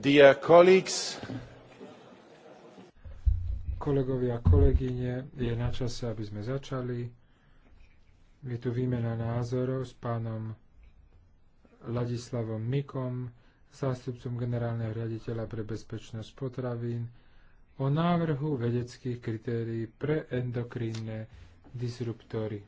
Dear colleagues, kolegovia a kolegyne, je na čase, aby sme začali. Je tu výmena názorov s pánom Ladislavom Mikom, zástupcom generálneho riaditeľa pre bezpečnosť potravín, o návrhu vedeckých kritérií pre endokrínne disruptory.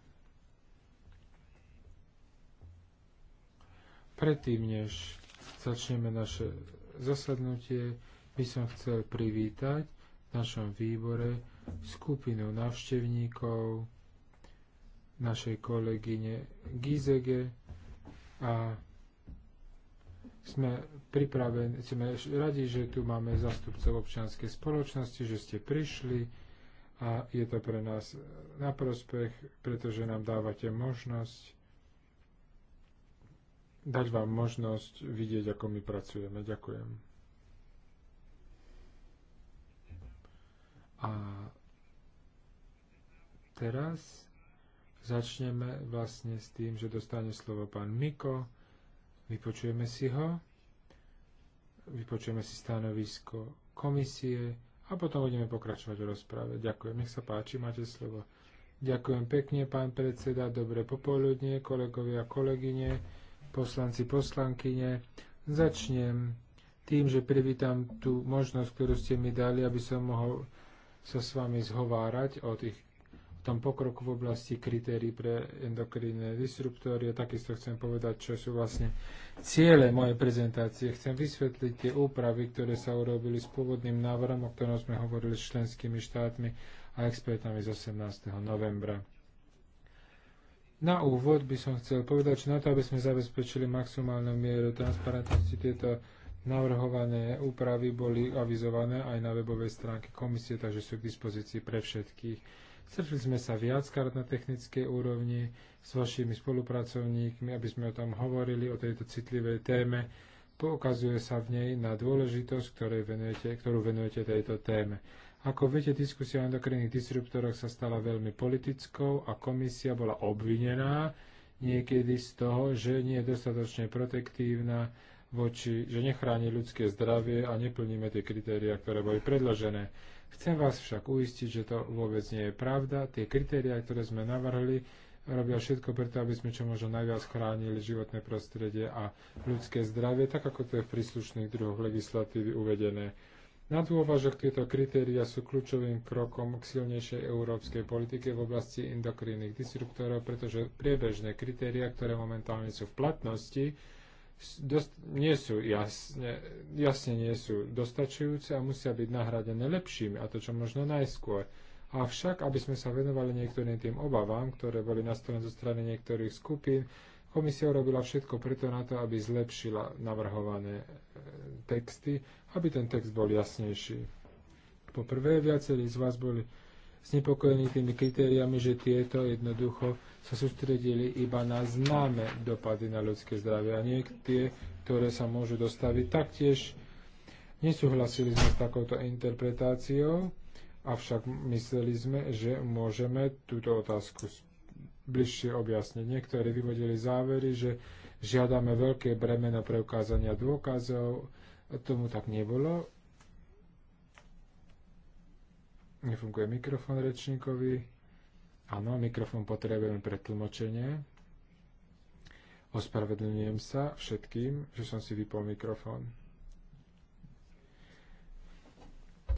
Predtým, než začneme naše zasadnutie by som chcel privítať v našom výbore skupinu návštevníkov našej kolegyne Gizege a sme pripravení, sme radi, že tu máme zastupcov občianskej spoločnosti, že ste prišli a je to pre nás na prospech, pretože nám dávate možnosť dať vám možnosť vidieť, ako my pracujeme. Ďakujem. A teraz začneme vlastne s tým, že dostane slovo pán Miko, vypočujeme si ho, vypočujeme si stanovisko komisie a potom budeme pokračovať v rozprave. Ďakujem, nech sa páči, máte slovo. Ďakujem pekne, pán predseda, dobre popoludne, kolegovia a kolegyne poslanci, poslankyne. Začnem tým, že privítam tú možnosť, ktorú ste mi dali, aby som mohol sa s vami zhovárať o tých tom pokroku v oblasti kritérií pre endokrinné disruptory. A takisto chcem povedať, čo sú vlastne ciele mojej prezentácie. Chcem vysvetliť tie úpravy, ktoré sa urobili s pôvodným návrhom, o ktorom sme hovorili s členskými štátmi a expertami z 18. novembra. Na úvod by som chcel povedať, že na to, aby sme zabezpečili maximálnu mieru transparentnosti, tieto navrhované úpravy boli avizované aj na webovej stránke komisie, takže sú k dispozícii pre všetkých. Stretli sme sa viackrát na technickej úrovni s vašimi spolupracovníkmi, aby sme o tom hovorili, o tejto citlivej téme. Poukazuje sa v nej na dôležitosť, venujete, ktorú venujete tejto téme. Ako viete, diskusia o endokrinných disruptoroch sa stala veľmi politickou a komisia bola obvinená niekedy z toho, že nie je dostatočne protektívna voči, že nechráni ľudské zdravie a neplníme tie kritéria, ktoré boli predložené. Chcem vás však uistiť, že to vôbec nie je pravda. Tie kritéria, ktoré sme navrhli, robia všetko preto, aby sme čo možno najviac chránili životné prostredie a ľudské zdravie, tak ako to je v príslušných druhoch legislatívy uvedené. Na dôvažok tieto kritéria sú kľúčovým krokom k silnejšej európskej politike v oblasti endokrinných disruptorov, pretože priebežné kritéria, ktoré momentálne sú v platnosti, dost, nie sú jasne, jasne nie sú dostačujúce a musia byť nahradené lepšími, a to čo možno najskôr. Avšak, aby sme sa venovali niektorým tým obavám, ktoré boli nastolené zo strany niektorých skupín, Komisia urobila všetko preto na to, aby zlepšila navrhované e, texty, aby ten text bol jasnejší. Po prvé, viacerí z vás boli znepokojení tými kritériami, že tieto jednoducho sa sústredili iba na známe dopady na ľudské zdravie a nie tie, ktoré sa môžu dostaviť. Taktiež nesúhlasili sme s takouto interpretáciou, avšak mysleli sme, že môžeme túto otázku bližšie objasnenie, ktoré vyvodili závery, že žiadame veľké bremeno ukázania dôkazov. Tomu tak nebolo. Nefunguje mikrofón rečníkovi. Áno, mikrofón potrebujeme pre tlmočenie. Ospravedlňujem sa všetkým, že som si vypol mikrofón.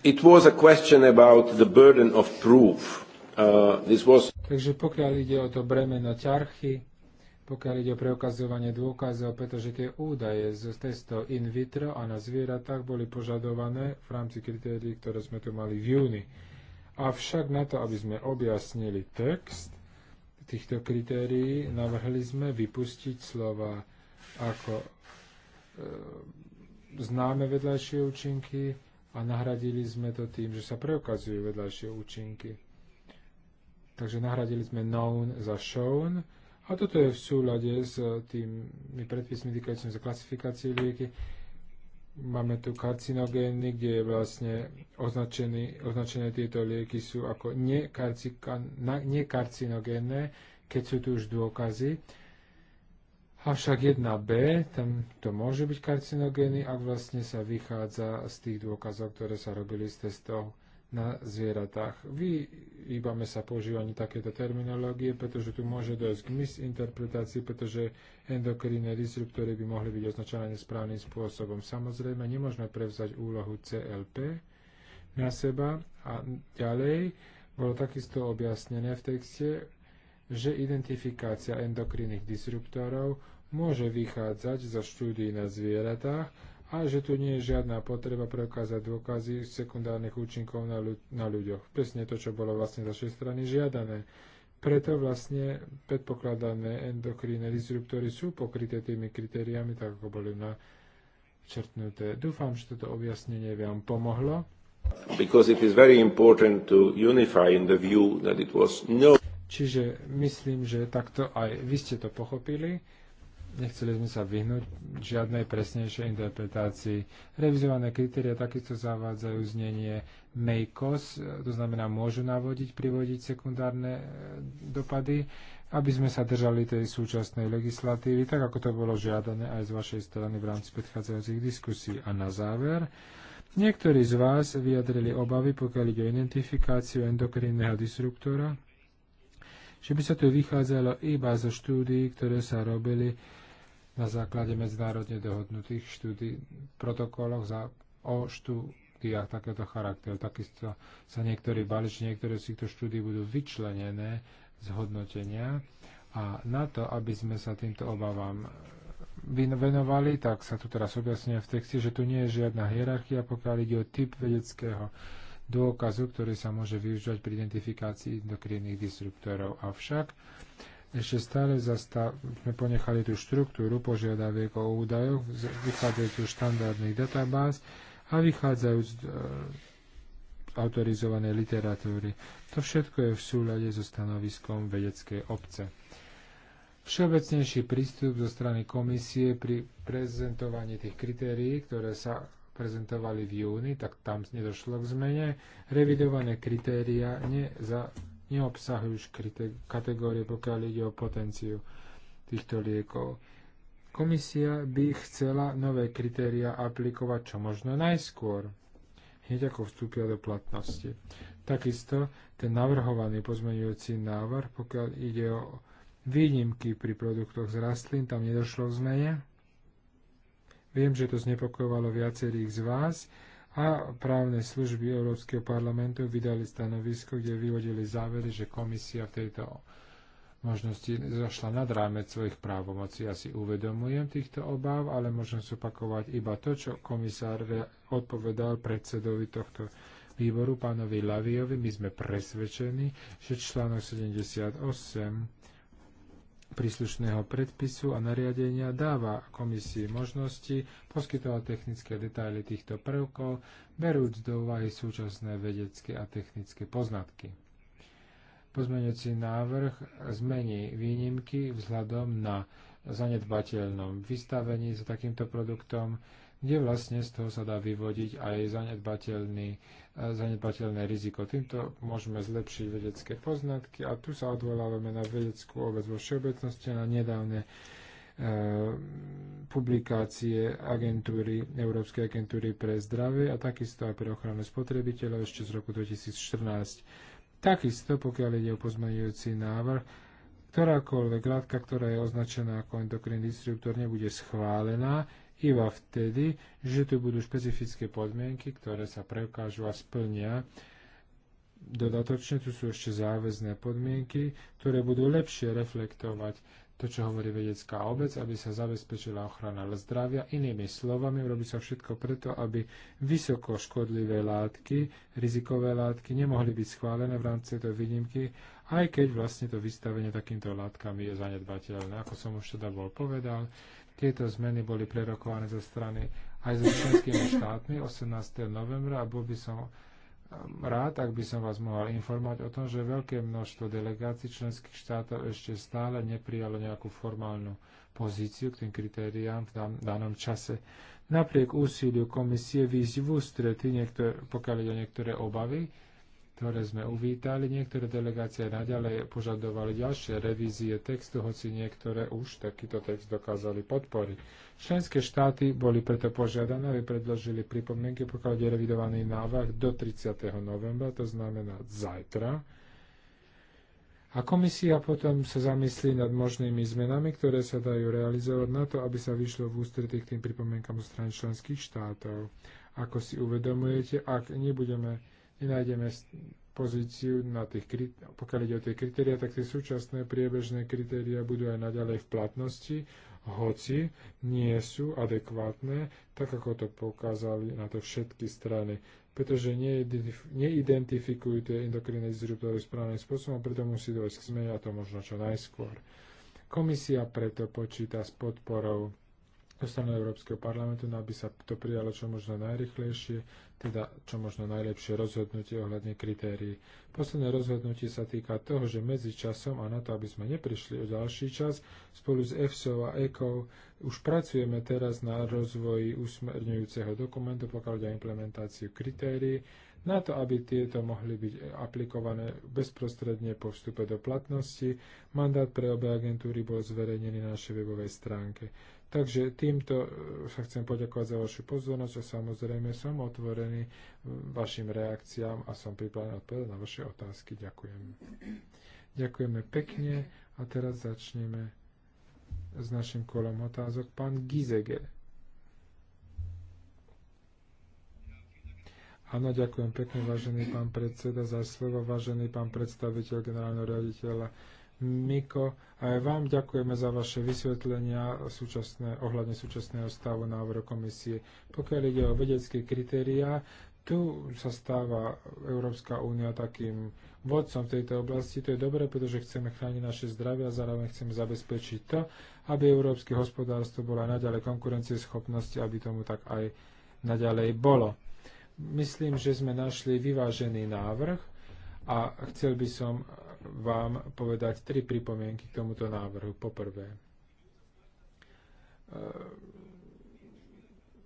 It was a question about the burden of proof. Uh, Takže pokiaľ ide o to bremeno ťarchy, pokiaľ ide o preukazovanie dôkazov, pretože tie údaje z testov in vitro a na zvieratách boli požadované v rámci kritérií, ktoré sme tu mali v júni. Avšak na to, aby sme objasnili text týchto kritérií, navrhli sme vypustiť slova ako e, známe vedľajšie účinky a nahradili sme to tým, že sa preukazujú vedľajšie účinky. Takže nahradili sme known za shown. A toto je v súľade s tými predpismi týkajúcimi za klasifikácie lieky. Máme tu karcinogénny, kde je vlastne označený, označené tieto lieky sú ako nekarcinogénne, keď sú tu už dôkazy. Avšak 1b, tam to môže byť karcinogény, ak vlastne sa vychádza z tých dôkazov, ktoré sa robili z testov na zvieratách. Vyhýbame sa používaní takéto terminológie, pretože tu môže dojsť k misinterpretácii, pretože endokrinné disruptory by mohli byť označované správnym spôsobom. Samozrejme, nemôžeme prevzať úlohu CLP na seba a ďalej bolo takisto objasnené v texte, že identifikácia endokrinných disruptorov môže vychádzať zo štúdií na zvieratách a že tu nie je žiadna potreba preukázať dôkazy sekundárnych účinkov na, ľu- na ľuďoch. Presne to, čo bolo vlastne z našej strany žiadané. Preto vlastne predpokladané endokrinné disruptory sú pokryté tými kritériami, tak ako boli na črtnuté. Dúfam, že toto objasnenie vám pomohlo. Because it is very important to unify in the view that it was no... Čiže myslím, že takto aj vy ste to pochopili nechceli sme sa vyhnúť žiadnej presnejšej interpretácii. Revizované kritéria takisto zavádzajú znenie may to znamená môžu navodiť, privodiť sekundárne e, dopady, aby sme sa držali tej súčasnej legislatívy, tak ako to bolo žiadané aj z vašej strany v rámci predchádzajúcich diskusí. A na záver, niektorí z vás vyjadrili obavy, pokiaľ ide o identifikáciu endokrinného disruptora, že by sa tu vychádzalo iba zo štúdií, ktoré sa robili na základe medzinárodne dohodnutých štúdí, protokoloch za, o štúdiách takéto charakteru. Takisto sa niektorí bali, že niektoré z týchto štúdí budú vyčlenené z hodnotenia a na to, aby sme sa týmto obavám venovali, tak sa tu teraz objasňuje v texte, že tu nie je žiadna hierarchia, pokiaľ ide o typ vedeckého dôkazu, ktorý sa môže využívať pri identifikácii endokrinných disruptorov. Avšak ešte stále sme ponechali tú štruktúru požiadaviek o údajoch, vychádzajúc z štandardných databáz a vychádzajúc z e, autorizovanej literatúry. To všetko je v súľade so stanoviskom vedeckej obce. Všeobecnejší prístup zo strany komisie pri prezentovaní tých kritérií, ktoré sa prezentovali v júni, tak tam nedošlo k zmene. Revidované kritéria neza, neobsahujú škryté kategórie, pokiaľ ide o potenciu týchto liekov. Komisia by chcela nové kritéria aplikovať čo možno najskôr, hneď ako vstúpia do platnosti. Takisto ten navrhovaný pozmeňujúci návrh, pokiaľ ide o výnimky pri produktoch z rastlín, tam nedošlo k zmene. Viem, že to znepokojovalo viacerých z vás, a právne služby Európskeho parlamentu vydali stanovisko, kde vyvodili závery, že komisia v tejto možnosti zašla nad rámec svojich právomocí. Ja si uvedomujem týchto obáv, ale môžem zopakovať iba to, čo komisár odpovedal predsedovi tohto výboru, pánovi Laviovi. My sme presvedčení, že článok 78 príslušného predpisu a nariadenia dáva komisii možnosti poskytovať technické detaily týchto prvkov, berúc do úvahy súčasné vedecké a technické poznatky. Pozmeňujúci návrh zmení výnimky vzhľadom na zanedbateľnom vystavení za takýmto produktom, kde vlastne z toho sa dá vyvodiť aj e, zanedbateľné riziko. Týmto môžeme zlepšiť vedecké poznatky a tu sa odvolávame na vedeckú obec vo všeobecnosti a na nedávne e, publikácie agentúry, Európskej agentúry pre zdravie a takisto aj pre ochranu spotrebiteľov ešte z roku 2014. Takisto, pokiaľ ide o pozmeňujúci návrh, ktorákoľvek látka, ktorá je označená ako endokrinný disruptor, nebude schválená, iba vtedy, že tu budú špecifické podmienky, ktoré sa preukážu a splnia. Dodatočne tu sú ešte záväzné podmienky, ktoré budú lepšie reflektovať to, čo hovorí vedecká obec, aby sa zabezpečila ochrana zdravia. Inými slovami, robí sa všetko preto, aby vysoko škodlivé látky, rizikové látky nemohli byť schválené v rámci tejto výnimky, aj keď vlastne to vystavenie takýmto látkami je zanedbateľné. Ako som už teda bol povedal, tieto zmeny boli prerokované zo strany aj so členskými štátmi 18. novembra a bol by som um, rád, ak by som vás mohol informovať o tom, že veľké množstvo delegácií členských štátov ešte stále neprijalo nejakú formálnu pozíciu k tým kritériám v danom čase. Napriek úsiliu komisie výzvu strety ústrety, pokiaľ ide o niektoré obavy, ktoré sme uvítali. Niektoré delegácie naďalej požadovali ďalšie revízie textu, hoci niektoré už takýto text dokázali podporiť. Členské štáty boli preto požiadané, aby predložili pripomienky, pokiaľ je revidovaný návrh do 30. novembra, to znamená zajtra. A komisia potom sa zamyslí nad možnými zmenami, ktoré sa dajú realizovať na to, aby sa vyšlo v ústretí k tým pripomienkam zo strany členských štátov. Ako si uvedomujete, ak nebudeme nenájdeme pozíciu na tých, pokiaľ ide o tie kritéria, tak tie súčasné priebežné kritéria budú aj naďalej v platnosti, hoci nie sú adekvátne, tak ako to pokázali na to všetky strany, pretože neidentifikujú tie endokrinné disruptory správnym spôsobom, preto musí dojsť k zmene a to možno čo najskôr. Komisia preto počíta s podporou zo strany Európskeho parlamentu, no aby sa to prijalo čo možno najrychlejšie, teda čo možno najlepšie rozhodnutie ohľadne kritérií. Posledné rozhodnutie sa týka toho, že medzi časom a na to, aby sme neprišli o ďalší čas, spolu s EFSO a ECO už pracujeme teraz na rozvoji usmerňujúceho dokumentu, pokiaľ ide implementáciu kritérií, na to, aby tieto mohli byť aplikované bezprostredne po vstupe do platnosti. Mandát pre obe agentúry bol zverejnený na našej webovej stránke. Takže týmto e, sa chcem poďakovať za vašu pozornosť a samozrejme som otvorený e, vašim reakciám a som pripravený odpovedať na vaše otázky. Ďakujem. Ďakujeme pekne a teraz začneme s našim kolom otázok. Pán Gizege. Áno, ďakujem pekne, vážený pán predseda, za slovo, vážený pán predstaviteľ generálneho riaditeľa Miko, aj vám ďakujeme za vaše vysvetlenia súčasné, ohľadne súčasného stavu návrhu komisie. Pokiaľ ide o vedecké kritériá, tu sa stáva Európska únia takým vodcom v tejto oblasti. To je dobré, pretože chceme chrániť naše zdravie a zároveň chceme zabezpečiť to, aby európske hospodárstvo bolo aj naďalej konkurencieschopnosti, aby tomu tak aj naďalej bolo. Myslím, že sme našli vyvážený návrh a chcel by som vám povedať tri pripomienky k tomuto návrhu. Poprvé, e,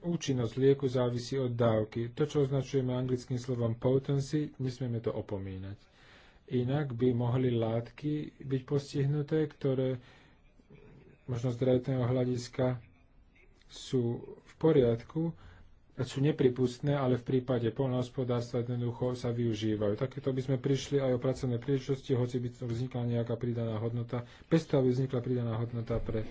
účinnosť lieku závisí od dávky. To, čo označujeme anglickým slovom potency, nesmieme to opomínať. Inak by mohli látky byť postihnuté, ktoré možno z zdravotného hľadiska sú v poriadku, sú nepripustné, ale v prípade poľnohospodárstva jednoducho sa využívajú. Takéto by sme prišli aj o pracovné príležitosti, hoci by to vznikla nejaká pridaná hodnota, bez toho by vznikla pridaná hodnota pre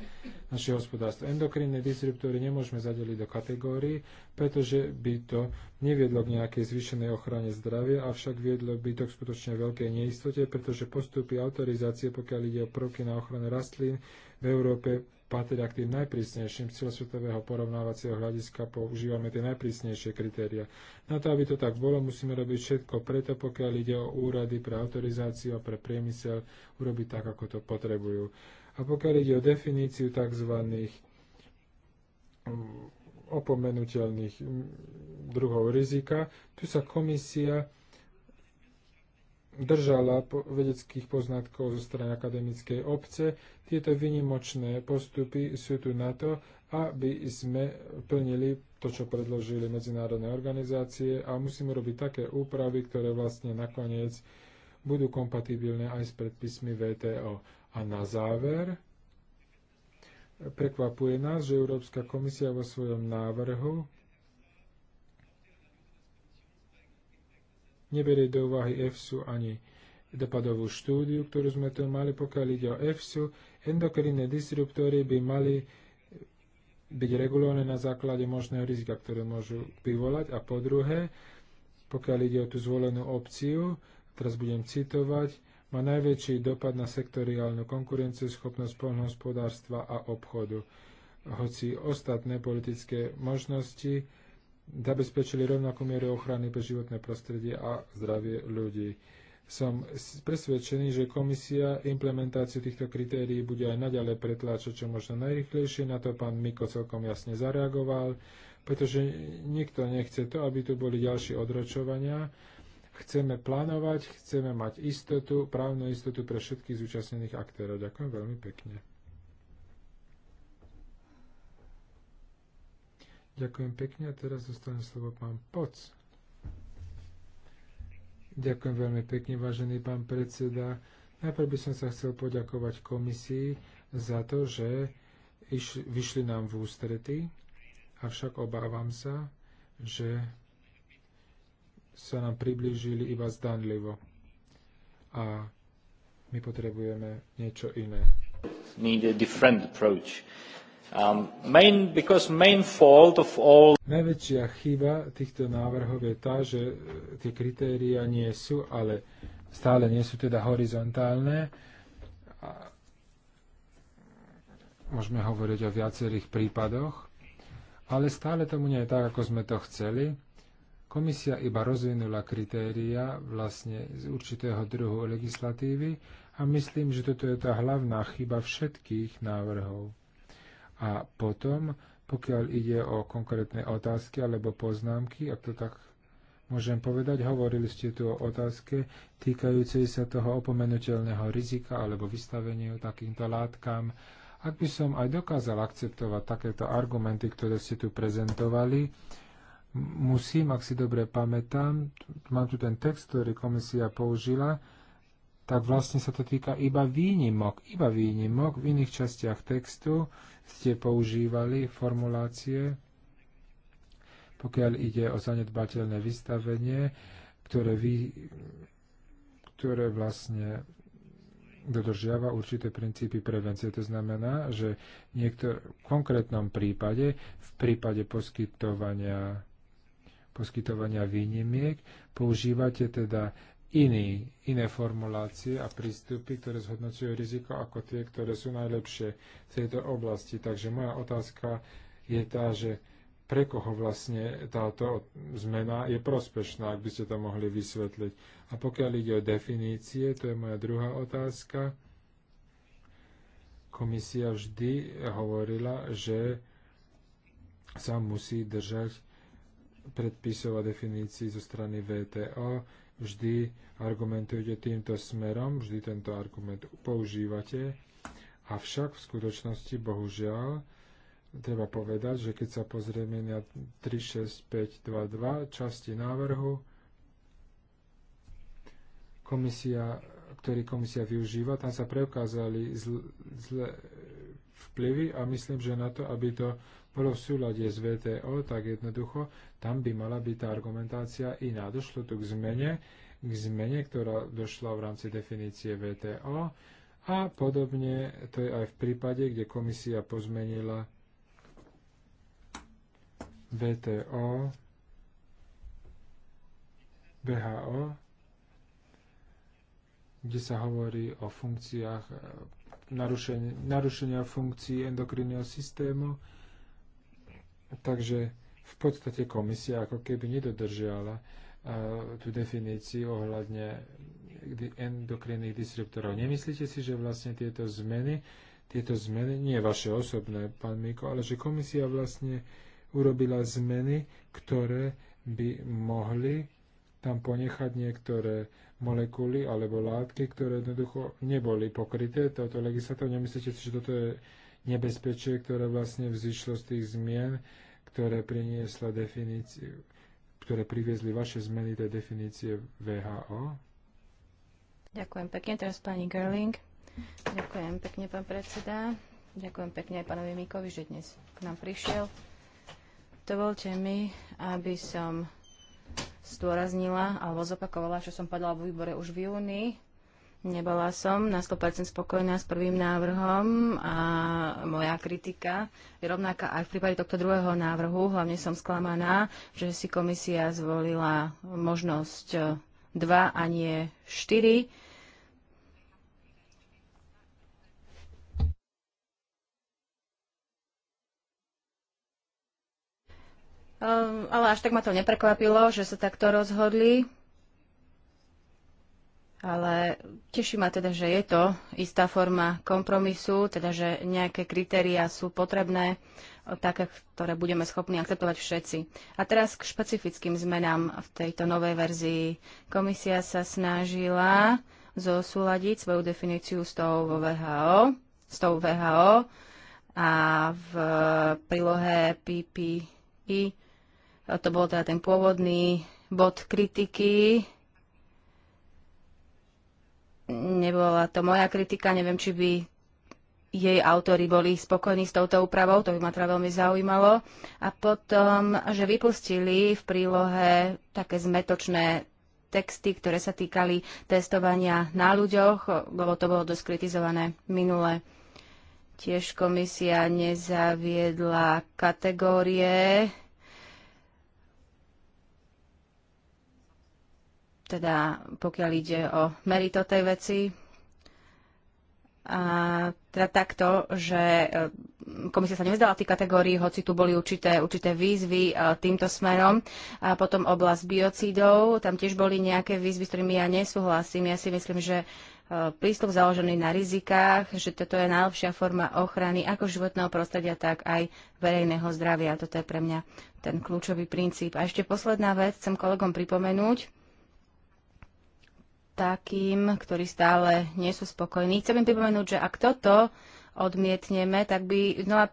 naše hospodárstvo. Endokrinné disruptory nemôžeme zadeliť do kategórií, pretože by to neviedlo k nejakej zvýšenej ochrane zdravia, avšak viedlo by to k skutočne veľkej neistote, pretože postupy autorizácie, pokiaľ ide o prvky na ochranu rastlín, v Európe patria k tým najprísnejším z celosvetového porovnávacieho hľadiska, používame tie najprísnejšie kritéria. Na to, aby to tak bolo, musíme robiť všetko preto, pokiaľ ide o úrady pre autorizáciu a pre priemysel, urobiť tak, ako to potrebujú. A pokiaľ ide o definíciu tzv. Mm, opomenutelných mm, druhov rizika, tu sa komisia držala vedeckých poznatkov zo strany akademickej obce. Tieto vynimočné postupy sú tu na to, aby sme plnili to, čo predložili medzinárodné organizácie a musíme robiť také úpravy, ktoré vlastne nakoniec budú kompatibilné aj s predpismi VTO. A na záver, prekvapuje nás, že Európska komisia vo svojom návrhu neberie do úvahy EFSU ani dopadovú štúdiu, ktorú sme tu mali, pokiaľ ide o EFSU. Endokrinné disruptory by mali byť regulované na základe možného rizika, ktoré môžu vyvolať. A po druhé, pokiaľ ide o tú zvolenú opciu, teraz budem citovať, má najväčší dopad na sektoriálnu konkurenciu, schopnosť poľnohospodárstva a obchodu. Hoci ostatné politické možnosti zabezpečili rovnakú mieru ochrany pre životné prostredie a zdravie ľudí. Som presvedčený, že komisia implementáciu týchto kritérií bude aj naďalej pretláčať čo možno najrychlejšie. Na to pán Miko celkom jasne zareagoval, pretože nikto nechce to, aby tu boli ďalšie odročovania. Chceme plánovať, chceme mať istotu, právnu istotu pre všetkých zúčastnených aktérov. Ďakujem veľmi pekne. Ďakujem pekne a teraz zostane slovo pán Poc. Ďakujem veľmi pekne, vážený pán predseda. Najprv by som sa chcel poďakovať komisii za to, že vyšli nám v ústrety, avšak obávam sa, že sa nám priblížili iba zdanlivo. A my potrebujeme niečo iné. Need a different approach. Um, main, because main fault of all... Najväčšia chyba týchto návrhov je tá, že e, tie kritéria nie sú, ale stále nie sú teda horizontálne. A môžeme hovoriť o viacerých prípadoch, ale stále tomu nie je tak, ako sme to chceli. Komisia iba rozvinula kritéria vlastne z určitého druhu legislatívy a myslím, že toto je tá hlavná chyba všetkých návrhov. A potom, pokiaľ ide o konkrétne otázky alebo poznámky, ak to tak môžem povedať, hovorili ste tu o otázke týkajúcej sa toho opomenuteľného rizika alebo vystaveniu takýmto látkam. Ak by som aj dokázal akceptovať takéto argumenty, ktoré ste tu prezentovali, musím, ak si dobre pamätám, mám tu ten text, ktorý komisia použila, tak vlastne sa to týka iba výnimok. Iba výnimok. V iných častiach textu ste používali formulácie, pokiaľ ide o zanedbateľné vystavenie, ktoré, vy, ktoré vlastne dodržiava určité princípy prevencie. To znamená, že v niektor- v konkrétnom prípade, v prípade poskytovania poskytovania výnimiek, používate teda iný, iné formulácie a prístupy, ktoré zhodnocujú riziko ako tie, ktoré sú najlepšie v tejto oblasti. Takže moja otázka je tá, že pre koho vlastne táto zmena je prospešná, ak by ste to mohli vysvetliť. A pokiaľ ide o definície, to je moja druhá otázka. Komisia vždy hovorila, že sa musí držať predpisov a definícií zo strany VTO vždy argumentujete týmto smerom, vždy tento argument používate, avšak v skutočnosti, bohužiaľ, treba povedať, že keď sa pozrieme na 2 časti návrhu, komisia, ktorý komisia využíva, tam sa preukázali zle, zle vplyvy a myslím, že na to, aby to bolo v súlade s VTO, tak jednoducho tam by mala byť tá argumentácia iná. Došlo tu k zmene, k zmene, ktorá došla v rámci definície VTO a podobne to je aj v prípade, kde komisia pozmenila VTO, BHO, kde sa hovorí o funkciách eh, narušenia, narušenia funkcií endokrinného systému Takže v podstate komisia ako keby nedodržiala e, tú definíciu ohľadne endokrinných disruptorov. Nemyslíte si, že vlastne tieto zmeny, tieto zmeny, nie vaše osobné, pán Miko, ale že komisia vlastne urobila zmeny, ktoré by mohli tam ponechať niektoré molekuly alebo látky, ktoré jednoducho neboli pokryté touto legislatívou. Nemyslíte si, že toto je nebezpečie, ktoré vlastne vzýšlo z tých zmien, ktoré priniesla definíciu, ktoré priviezli vaše zmeny tej definície VHO? Ďakujem pekne, teraz pani Gerling. Ďakujem pekne, pán predseda. Ďakujem pekne aj pánovi Mikovi, že dnes k nám prišiel. Dovolte mi, aby som zdôraznila alebo zopakovala, čo som padla v výbore už v júni Nebola som na 100% spokojná s prvým návrhom a moja kritika je rovnaká aj v prípade tohto druhého návrhu. Hlavne som sklamaná, že si komisia zvolila možnosť 2 a nie 4. Ehm, ale až tak ma to neprekvapilo, že sa takto rozhodli. Ale teší ma teda, že je to istá forma kompromisu, teda že nejaké kritériá sú potrebné, také, ktoré budeme schopní akceptovať všetci. A teraz k špecifickým zmenám v tejto novej verzii. Komisia sa snažila zosúľadiť svoju definíciu s tou VHO, s tou VHO a v prílohe PPI to bol teda ten pôvodný bod kritiky, Nebola to moja kritika, neviem, či by jej autory boli spokojní s touto úpravou, to by ma teda veľmi zaujímalo. A potom, že vypustili v prílohe také zmetočné texty, ktoré sa týkali testovania na ľuďoch, lebo to bolo dosť kritizované minule. Tiež komisia nezaviedla kategórie teda pokiaľ ide o merito tej veci. A teda takto, že e, komisia sa nevzdala tých kategórií, hoci tu boli určité, určité výzvy e, týmto smerom. A potom oblasť biocídov, tam tiež boli nejaké výzvy, s ktorými ja nesúhlasím. Ja si myslím, že e, prístup založený na rizikách, že toto je najlepšia forma ochrany ako životného prostredia, tak aj verejného zdravia. Toto je pre mňa ten kľúčový princíp. A ešte posledná vec, chcem kolegom pripomenúť, takým, ktorí stále nie sú spokojní. Chcem im pripomenúť, že ak toto odmietneme, tak by znova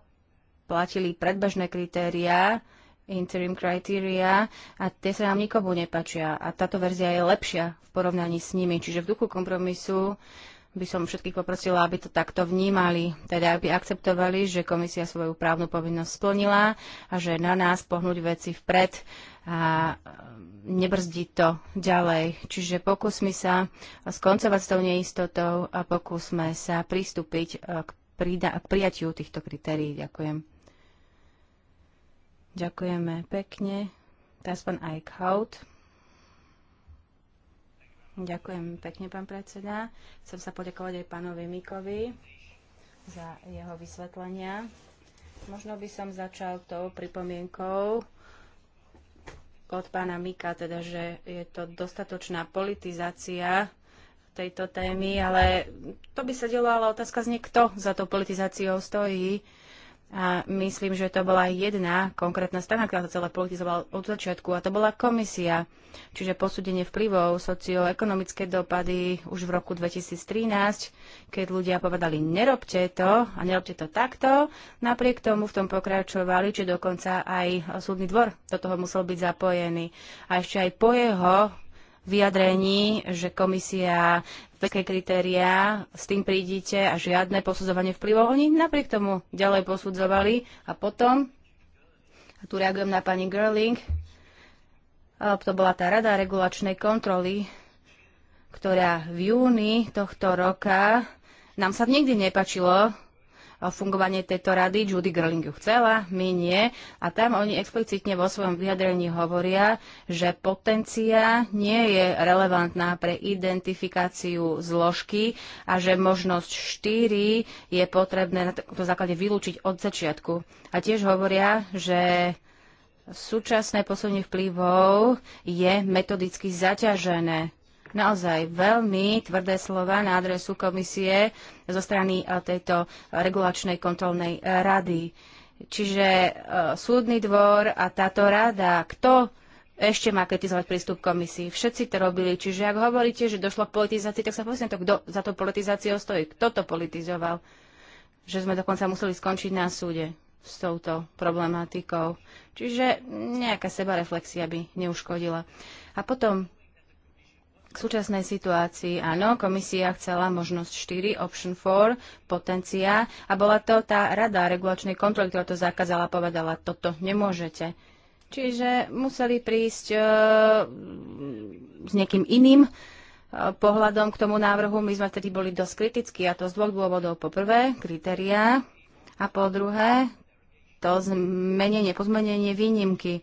platili predbežné kritériá, interim criteria a tie sa nám nikomu nepačia. A táto verzia je lepšia v porovnaní s nimi. Čiže v duchu kompromisu uh, by som všetkých poprosila, aby to takto vnímali, teda aby akceptovali, že komisia svoju právnu povinnosť splnila a že na nás pohnúť veci vpred a e, nebrzdí to ďalej. Čiže pokúsme sa skoncovať s tou neistotou a pokúsme sa pristúpiť e, k, prida- k prijatiu týchto kritérií. Ďakujem. Ďakujeme pekne. Teraz pán Eichhout. Ďakujem pekne, pán predseda. Chcem sa poďakovať aj pánovi Mikovi za jeho vysvetlenia. Možno by som začal tou pripomienkou od pána Mika, teda, že je to dostatočná politizácia tejto témy, ale to by sa delo, ale otázka znie, kto za tou politizáciou stojí. A myslím, že to bola jedna konkrétna strana, ktorá sa celé politizovala od začiatku, a to bola komisia. Čiže posúdenie vplyvov, socioekonomické dopady už v roku 2013, keď ľudia povedali, nerobte to a nerobte to takto, napriek tomu v tom pokračovali, či dokonca aj súdny dvor do toho musel byť zapojený. A ešte aj po jeho vyjadrení, že komisia také kritériá, s tým prídite a žiadne posudzovanie vplyvov. Oni napriek tomu ďalej posudzovali a potom, a tu reagujem na pani Gerling, to bola tá rada regulačnej kontroly, ktorá v júni tohto roka nám sa nikdy nepačilo, fungovanie tejto rady. Judy Gerling ju chcela, my nie. A tam oni explicitne vo svojom vyjadrení hovoria, že potencia nie je relevantná pre identifikáciu zložky a že možnosť 4 je potrebné na tomto základe vylúčiť od začiatku. A tiež hovoria, že súčasné posledných vplyvov je metodicky zaťažené naozaj veľmi tvrdé slova na adresu komisie zo strany e, tejto regulačnej kontrolnej e, rady. Čiže e, súdny dvor a táto rada, kto ešte má kritizovať prístup komisii. Všetci to robili. Čiže ak hovoríte, že došlo k politizácii, tak sa povedzme to, kto za to politizáciou stojí. Kto to politizoval? Že sme dokonca museli skončiť na súde s touto problematikou. Čiže nejaká sebareflexia by neuškodila. A potom k súčasnej situácii áno, komisia chcela možnosť 4, option 4, potencia a bola to tá rada regulačnej kontroly, ktorá to zakázala, povedala, toto nemôžete. Čiže museli prísť uh, s niekým iným e, pohľadom k tomu návrhu. My sme vtedy boli dosť kritickí a to z dvoch dôvodov. Po prvé, kritériá a po druhé, to zmenenie, pozmenenie výnimky.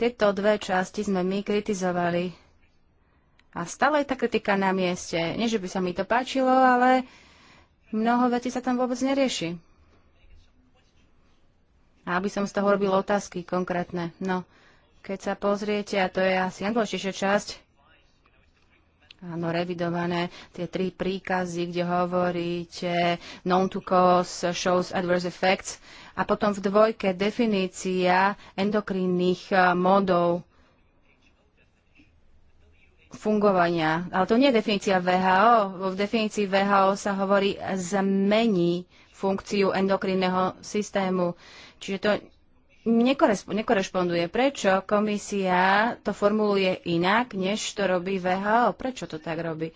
Tieto dve časti sme my kritizovali a stále je tá kritika na mieste. Nie, že by sa mi to páčilo, ale mnoho vecí sa tam vôbec nerieši. A aby som z toho robil otázky konkrétne. No, keď sa pozriete, a to je asi najdôležitejšia časť, áno, revidované, tie tri príkazy, kde hovoríte known to cause, shows adverse effects, a potom v dvojke definícia endokrinných eh, modov fungovania. Ale to nie je definícia VHO. V definícii VHO sa hovorí zmení funkciu endokrinného systému. Čiže to nekorešponduje. Prečo komisia to formuluje inak, než to robí VHO? Prečo to tak robí?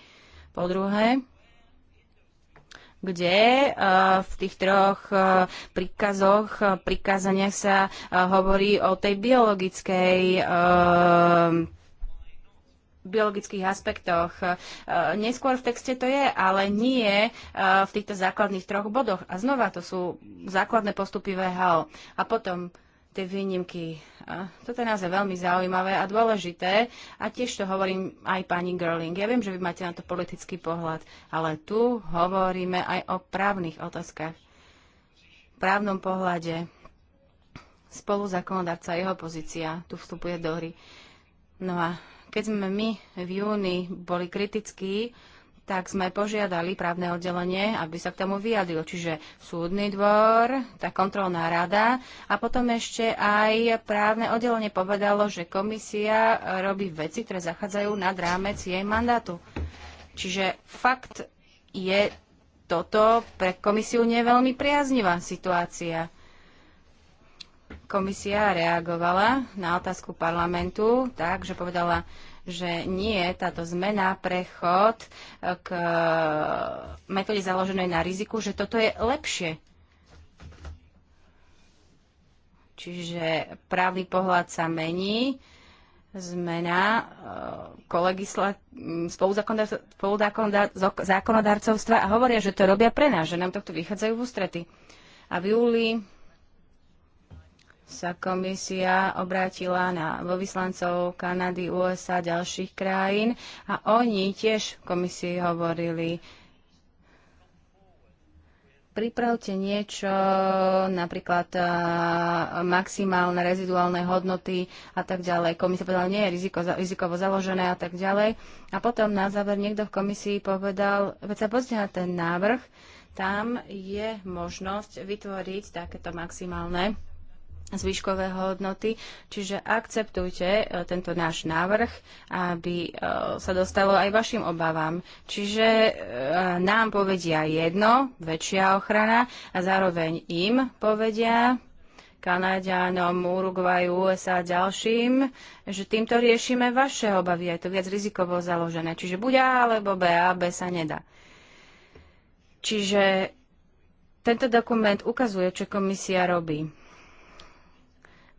Po druhé, kde eh, v tých troch eh, príkazoch, uh, sa hovorí o tej biologickej biologických aspektoch. E, neskôr v texte to je, ale nie e, v týchto základných troch bodoch. A znova to sú základné postupy VHO. A potom tie výnimky. toto je naozaj veľmi zaujímavé a dôležité. A tiež to hovorím aj pani Girling. Ja viem, že vy máte na to politický pohľad, ale tu hovoríme aj o právnych otázkach. V právnom pohľade spolu jeho pozícia tu vstupuje do hry. No a keď sme my v júni boli kritickí, tak sme požiadali právne oddelenie, aby sa k tomu vyjadrilo. Čiže súdny dvor, tá kontrolná rada a potom ešte aj právne oddelenie povedalo, že komisia robí veci, ktoré zachádzajú nad rámec jej mandátu. Čiže fakt je toto pre komisiu neveľmi veľmi priaznivá situácia. Komisia reagovala na otázku parlamentu tak, že povedala, že nie, táto zmena, prechod k metóde založenej na riziku, že toto je lepšie. Čiže právny pohľad sa mení, zmena e, spoluzákonodarcovstva a hovoria, že to robia pre nás, že nám tohto vychádzajú v ústrety. A v júli sa komisia obrátila na vyslancov Kanady, USA a ďalších krajín a oni tiež v komisii hovorili, pripravte niečo, napríklad maximálne reziduálne hodnoty a tak ďalej. Komisia povedala, nie je riziko, rizikovo založené a tak ďalej. A potom na záver niekto v komisii povedal, veď sa pozrite na ten návrh, tam je možnosť vytvoriť takéto maximálne zvyškové hodnoty. Čiže akceptujte e, tento náš návrh, aby e, sa dostalo aj vašim obavám. Čiže e, nám povedia jedno, väčšia ochrana, a zároveň im povedia, Kanáďanom, Uruguaju, USA a ďalším, že týmto riešime vaše obavy. Je to viac rizikovo založené. Čiže buď A alebo B, A, B sa nedá. Čiže tento dokument ukazuje, čo komisia robí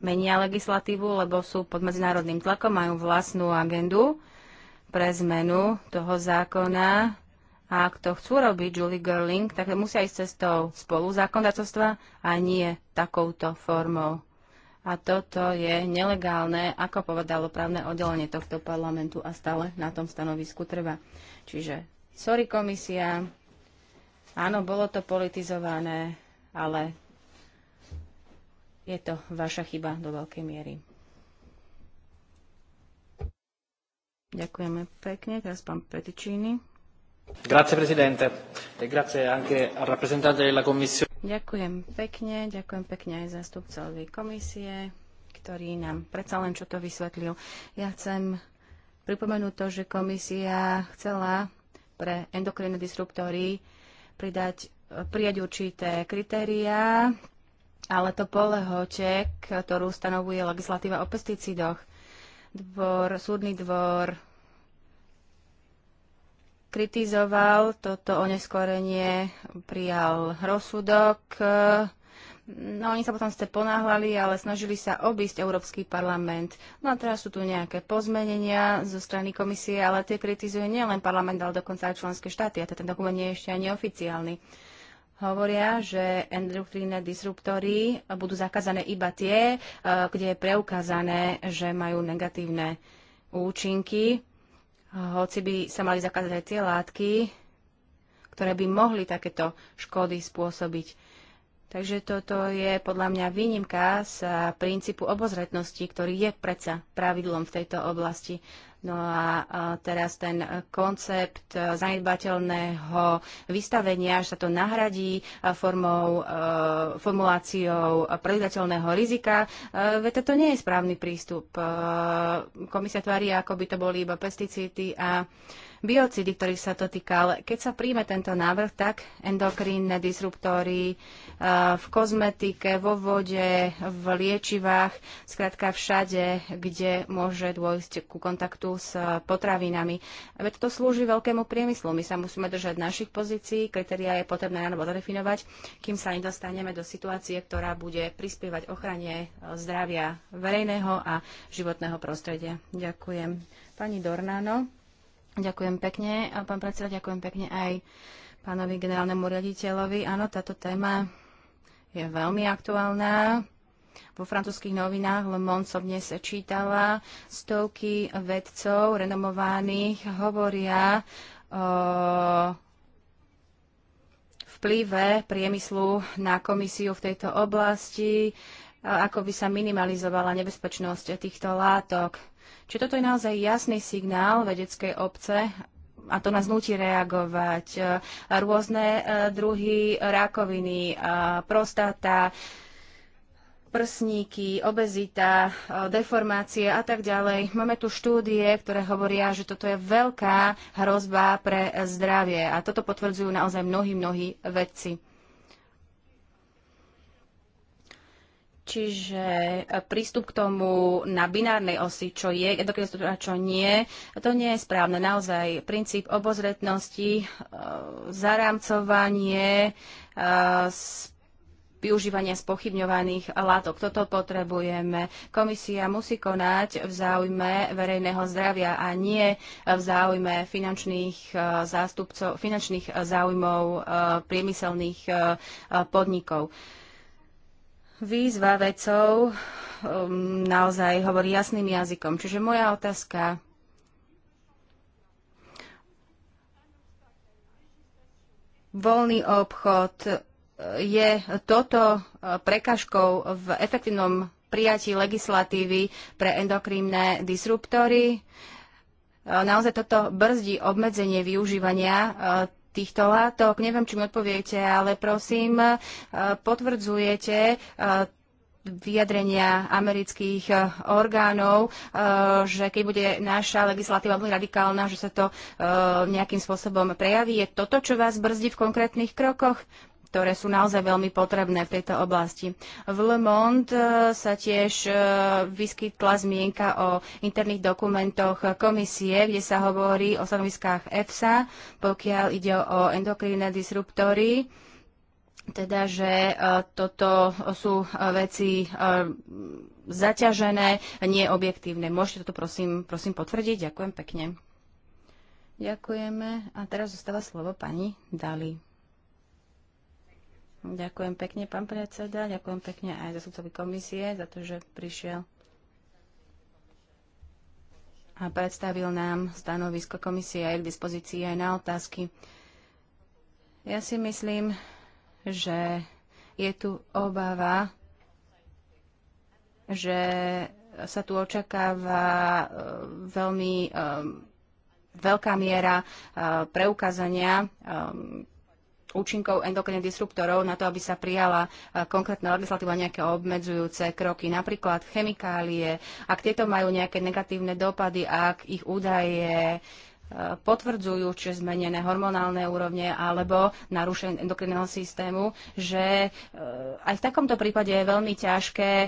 menia legislatívu, lebo sú pod medzinárodným tlakom, majú vlastnú agendu pre zmenu toho zákona. A ak to chcú robiť Julie Girling, tak musia ísť cestou spolu a nie takouto formou. A toto je nelegálne, ako povedalo právne oddelenie tohto parlamentu a stále na tom stanovisku trvá. Čiže, sorry komisia, áno, bolo to politizované, ale je to vaša chyba do veľkej miery. Ďakujeme pekne. Teraz pán Petičíny. Grazie, prezidente. E grazie anche al rappresentante della commissione. Ďakujem pekne. Ďakujem pekne aj zastupcovi komisie, ktorý nám predsa len čo to vysvetlil. Ja chcem pripomenúť to, že komisia chcela pre endokrinné disruptory pridať, prijať určité kritériá, ale to pole hoček, ktorú stanovuje legislatíva o pesticídoch, dvor, súdny dvor kritizoval toto oneskorenie, prijal rozsudok. No oni sa potom ste ponáhľali, ale snažili sa obísť Európsky parlament. No a teraz sú tu nejaké pozmenenia zo strany komisie, ale tie kritizujú nielen parlament, ale dokonca aj členské štáty. A ten dokument nie je ešte ani oficiálny hovoria, že endokrinné disruptory budú zakázané iba tie, e, kde je preukázané, že majú negatívne účinky, hoci by sa mali zakázať aj tie látky, ktoré by mohli takéto škody spôsobiť. Takže toto je podľa mňa výnimka z princípu obozretnosti, ktorý je predsa pravidlom v tejto oblasti. No a teraz ten koncept e, zanedbateľného vystavenia, že sa to nahradí e, formou, e, formuláciou predvidateľného rizika, veď toto nie je správny prístup. Komisia tvári, ako by to boli iba pesticídy a biocidy, ktorých sa to týka. Ale keď sa príjme tento návrh, tak endokrínne disruptory eh, v kozmetike, vo vode, v liečivách, skrátka všade, kde môže dôjsť ku kontaktu s potravinami. Veď to slúži veľkému priemyslu. My sa musíme držať našich pozícií, kritéria je potrebné alebo zadefinovať, kým sa nedostaneme do situácie, ktorá bude prispievať ochrane eh, zdravia verejného a životného prostredia. Ďakujem. Pani Dornáno. Ďakujem pekne, pán predseda, ďakujem pekne aj pánovi generálnemu riaditeľovi. Áno, táto téma je veľmi aktuálna. Vo francúzských novinách Le Monde som dnes čítala, stovky vedcov renomovaných hovoria o vplyve priemyslu na komisiu v tejto oblasti, ako by sa minimalizovala nebezpečnosť týchto látok. Čiže toto je naozaj jasný signál vedeckej obce a to nás nutí reagovať. E, rôzne e, druhy rakoviny, e, prostata, prsníky, obezita, deformácie a tak ďalej. Máme tu štúdie, ktoré hovoria, že toto je veľká hrozba pre zdravie a toto potvrdzujú naozaj mnohí, mnohí vedci. Čiže e, prístup k tomu na binárnej osi, čo je a čo nie, to nie je správne. Naozaj princíp obozretnosti, e, zarámcovanie, e, využívania spochybňovaných látok. Toto potrebujeme. Komisia musí konať v záujme verejného zdravia a nie v záujme finančných zástupcov, finančných záujmov priemyselných podnikov výzva vecov um, naozaj hovorí jasným jazykom. Čiže moja otázka voľný obchod eh, je toto eh, prekažkou v efektívnom prijatí legislatívy pre endokrímne disruptory. Eh, naozaj toto brzdí obmedzenie využívania týchto látok. Neviem, či mi odpoviete, ale prosím, eh, potvrdzujete eh, vyjadrenia amerických eh, orgánov, že keď bude naša legislatíva veľmi radikálna, že sa to nejakým spôsobom prejaví. Je toto, čo vás brzdí v konkrétnych krokoch? ktoré sú naozaj veľmi potrebné v tejto oblasti. V Le Monde e, sa tiež e, vyskytla zmienka o interných dokumentoch komisie, kde sa hovorí o stanoviskách EFSA, pokiaľ ide o endokrinné disruptory teda, že e, toto sú veci zaťažené, neobjektívne. Môžete toto prosím, prosím potvrdiť? Ďakujem pekne. Ďakujeme. A teraz zostáva slovo pani Dali. Ďakujem pekne, pán predseda. Ďakujem pekne aj za sudcovi komisie, za to, že prišiel a predstavil nám stanovisko komisie aj k dispozícii aj na otázky. Ja si myslím, že je tu obava, že sa tu očakáva e, veľmi e, veľká miera e, preukázania účinkov endokrinných disruptorov na to, aby sa prijala e, konkrétna legislatíva, nejaké obmedzujúce kroky, napríklad chemikálie. Ak tieto majú nejaké negatívne dopady, ak ich údaje potvrdzujú či zmenené hormonálne úrovne alebo narušenie endokrinného systému, že e, aj v takomto prípade je veľmi ťažké e,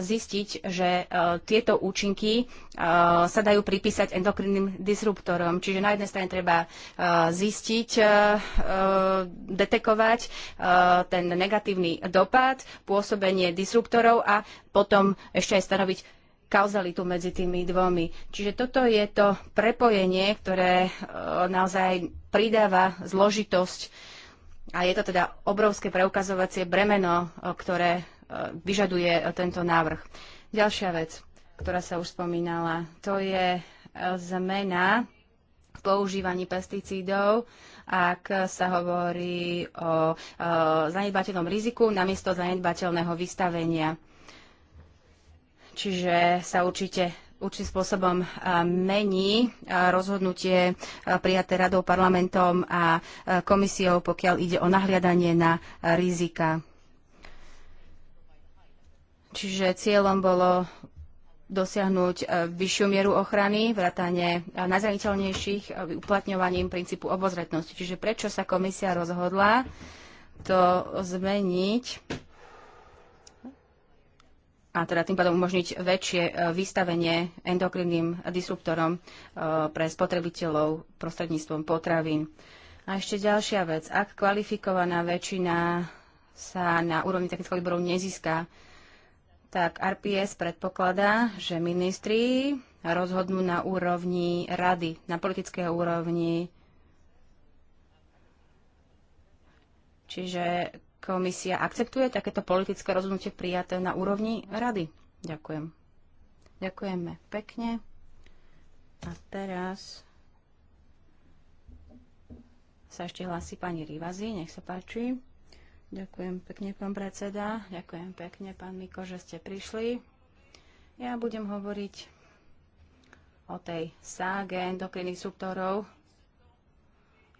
zistiť, že e, tieto účinky sa dajú pripísať endokrinným disruptorom. Čiže na jednej strane treba zistiť, detekovať ten negatívny dopad, pôsobenie disruptorov a potom ešte aj stanoviť kauzalitu medzi tými dvomi. Čiže toto je to prepojenie, ktoré e, naozaj pridáva zložitosť a je to teda obrovské preukazovacie bremeno, e, ktoré e, vyžaduje tento návrh. Ďalšia vec, ktorá sa už spomínala, to je zmena v používaní pesticídov, ak sa hovorí o zanedbateľnom riziku namiesto zanedbateľného vystavenia. Čiže sa určite určitým spôsobom eh, mení eh, rozhodnutie eh, prijaté radou, parlamentom a komisiou, pokiaľ ide o nahliadanie na rizika. Čiže cieľom bolo dosiahnuť vyššiu mieru ochrany, vrátane najzraniteľnejších uplatňovaním princípu obozretnosti. Čiže prečo sa komisia rozhodla to zmeniť? a teda tým pádom umožniť väčšie e, vystavenie endokrinným disruptorom e, pre spotrebiteľov prostredníctvom potravín. A ešte ďalšia vec. Ak kvalifikovaná väčšina sa na úrovni technického výboru nezíska, tak RPS predpokladá, že ministri rozhodnú na úrovni rady, na politické úrovni. Čiže Komisia akceptuje takéto politické rozhodnutie prijaté na úrovni rady. Ďakujem. Ďakujeme pekne. A teraz sa ešte hlási pani Rivazi, nech sa páči. Ďakujem pekne, pán predseda. Ďakujem pekne, pán Miko, že ste prišli. Ja budem hovoriť o tej ságe endokrinných súktorov,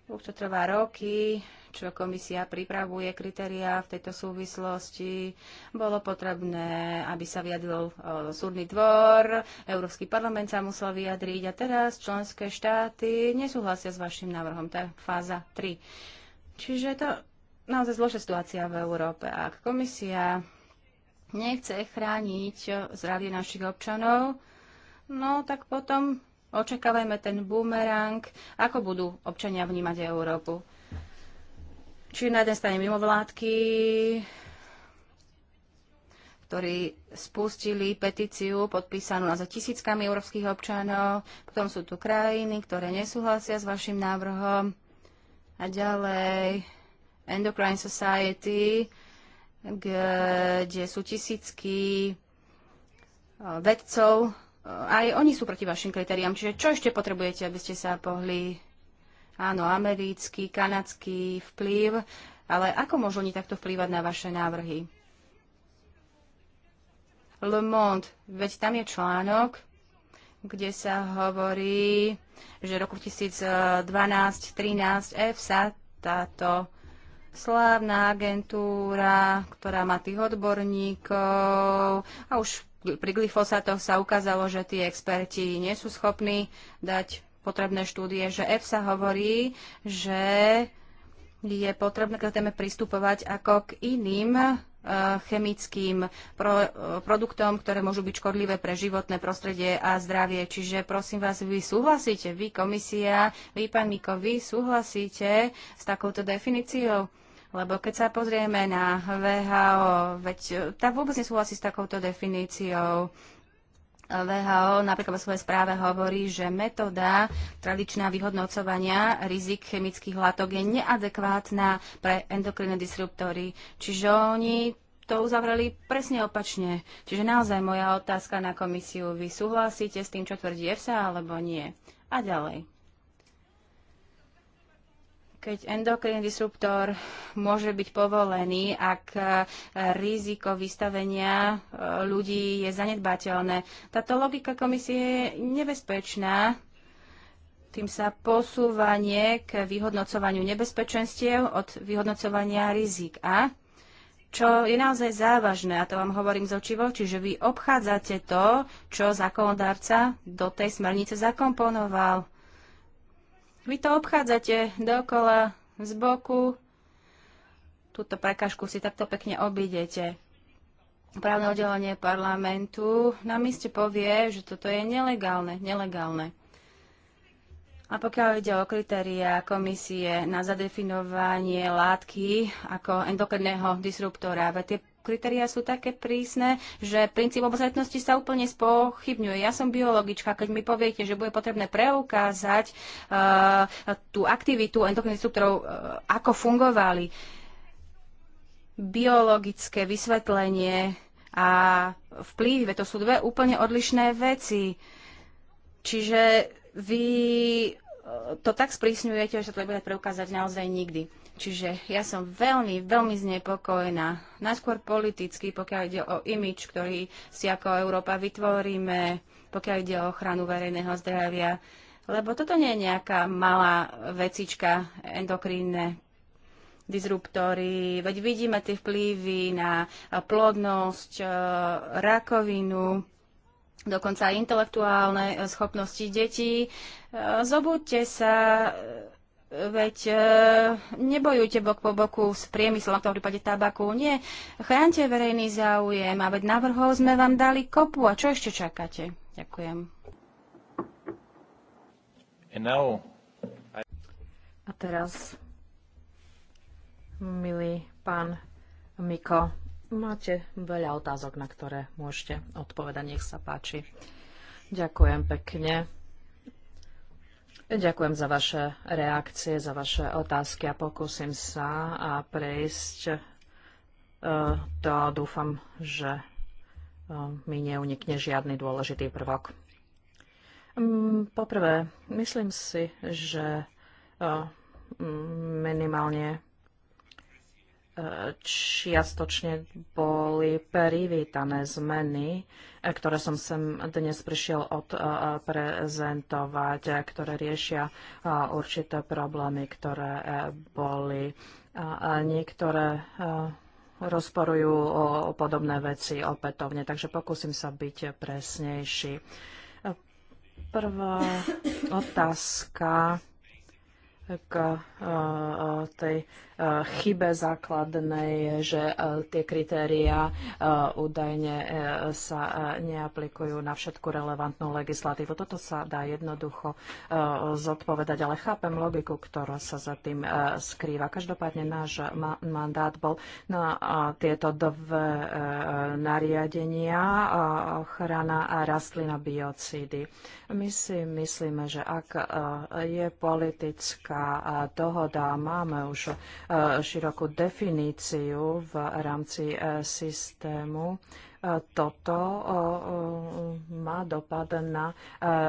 už to trvá roky, čo komisia pripravuje kritériá v tejto súvislosti. Bolo potrebné, aby sa vyjadril e, súdny dvor, Európsky parlament sa musel vyjadriť a teraz členské štáty nesúhlasia s vašim návrhom. To je fáza 3. Čiže to naozaj zložitá situácia v Európe. Ak komisia nechce chrániť zdravie našich občanov, no tak potom Očakávajme ten boomerang, ako budú občania vnímať Európu. Či na jeden strane mimovládky, ktorí spustili petíciu podpísanú za tisíckami európskych občanov. Potom sú tu krajiny, ktoré nesúhlasia s vašim návrhom. A ďalej Endocrine Society, kde sú tisícky eh, vedcov, aj oni sú proti vašim kritériám. Čiže čo ešte potrebujete, aby ste sa pohli? Áno, americký, kanadský vplyv, ale ako môžu oni takto vplývať na vaše návrhy? Le Monde, veď tam je článok, kde sa hovorí, že roku 2012-13 EFSA, táto slávna agentúra, ktorá má tých odborníkov a už pri glyfosátoch sa ukázalo, že tí experti nie sú schopní dať potrebné štúdie, že EFSA hovorí, že je potrebné k téme pristupovať ako k iným eh, chemickým pro, eh, produktom, ktoré môžu byť škodlivé pre životné prostredie a zdravie. Čiže prosím vás, vy súhlasíte, vy komisia, vy pán Miko, vy súhlasíte s takouto definíciou? Lebo keď sa pozrieme na VHO, veď e, tá vôbec nesúhlasí s takouto definíciou. VHO napríklad vo svojej správe hovorí, že metóda tradičná vyhodnocovania rizik chemických látok je neadekvátna pre endokrinné disruptory. Čiže oni to uzavreli presne opačne. Čiže naozaj moja otázka na komisiu, vy súhlasíte s tým, čo tvrdí EFSA, alebo nie? A ďalej keď endokrinný disruptor môže byť povolený, ak e, riziko vystavenia e, ľudí je zanedbateľné. Táto logika komisie je nebezpečná. Tým sa posúvanie k vyhodnocovaniu nebezpečenstiev od vyhodnocovania rizik. A čo je naozaj závažné, a to vám hovorím z očí v že vy obchádzate to, čo zákonodárca do tej smernice zakomponoval vy to obchádzate dokola, z boku, túto prekažku si takto pekne obidete. Právne oddelenie parlamentu na mieste povie, že toto je nelegálne, nelegálne. A pokiaľ ide o kritériá komisie na zadefinovanie látky ako endokrinného disruptora, tie kritériá sú také prísne, že princíp obozretnosti sa úplne spochybňuje. Ja som biologička, keď mi poviete, že bude potrebné preukázať uh, tú aktivitu endokrinných struktúrov, uh, eh, ako fungovali, biologické vysvetlenie a vplyv, to sú dve úplne odlišné veci. Čiže vy eh, to tak sprísňujete, že sa to nebude preukázať naozaj nikdy. Čiže ja som veľmi, veľmi znepokojená. Najskôr politicky, pokiaľ ide o imič, ktorý si ako Európa vytvoríme, pokiaľ ide o ochranu verejného zdravia. Lebo toto nie je nejaká malá vecička endokrínne disruptory, veď vidíme tie vplyvy na plodnosť, e, rakovinu, dokonca aj intelektuálne e, schopnosti detí. E, zobudte sa, Veď e, nebojujte bok po boku s priemyslom, v tom prípade tabaku. Nie, chránte verejný záujem a veď navrhov sme vám dali kopu. A čo ešte čakáte? Ďakujem. A teraz, milý pán Miko, máte veľa otázok, na ktoré môžete odpovedať. Nech sa páči. Ďakujem pekne. Ďakujem za vaše reakcie, za vaše otázky a pokúsim sa a prejsť. E, to dúfam, že e, mi neunikne žiadny dôležitý prvok. Mm, poprvé, myslím si, že e, minimálne čiastočne boli privítané zmeny, e, ktoré som sem dnes prišiel odprezentovať, e, ktoré riešia e, určité problémy, ktoré boli. niektoré rozporujú o podobné veci opätovne, takže pokúsim sa byť presnejší. Prvá otázka k tej Eh, chybe základnej, že eh, tie kritéria eh, údajne sa neaplikujú na všetku relevantnú legislatívu. Toto sa dá jednoducho zodpovedať, ale chápem logiku, ktorá sa za tým skrýva. Každopádne náš mandát bol na tieto dve nariadenia ochrana a rastlina biocídy. My si myslíme, že ak je politická dohoda, máme už E, širokú definíciu v rámci e, systému. E, toto má dopad na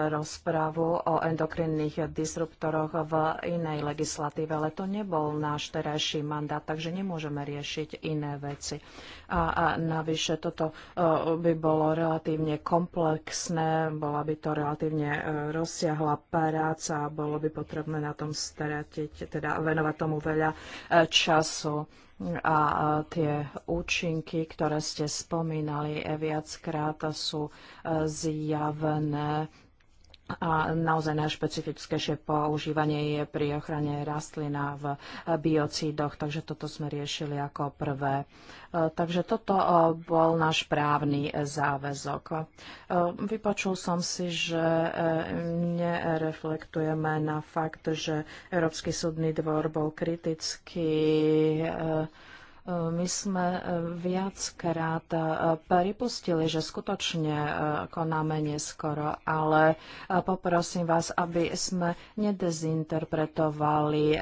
rozprávu o endokrinných disruptoroch v inej legislatíve, ale to nebol náš terajší mandát, takže nemôžeme riešiť iné veci a, a navyše toto e, by bolo relatívne komplexné, bola by to relatívne e, rozsiahla práca a bolo by potrebné na tom stratiť, teda venovať tomu veľa e, času a tie účinky, ktoré ste spomínali viackrát, sú zjavné a naozaj najšpecifickejšie používanie je pri ochrane rastlina v biocídoch, takže toto sme riešili ako prvé. E, takže toto e, bol náš právny záväzok. E, vypočul som si, že nereflektujeme na fakt, že Európsky súdny dvor bol kritický my sme e, viackrát e, pripustili, že skutočne e, konáme neskoro, ale poprosím vás, aby sme nedezinterpretovali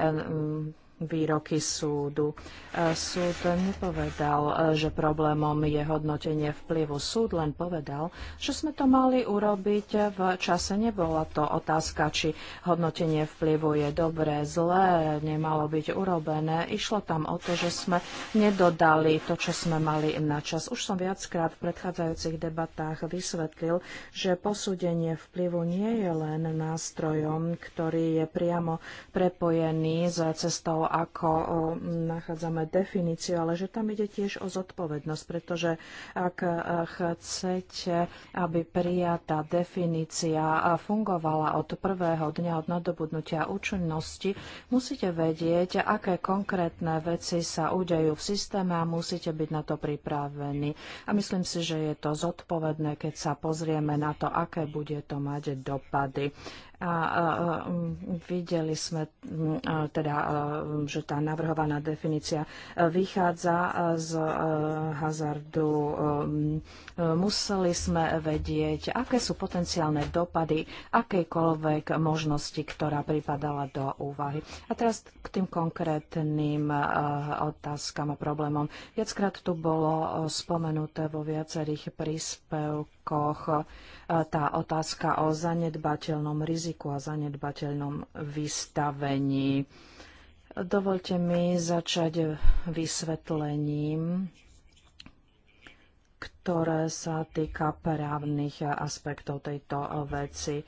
výroky súdu. E, súd nepovedal, e, že problémom je hodnotenie vplyvu. Súd len povedal, že sme to mali urobiť v čase. Nebola to otázka, či hodnotenie vplyvu je dobré, zlé, nemalo byť urobené. Išlo tam o to, že sme nedodali to, čo sme mali na čas. Už som viackrát v predchádzajúcich debatách vysvetlil, že posúdenie vplyvu nie je len nástrojom, ktorý je priamo prepojený s cestou ako nachádzame definíciu, ale že tam ide tiež o zodpovednosť, pretože ak e, chcete, aby prijatá definícia e, fungovala od prvého dňa od nadobudnutia účinnosti, musíte vedieť, aké konkrétne veci sa udejú v systéme a musíte byť na to pripravení. A myslím si, že je to zodpovedné, keď sa pozrieme na to, aké bude to mať dopady a videli sme teda, že tá navrhovaná definícia e, vychádza e, z e, hazardu. Museli sme vedieť, aké sú potenciálne dopady akejkoľvek možnosti, ktorá pripadala do úvahy. A teraz k tým konkrétnym otázkam a problémom. Viackrát tu bolo spomenuté vo viacerých príspevkoch krokoch e, tá otázka o zanedbateľnom riziku a zanedbateľnom vystavení. Dovolte mi začať vysvetlením, ktoré sa týka právnych aspektov tejto veci.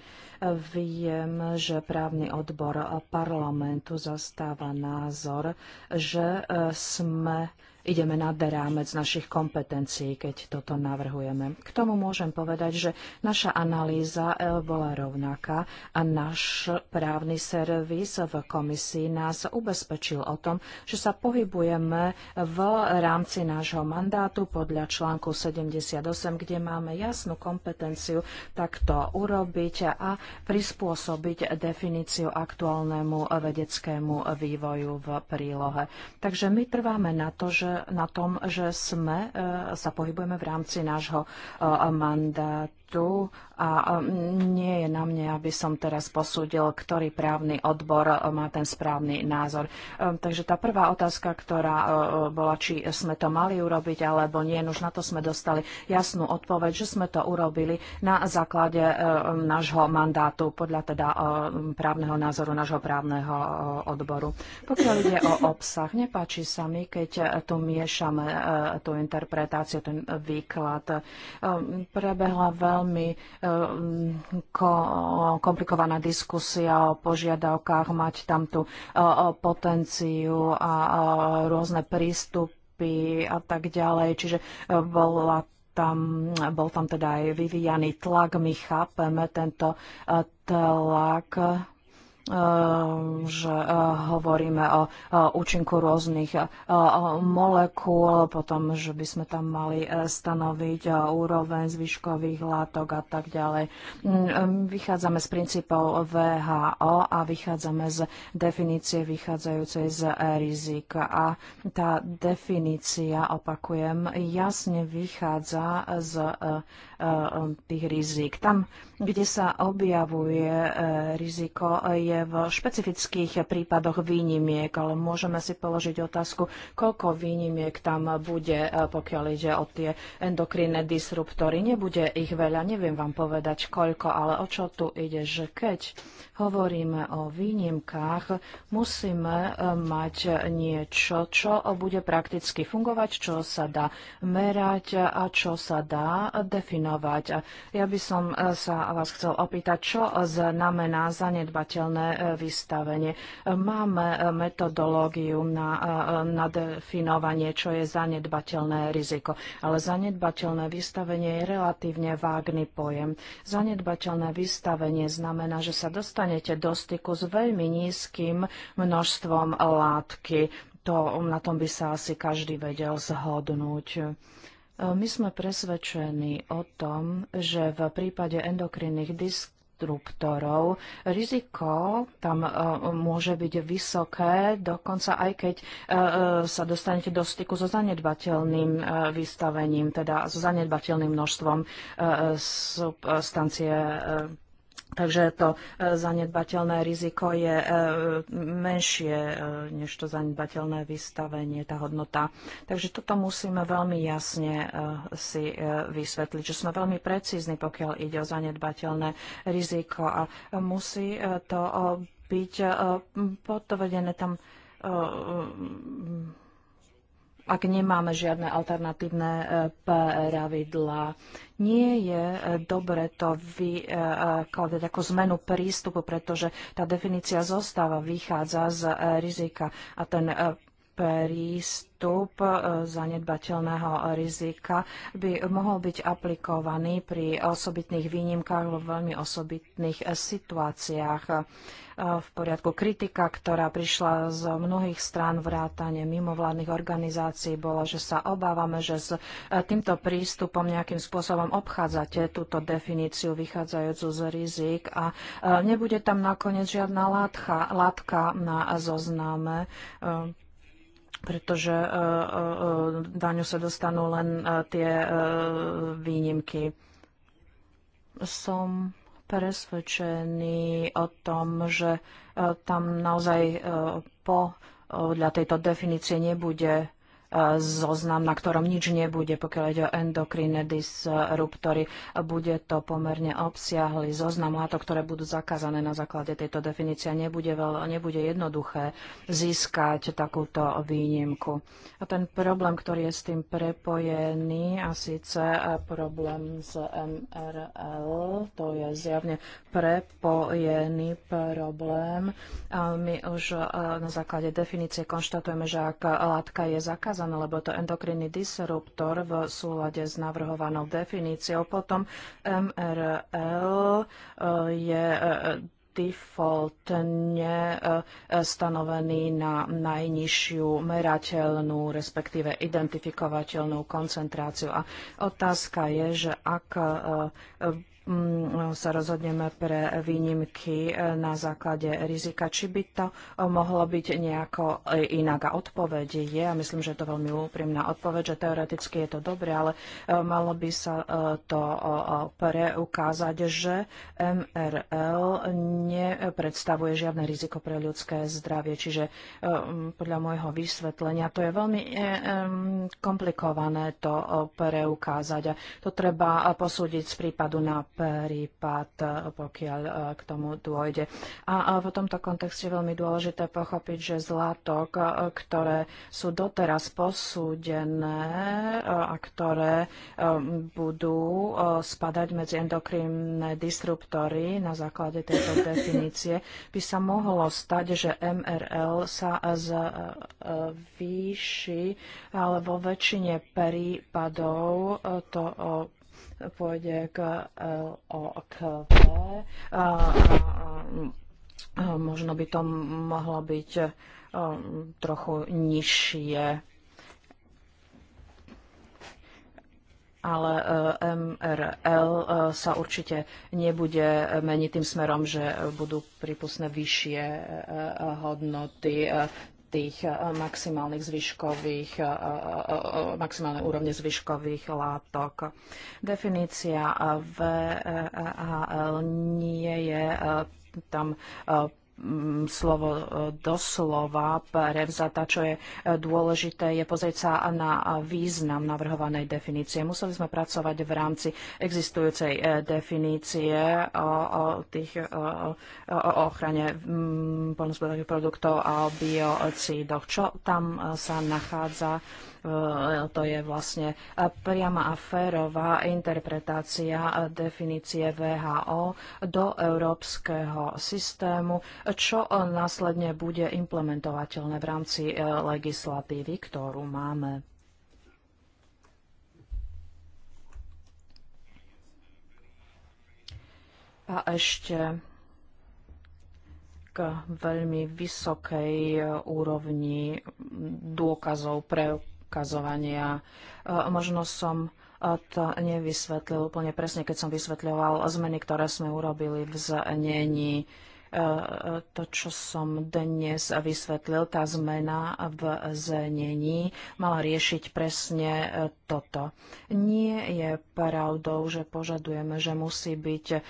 Viem, že právny odbor parlamentu zastáva názor, že sme ideme nad rámec našich kompetencií, keď toto navrhujeme. K tomu môžem povedať, že naša analýza eh, bola rovnaká a náš právny servis v komisii nás ubezpečil o tom, že sa pohybujeme v rámci nášho mandátu podľa článku 78, kde máme jasnú kompetenciu takto urobiť a prispôsobiť definíciu aktuálnemu vedeckému vývoju v prílohe. Takže my trváme na to, že na tom, že sme e, sa pohybujeme v rámci nášho e, mandátu a nie je na mne, aby som teraz posúdil, ktorý právny odbor e, má ten správny názor. E, takže tá prvá otázka, ktorá e, bola, či sme to mali urobiť alebo nie, no už na to sme dostali jasnú odpoveď, že sme to urobili na základe nášho mandátu, podľa teda právneho názoru nášho právneho odboru. Pokiaľ ide o obsah, nepáči sa mi, keď tu miešame tú interpretáciu, ten výklad. Prebehla veľmi komplikovaná diskusia o požiadavkách, mať tam tú potenciu a rôzne prístupy a tak ďalej. Čiže e, bola tam, bol tam teda aj vyvíjaný tlak, my chápeme tento e, tlak Ehm, že eh, hovoríme o účinku rôznych eh, molekúl, potom, že by sme tam mali eh, stanoviť úroveň zvyškových látok a tak ďalej. Mm, ehm, vychádzame z princípov VHO a vychádzame z definície vychádzajúcej z e rizik. A tá definícia, opakujem, jasne vychádza z Eh, um, tých rizik. Tam, kde sa objavuje eh, riziko, je v špecifických prípadoch výnimiek, ale môžeme si položiť otázku, koľko výnimiek tam bude, eh, pokiaľ ide o tie endokrinné disruptory. Nebude ich veľa, neviem vám povedať koľko, ale o čo tu ide, že keď hovoríme o výnimkách, musíme mať niečo, čo bude prakticky fungovať, čo sa dá merať a čo sa dá definovať eliminovať. Ja by som e, sa vás chcel opýtať, čo znamená zanedbateľné e, vystavenie. Máme e, metodológiu na, na definovanie, čo je zanedbateľné riziko, ale zanedbateľné vystavenie je relatívne vágny pojem. Zanedbateľné vystavenie znamená, že sa dostanete do styku s veľmi nízkym množstvom látky. To, na tom by sa asi každý vedel zhodnúť. My sme presvedčení o tom, že v prípade endokrinných disk disruptorov. Riziko tam e, môže byť vysoké, dokonca aj keď e, e, sa dostanete do styku so zanedbateľným vystavením, teda so zanedbateľným množstvom substancie Takže to e, zanedbateľné riziko je e, menšie e, než to zanedbateľné vystavenie, tá hodnota. Takže toto musíme veľmi jasne si vysvetliť, že sme veľmi precízni, pokiaľ ide o zanedbateľné riziko a musí to byť podvedené tam ak nemáme žiadne alternatívne e, pravidlá. Nie je e, dobre to vykladať e, ako zmenu prístupu, pretože tá definícia zostáva, vychádza z rizika a ten prístup e, zanedbateľného rizika by mohol byť aplikovaný pri osobitných výnimkách vo veľmi osobitných situáciách. E, v poriadku kritika, ktorá prišla z mnohých strán vrátane mimovládnych organizácií, bolo, že sa obávame, že s e, týmto prístupom nejakým spôsobom obchádzate túto definíciu vychádzajúcu z rizik a nebude tam nakoniec žiadna látka, látka na zozname pretože e, e, e, daňu sa dostanú len tie výnimky. Som presvedčený o tom, že tam naozaj podľa tejto definície nebude zoznam, na ktorom nič nebude, pokiaľ ide o endokrinné disruptory. Bude to pomerne obsiahly zoznam látok, ktoré budú zakázané na základe tejto definície. Nebude, veľ, nebude jednoduché získať takúto výnimku. A ten problém, ktorý je s tým prepojený, a síce problém s MRL, to je zjavne prepojený problém. My už eh, na základe definície konštatujeme, že ak látka je zakázaná, zakázané, lebo to endokrinný disruptor v súlade s navrhovanou definíciou. Potom MRL eh, je eh, defaultne eh, stanovený na najnižšiu merateľnú, respektíve identifikovateľnú koncentráciu. A otázka je, že ak Mm, sa rozhodneme pre výnimky e, na základe rizika, či by to e, mohlo byť nejako e, inak. A odpoveď je, a myslím, že je to veľmi úprimná odpoveď, že teoreticky je to dobre, ale malo by sa to preukázať, že MRL nepredstavuje žiadne riziko pre ľudské zdravie. Čiže podľa môjho vysvetlenia to je veľmi komplikované to preukázať. A to treba posúdiť z prípadu na prípad, pokiaľ e, k tomu dôjde. A v tomto kontexte je veľmi dôležité pochopiť, že zlatok, e, ktoré sú doteraz posúdené e, a ktoré budú spadať medzi endokrinné disruptory na základe tejto definície, by sa mohlo stať, že MRL sa zvýši, ale vo väčšine prípadov to pôjde k eh, eh, a, a možno by to mohlo byť eh, trochu nižšie. ale MRL sa určite nebude meniť tým smerom, že budú prípustné vyššie hodnoty tých eh, maximálnych zvyškových, eh, eh, maximálne úrovne zvyškových látok. Definícia VHL e nie je tam Mm, slovo e, doslova prevzata, čo je e, dôležité, je pozrieť sa na e, význam navrhovanej definície. Museli sme pracovať v rámci existujúcej definície o, o, tých, o, o ochrane mm, polnospodárských produktov a biocídoch. Čo tam sa nachádza? Eh, to je vlastne eh, priama a férová interpretácia eh, definície VHO do európskeho systému, čo následne bude implementovateľné v rámci legislatívy, ktorú máme. A ešte k veľmi vysokej úrovni dôkazov pre preukazovania. E, možno som e, to nevysvetlil úplne presne, keď som vysvetľoval zmeny, ktoré sme urobili v znení e, to, čo som dnes vysvetlil, tá zmena v znení mala riešiť presne toto. Nie je pravdou, že požadujeme, že musí byť eh,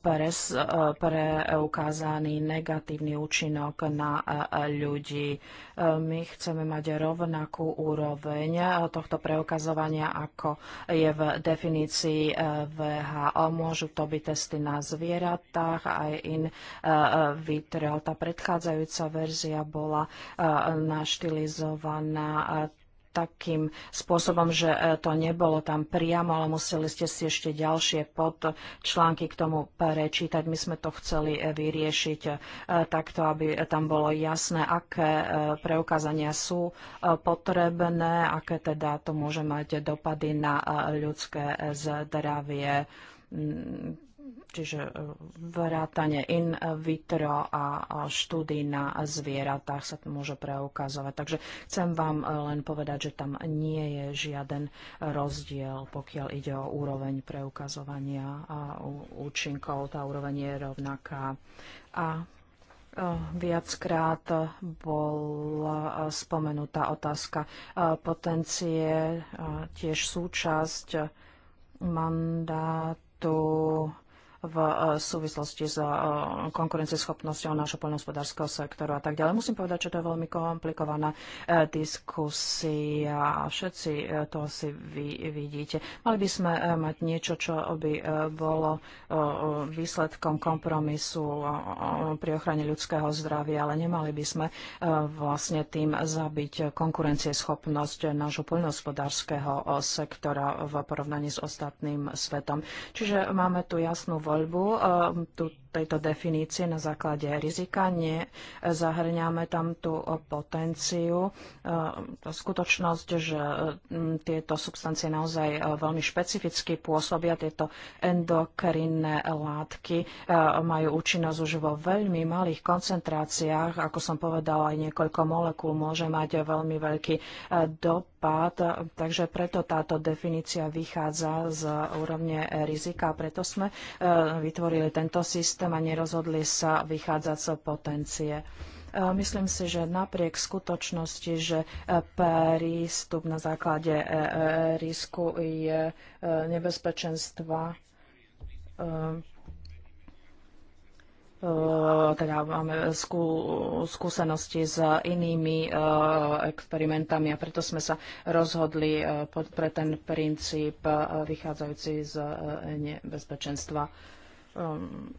preukázaný eh, preukázaný negatívny účinok na eh, ľudí. My chceme mať rovnakú úroveň tohto preukazovania, ako je v definícii VHO. Môžu to byť testy na zvieratách, aj in vitro. Tá predchádzajúca verzia bola naštilizovaná takým spôsobom, že e, to nebolo tam priamo, ale museli ste si ešte ďalšie podčlánky k tomu prečítať. My sme to chceli e, vyriešiť e, takto, aby tam bolo jasné, aké preukázania sú potrebné, aké teda to môže mať dopady na ľudské zdravie mm, čiže e, vrátanie in vitro a štúdy na zvieratách sa môže preukazovať. Takže chcem vám e, len povedať, že tam nie je žiaden rozdiel, pokiaľ ide o úroveň preukazovania a účinkov. Tá úroveň je rovnaká. A e, Viackrát bola spomenutá otázka potencie, tiež súčasť mandátu v e, súvislosti s e, konkurencieschopnosťou nášho poľnohospodárskeho sektoru a tak ďalej. Musím povedať, že to je veľmi komplikovaná e, diskusia. a Všetci to si vy vidíte. Mali by sme mať niečo, čo by bolo výsledkom kompromisu pri ochrane ľudského zdravia, ale nemali by sme vlastne tým zabiť konkurencieschopnosť nášho poľnohospodárskeho sektora v porovnaní s ostatným svetom. Čiže máme tu jasnú voľbu. Ehm, tu tejto definície na základe rizika. Nie zahrňame tam tú potenciu, e, skutočnosť, že e, tieto substancie naozaj e, veľmi špecificky pôsobia. Tieto endokrinné látky majú účinnosť už vo veľmi malých koncentráciách. Ako som povedala, aj niekoľko molekúl môže mať veľmi veľký dopad pád, takže preto táto definícia vychádza z úrovne rizika. Preto sme vytvorili tento systém systém a nerozhodli sa vychádzať z potencie. E, myslím si, že napriek skutočnosti, že e, prístup na základe e, risku je nebezpečenstva, teda máme skú, skúsenosti s inými experimentami a preto sme sa rozhodli pre ten princíp vychádzajúci z nebezpečenstva. Ehm,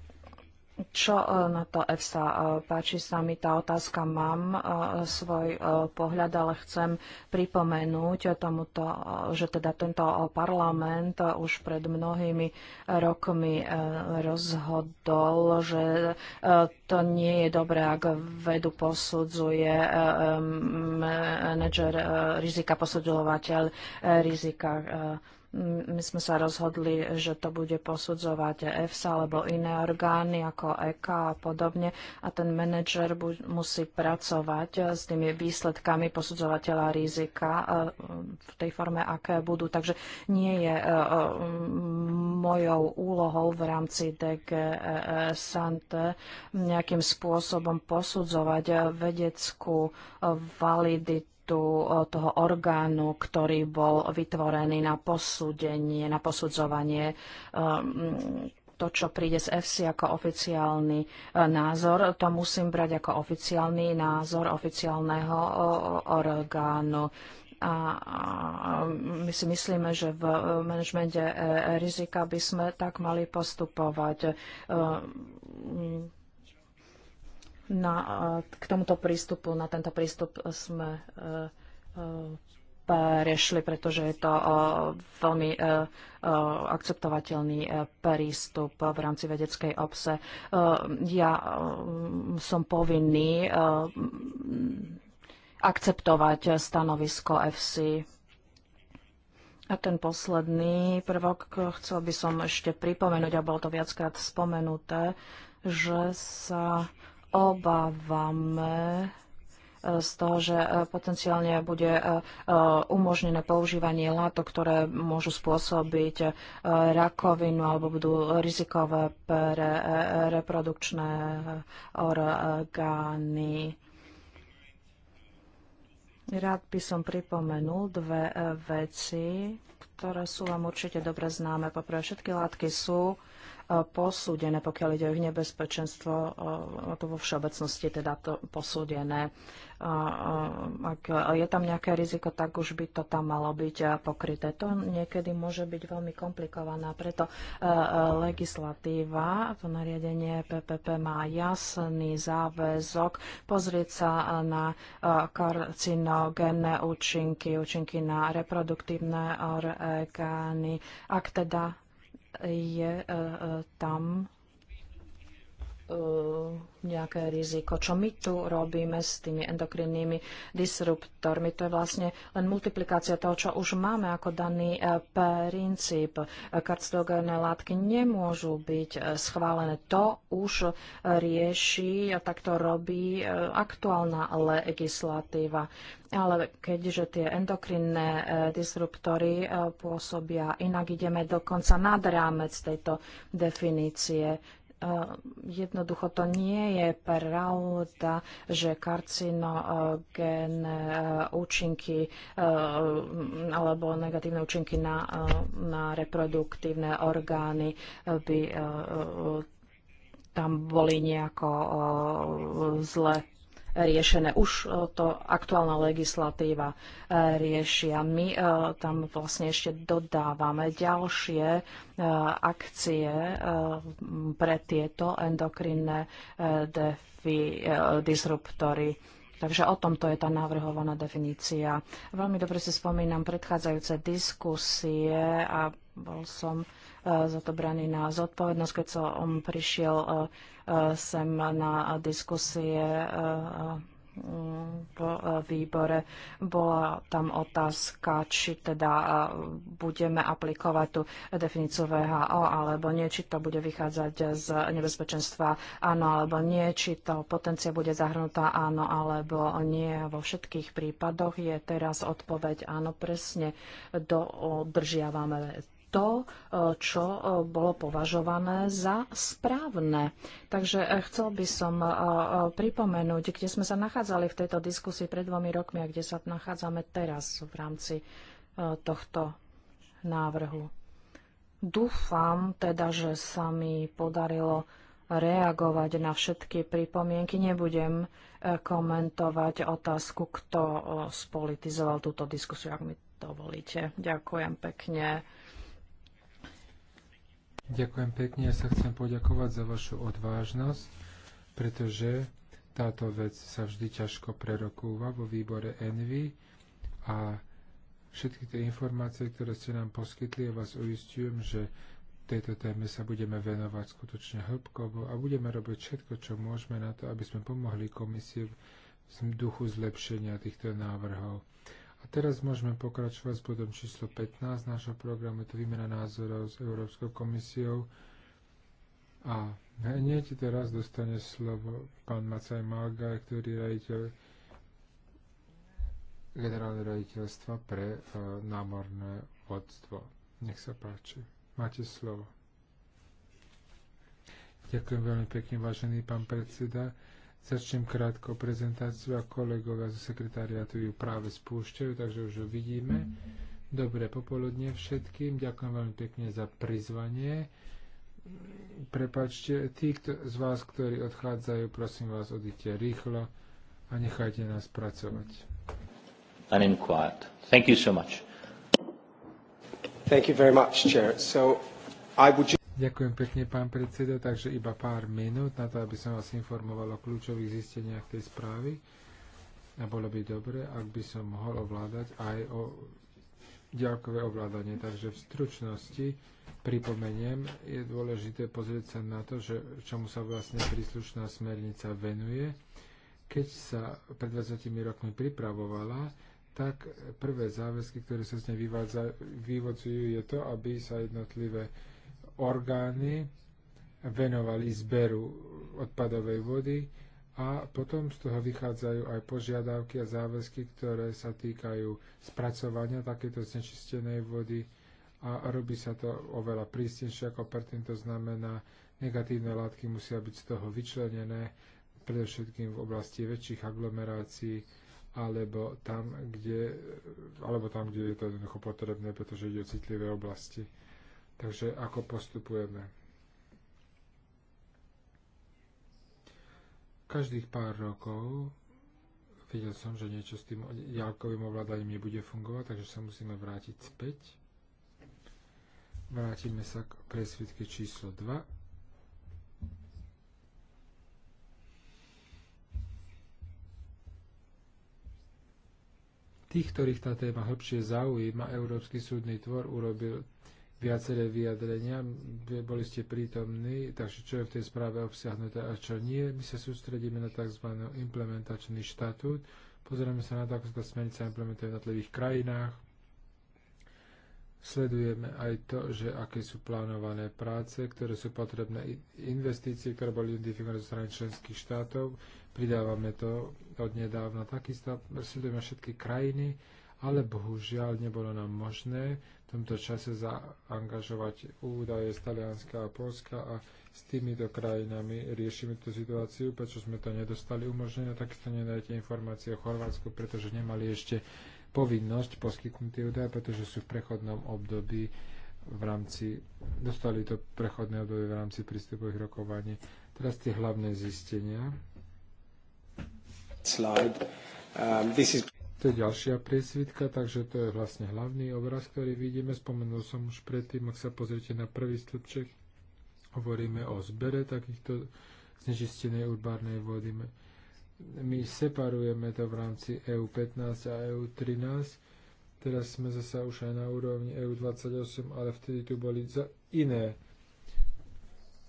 čo e, na to EFSA? E, páči sa mi tá otázka, mám e, svoj pohľad, ale chcem pripomenúť tomuto, že teda tento parlament už pred mnohými rokmi rozhodol, že to nie je dobré, ak vedu posudzuje manager rizika, posudzovateľ rizika my sme sa rozhodli, že to bude posudzovať EFSA alebo iné orgány ako EKA a podobne a ten manažer musí pracovať eh, s tými výsledkami posudzovateľa rizika eh, v tej forme, aké budú. Takže nie je eh, mojou úlohou v rámci DG Sante nejakým spôsobom posudzovať vedeckú validitu auditu toho orgánu, ktorý bol vytvorený na posúdenie, na posudzovanie um, to, čo príde z FC ako oficiálny e, názor, to musím brať ako oficiálny názor oficiálneho orgánu a my si myslíme, že v manažmente e, e, rizika by sme tak mali postupovať na, k tomuto prístupu, na tento prístup sme e, e, prešli, pretože je to e, veľmi akceptovateľný prístup v rámci vedeckej obse. Ja som povinný akceptovať stanovisko FC. A ten posledný prvok chcel by som ešte pripomenúť, a bolo to viackrát spomenuté, že sa obávame e, z toho, že e, potenciálne bude e, umožnené používanie látok, ktoré môžu spôsobiť rakovinu alebo budú rizikové pre reprodukčné orgány. Rád by som pripomenul dve veci, ktoré sú vám určite dobre známe. Poprvé, všetky látky sú E, posúdené, pokiaľ ide o ich nebezpečenstvo, e, to vo všeobecnosti teda to posúdené. E, ak je tam nejaké riziko, tak už by to tam malo byť pokryté. To niekedy môže byť veľmi komplikované, preto legislatíva, to nariadenie PPP má jasný záväzok pozrieť sa na karcinogénne účinky, účinky na reproduktívne orgány. Ak teda je e, e, tam Eh, nejaké riziko. Čo my tu robíme s tými endokrinnými disruptormi, to je vlastne len multiplikácia toho, čo už máme ako daný eh, princíp. Karcinogénne látky nemôžu byť eh, schválené. To už rieši a tak to robí aktuálna legislatíva. Ale keďže tie endokrinné disruptory pôsobia inak, ideme dokonca nad rámec tejto definície. Eh, jednoducho to nie je pravda, že karcinogénne eh, účinky eh, alebo negatívne účinky na, na reproduktívne orgány by tam boli nejako zle riešené. Už e, to aktuálna legislatíva e, riešia. My e, tam vlastne ešte dodávame ďalšie akcie pre tieto endokrinné disruptory. Takže o tomto je tá navrhovaná definícia. Veľmi dobre si spomínam predchádzajúce diskusie a bol som E, za to braný na zodpovednosť, keď som prišiel e, e, sem na diskusie v výbore. Bola tam otázka, či teda budeme aplikovať tú definíciu VHO alebo nie, či to bude vychádzať z nebezpečenstva áno alebo nie, či to potencia bude zahrnutá áno alebo nie. Vo všetkých prípadoch je teraz odpoveď áno, presne dodržiavame to, e, čo e, bolo považované za správne. Takže e, chcel by som pripomenúť, kde sme sa nachádzali v tejto diskusii pred dvomi rokmi a kde sa nachádzame teraz v rámci tohto návrhu. Dúfam teda, že sa mi podarilo reagovať na všetky pripomienky. Nebudem komentovať otázku, kto spolitizoval túto diskusiu, ak mi dovolíte. Ďakujem pekne. Ďakujem pekne, ja sa chcem poďakovať za vašu odvážnosť, pretože táto vec sa vždy ťažko prerokúva vo výbore Envy a všetky tie informácie, ktoré ste nám poskytli, ja vás uistujem, že tejto téme sa budeme venovať skutočne hĺbkovo a budeme robiť všetko, čo môžeme na to, aby sme pomohli komisie v duchu zlepšenia týchto návrhov. A teraz môžeme pokračovať s bodom číslo 15 nášho programu, je to výmena názorov s Európskou komisiou. A hneď teraz dostane slovo pán Macaj Malga, ktorý je rejiteľ generálne raditeľstva pre e, námorné vodstvo. Nech sa páči. Máte slovo. Ďakujem veľmi pekne, vážený pán predseda. Začnem krátko prezentáciu a kolegovia zo sekretariátu ju práve spúšťajú, takže už ju vidíme. Dobré popoludne všetkým, ďakujem veľmi pekne za prizvanie. Prepačte, tí kto, z vás, ktorí odchádzajú, prosím vás, odíďte rýchlo a nechajte nás pracovať. And in quiet. Thank you so much. Thank you very much, Chair. So I would Ďakujem pekne, pán predseda. Takže iba pár minút na to, aby som vás informoval o kľúčových zisteniach tej správy. A bolo by dobre, ak by som mohol ovládať aj o ďalkové ovládanie. Takže v stručnosti pripomeniem, je dôležité pozrieť sa na to, že čomu sa vlastne príslušná smernica venuje. Keď sa pred 20 rokmi pripravovala, tak prvé záväzky, ktoré sa z nej vyvodzujú, je to, aby sa jednotlivé orgány venovali zberu odpadovej vody a potom z toho vychádzajú aj požiadavky a záväzky, ktoré sa týkajú spracovania takéto znečistenej vody a robí sa to oveľa prísnejšie ako predtým, to znamená, negatívne látky musia byť z toho vyčlenené, predovšetkým v oblasti väčších aglomerácií, alebo tam, kde, alebo tam, kde je to jednoducho potrebné, pretože ide o citlivé oblasti. Takže ako postupujeme? Každých pár rokov videl som, že niečo s tým ďalkovým ovládaním nebude fungovať, takže sa musíme vrátiť späť. Vrátime sa k presvitke číslo 2. Tých, ktorých tá téma hĺbšie zaujíma, Európsky súdny tvor urobil viaceré vyjadrenia, boli ste prítomní, takže čo je v tej správe obsiahnuté a čo nie. My sa sústredíme na tzv. implementačný štatút, pozrieme sa na to, ako sa tá smernica implementuje v jednotlivých krajinách, sledujeme aj to, že aké sú plánované práce, ktoré sú potrebné investície, ktoré boli identifikované zo strany členských štátov, pridávame to od nedávna takisto, sledujeme všetky krajiny, ale bohužiaľ nebolo nám možné tomto čase zaangažovať údaje z Talianska a Polska a s týmito krajinami riešime tú situáciu, prečo sme to nedostali umožnené, takisto nedajte informácie o Chorvátsku, pretože nemali ešte povinnosť poskytnúť tie údaje, pretože sú v prechodnom období v rámci, dostali to prechodné obdobie v rámci prístupových rokovaní. Teraz tie hlavné zistenia. Slide. Um, this is... To je ďalšia priesvitka, takže to je vlastne hlavný obraz, ktorý vidíme. Spomenul som už predtým, ak sa pozriete na prvý stĺpček, hovoríme o zbere takýchto znečistenej urbárnej vody. My separujeme to v rámci EU15 a EU13. Teraz sme zase už aj na úrovni EU28, ale vtedy tu boli iné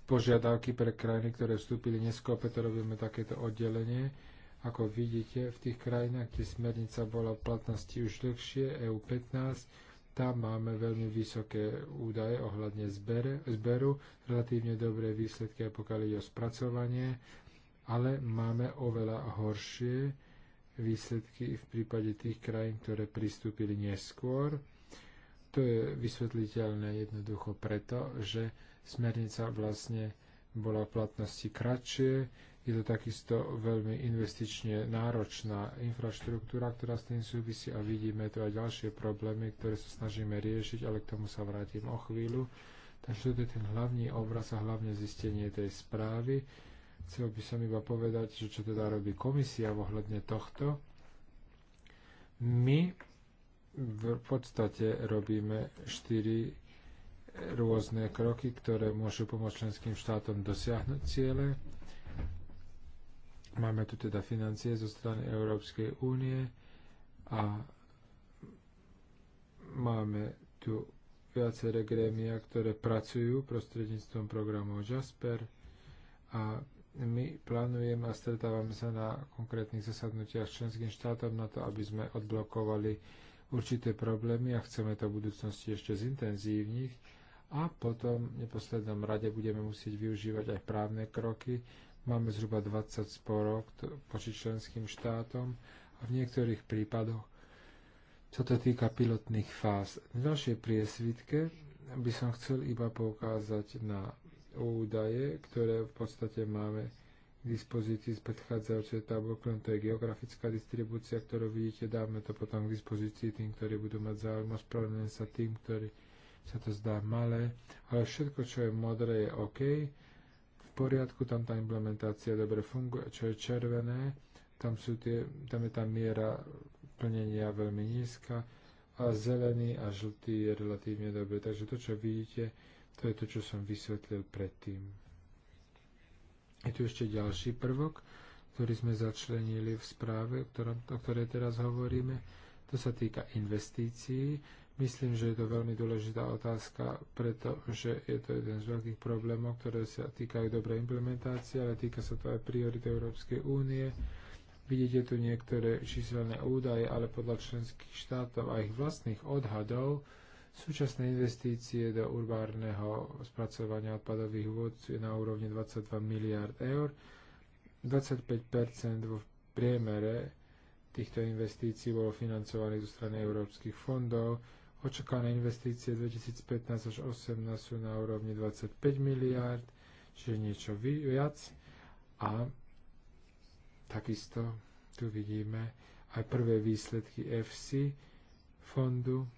požiadavky pre krajiny, ktoré vstúpili neskôr, preto robíme takéto oddelenie ako vidíte, v tých krajinách, kde smernica bola v platnosti už dlhšie, EU15, tam máme veľmi vysoké údaje ohľadne zbere, zberu, relatívne dobré výsledky, pokiaľ ide o spracovanie, ale máme oveľa horšie výsledky v prípade tých krajín, ktoré pristúpili neskôr. To je vysvetliteľné jednoducho preto, že smernica vlastne bola v platnosti kratšie, je to takisto veľmi investične náročná infraštruktúra, ktorá s tým súvisí a vidíme tu aj ďalšie problémy, ktoré sa snažíme riešiť, ale k tomu sa vrátim o chvíľu. Takže toto je ten hlavný obraz a hlavne zistenie tej správy. Chcel by som iba povedať, že čo teda robí komisia ohľadne tohto. My v podstate robíme štyri rôzne kroky, ktoré môžu pomôcť členským štátom dosiahnuť ciele Máme tu teda financie zo strany Európskej únie a máme tu viaceré grémia, ktoré pracujú prostredníctvom programu Jasper a my plánujeme a stretávame sa na konkrétnych zasadnutiach s členským štátom na to, aby sme odblokovali určité problémy a chceme to v budúcnosti ešte zintenzívniť a potom v neposlednom rade budeme musieť využívať aj právne kroky, Máme zhruba 20 sporov poči členským štátom a v niektorých prípadoch sa to týka pilotných fáz. V ďalšej priesvitke by som chcel iba poukázať na údaje, ktoré v podstate máme k dispozícii z predchádzajúcej tabulky, to je geografická distribúcia, ktorú vidíte, dáme to potom k dispozícii tým, ktorí budú mať záujem, ospravedlňujem sa tým, ktorí sa to zdá malé, ale všetko, čo je modré, je OK poriadku, tam tá implementácia dobre funguje, čo je červené, tam, sú tie, tam je tá miera plnenia veľmi nízka a zelený a žltý je relatívne dobrý. Takže to, čo vidíte, to je to, čo som vysvetlil predtým. Je tu ešte ďalší prvok, ktorý sme začlenili v správe, o, o ktorej teraz hovoríme. To sa týka investícií. Myslím, že je to veľmi dôležitá otázka, pretože je to jeden z veľkých problémov, ktoré sa týkajú dobrej implementácie, ale týka sa to aj priority Európskej únie. Vidíte tu niektoré číselné údaje, ale podľa členských štátov a ich vlastných odhadov súčasné investície do urbárneho spracovania odpadových vôd je na úrovni 22 miliard eur. 25 vo priemere týchto investícií bolo financovaných zo strany európskych fondov, Očakávané investície 2015 až 2018 sú na úrovni 25 miliárd, čiže niečo viac. A takisto tu vidíme aj prvé výsledky FC fondu.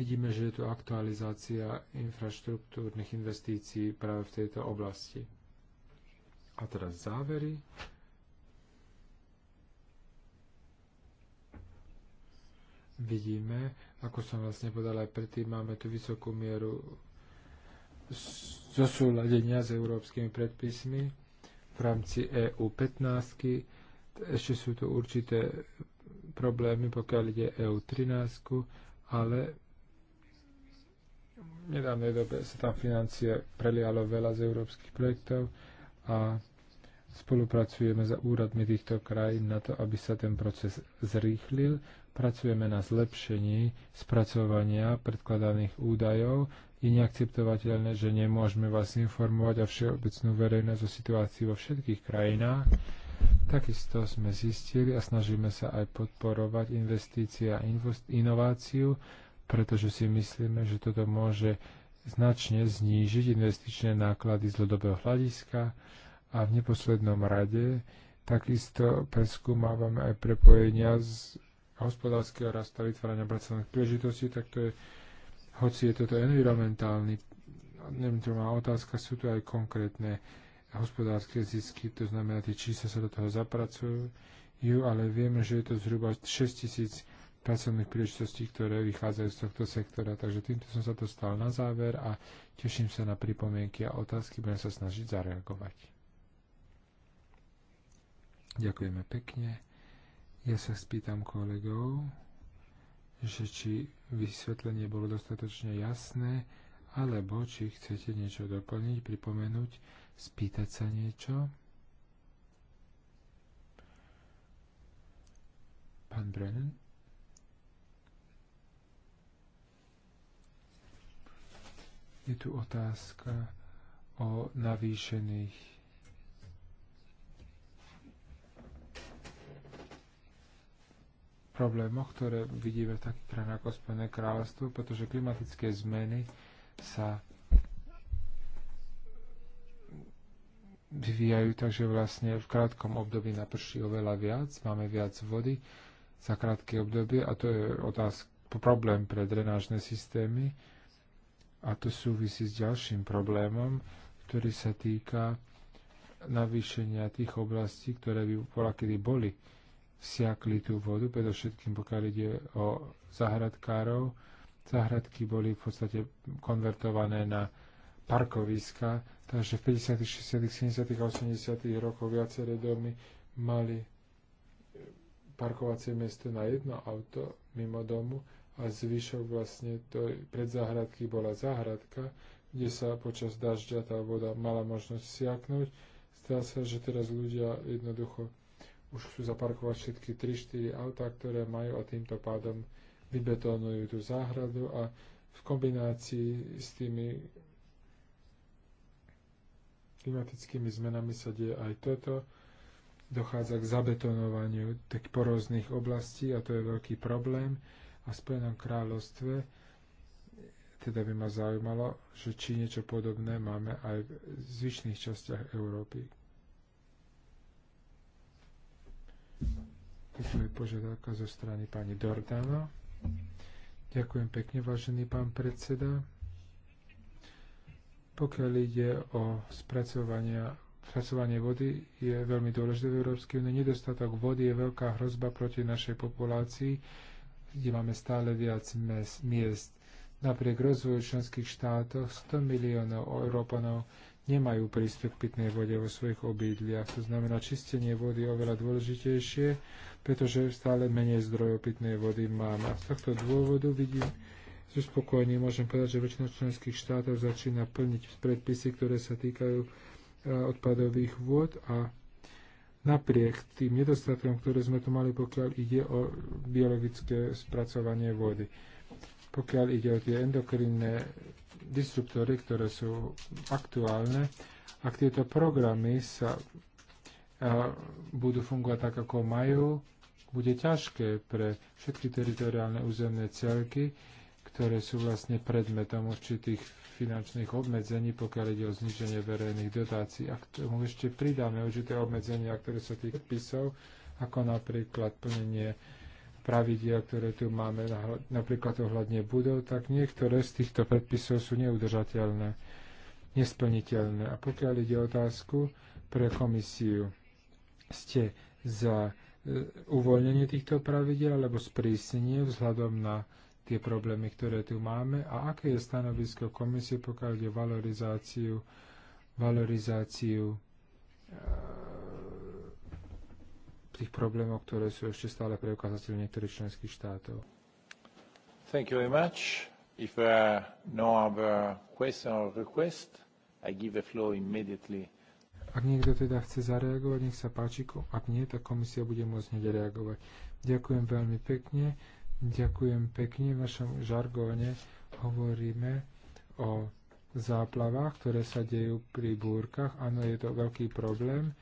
Vidíme, že je tu aktualizácia infraštruktúrnych investícií práve v tejto oblasti. A teraz závery. vidíme, ako som vlastne povedal aj predtým, máme tu vysokú mieru zosúladenia s európskymi predpismi v rámci EU 15. Ešte sú tu určité problémy, pokiaľ ide EU 13, ale v nedávnej dobe sa tam financie prelialo veľa z európskych projektov a spolupracujeme za úradmi týchto krajín na to, aby sa ten proces zrýchlil, pracujeme na zlepšení spracovania predkladaných údajov. Je neakceptovateľné, že nemôžeme vás informovať a všeobecnú verejnosť o situácii vo všetkých krajinách. Takisto sme zistili a snažíme sa aj podporovať investície a inováciu, pretože si myslíme, že toto môže značne znížiť investičné náklady z dlhodobého hľadiska a v neposlednom rade takisto preskúmávame aj prepojenia s hospodárskeho rastu a vytvárania pracovných príležitostí, tak to je, hoci je toto environmentálny, neviem, čo má otázka, sú tu aj konkrétne hospodárske zisky, to znamená, tie čísla sa do toho zapracujú, ale vieme, že je to zhruba 6 tisíc pracovných príležitostí, ktoré vychádzajú z tohto sektora. Takže týmto som sa dostal na záver a teším sa na pripomienky a otázky. Budem sa snažiť zareagovať. Ďakujeme pekne. Ja sa spýtam kolegov, že či vysvetlenie bolo dostatočne jasné, alebo či chcete niečo doplniť, pripomenúť, spýtať sa niečo. Pán Brennan? Je tu otázka o navýšených problémoch, ktoré vidíme v takých krajinách ako Spojené kráľovstvo, pretože klimatické zmeny sa vyvíjajú, takže vlastne v krátkom období naprší oveľa viac, máme viac vody za krátke obdobie a to je otázka, problém pre drenážne systémy a to súvisí s ďalším problémom, ktorý sa týka navýšenia tých oblastí, ktoré by bola kedy boli vsiakli tú vodu, predovšetkým pokiaľ ide o zahradkárov. Zahradky boli v podstate konvertované na parkoviska, takže v 50., 60., 70. a 80. rokoch viaceré domy mali parkovacie miesto na jedno auto mimo domu a zvyšok vlastne to pred záhradky bola záhradka, kde sa počas dažďa tá voda mala možnosť siaknúť. Zdá sa, že teraz ľudia jednoducho už chcú zaparkovať všetky 3-4 autá, ktoré majú a týmto pádom vybetonujú tú záhradu a v kombinácii s tými klimatickými zmenami sa deje aj toto. Dochádza k zabetonovaniu tak porozných oblastí a to je veľký problém. A v Spojenom kráľovstve teda by ma zaujímalo, že či niečo podobné máme aj v zvyšných častiach Európy. tu požiadavka zo strany pani Dordano. Ďakujem pekne, vážený pán predseda. Pokiaľ ide o spracovanie, spracovanie vody je veľmi dôležité v Európskej únii. Nedostatok vody je veľká hrozba proti našej populácii, kde máme stále viac miest. Napriek rozvoju členských štátov 100 miliónov Európanov nemajú prístup k pitnej vode vo svojich obydliach. To znamená, čistenie vody je oveľa dôležitejšie, pretože stále menej zdrojov pitnej vody máme. A z tohto dôvodu vidím, že spokojne môžem povedať, že väčšina členských štátov začína plniť predpisy, ktoré sa týkajú e, odpadových vôd a napriek tým nedostatkom, ktoré sme tu mali, pokiaľ ide o biologické spracovanie vody. Pokiaľ ide o tie endokrinné disruptory, ktoré sú aktuálne, ak tieto programy sa e, budú fungovať tak, ako majú, bude ťažké pre všetky teritoriálne územné celky, ktoré sú vlastne predmetom určitých finančných obmedzení, pokiaľ ide o zniženie verejných dotácií. A k tomu ešte pridáme určité obmedzenia, ktoré sa tých pisov, ako napríklad plnenie pravidiel, ktoré tu máme, napríklad ohľadne budov, tak niektoré z týchto predpisov sú neudržateľné, nesplniteľné. A pokiaľ ide otázku pre komisiu, ste za e, uvoľnenie týchto pravidel alebo sprísnenie vzhľadom na tie problémy, ktoré tu máme a aké je stanovisko komisie, pokiaľ ide valorizáciu, valorizáciu e, tých problémov, ktoré sú ešte stále preukázateľné niektorých členských štátov. Thank you very much. If there are no other questions or request, I give the floor immediately. Ak niekto teda chce zareagovať, nech sa páči, ak nie, tak komisia bude môcť hneď reagovať. Ďakujem veľmi pekne, ďakujem pekne. V našom žargóne hovoríme o záplavách, ktoré sa dejú pri búrkach. Áno, je to veľký problém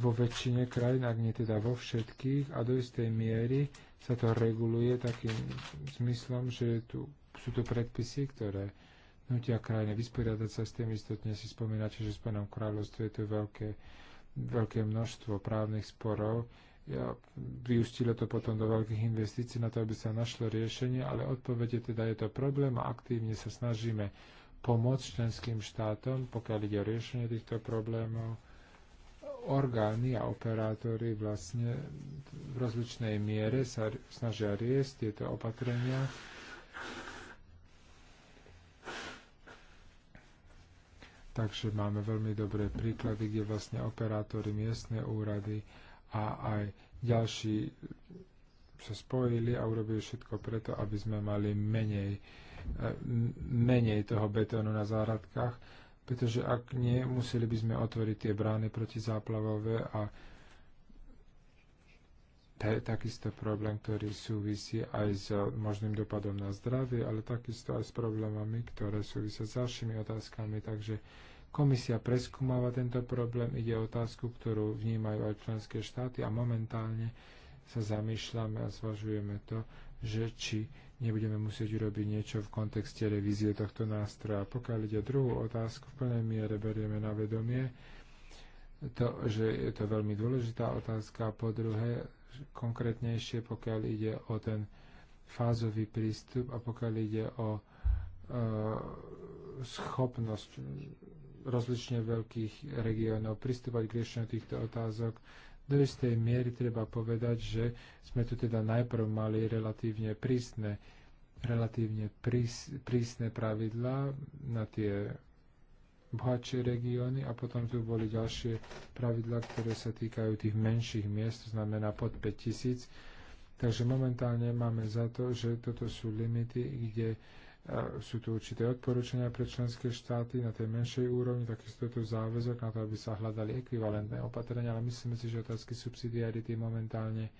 vo väčšine krajín, ak nie teda vo všetkých, a do istej miery sa to reguluje takým zmyslom, že tu, sú tu predpisy, ktoré nutia krajiny vysporiadať sa s tým. Istotne si spomínate, že v Spojenom kráľovstve je to veľké, veľké množstvo právnych sporov. Ja, vyústilo to potom do veľkých investícií na to, aby sa našlo riešenie, ale odpovede teda je to problém a aktívne sa snažíme pomôcť členským štátom, pokiaľ ide o riešenie týchto problémov orgány a operátory vlastne v rozličnej miere sa snažia riesť tieto opatrenia. Takže máme veľmi dobré príklady, kde vlastne operátory miestne úrady a aj ďalší sa spojili a urobili všetko preto, aby sme mali menej, e, menej toho betónu na záradkách pretože ak nie, museli by sme otvoriť tie brány protizáplavové a to je takisto problém, ktorý súvisí aj s možným dopadom na zdravie, ale takisto aj s problémami, ktoré súvisia s ďalšími otázkami. Takže komisia preskúmava tento problém, ide o otázku, ktorú vnímajú aj členské štáty a momentálne sa zamýšľame a zvažujeme to, že či nebudeme musieť urobiť niečo v kontexte revízie tohto nástroja. Pokiaľ ide druhú otázku, v plnej miere berieme na vedomie to, že je to veľmi dôležitá otázka. po druhé, konkrétnejšie, pokiaľ ide o ten fázový prístup a pokiaľ ide o e, schopnosť rozlične veľkých regiónov pristúpať k riešeniu týchto otázok do istej miery treba povedať, že sme tu teda najprv mali relatívne prísne, relatívne prís, prísne pravidlá na tie bohatšie regióny a potom tu boli ďalšie pravidlá, ktoré sa týkajú tých menších miest, to znamená pod 5000. Takže momentálne máme za to, že toto sú limity, kde sú tu určité odporúčania pre členské štáty na tej menšej úrovni, takisto je tu záväzok na to, aby sa hľadali ekvivalentné opatrenia, ale myslíme si, že otázky subsidiarity momentálne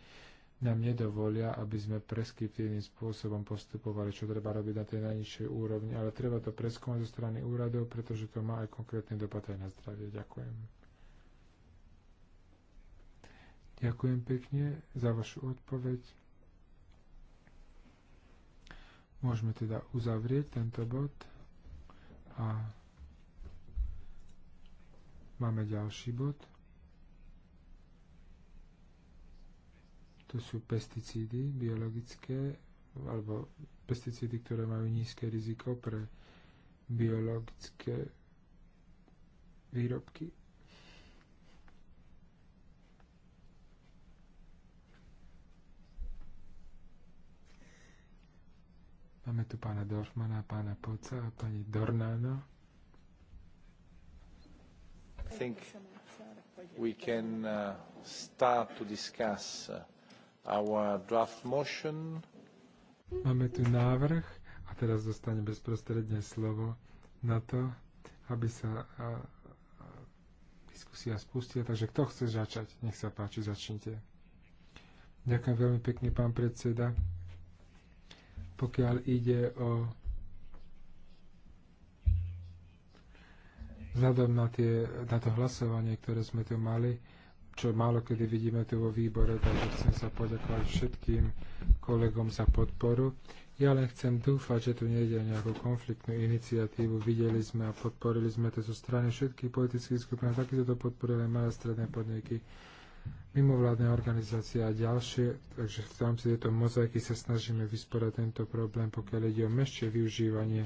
nám nedovolia, aby sme preskriptívnym spôsobom postupovali, čo treba robiť na tej najnižšej úrovni, ale treba to preskúmať zo strany úradov, pretože to má aj konkrétny dopad aj na zdravie. Ďakujem. Ďakujem pekne za vašu odpoveď. Môžeme teda uzavrieť tento bod a máme ďalší bod. To sú pesticídy biologické alebo pesticídy, ktoré majú nízke riziko pre biologické výrobky. Máme tu pána Dorfmana, pána Poca a pani Dornáno. I think we can uh, start to discuss uh, our draft motion. Máme tu návrh a teraz dostane bezprostredne slovo na to, aby sa uh, diskusia spustila. Takže kto chce začať? Nech sa páči, začnite. Ďakujem veľmi pekne, pán predseda pokiaľ ide o vzhľadom na, tie, na to hlasovanie, ktoré sme tu mali, čo málo kedy vidíme tu vo výbore, takže chcem sa poďakovať všetkým kolegom za podporu. Ja len chcem dúfať, že tu nejde o nejakú konfliktnú iniciatívu. Videli sme a podporili sme to zo strany všetkých politických skupín. Takýto to podporili aj malé stredné podniky mimovládne organizácie a ďalšie, takže v rámci tejto mozaiky sa snažíme vysporať tento problém, pokiaľ ide o mešie využívanie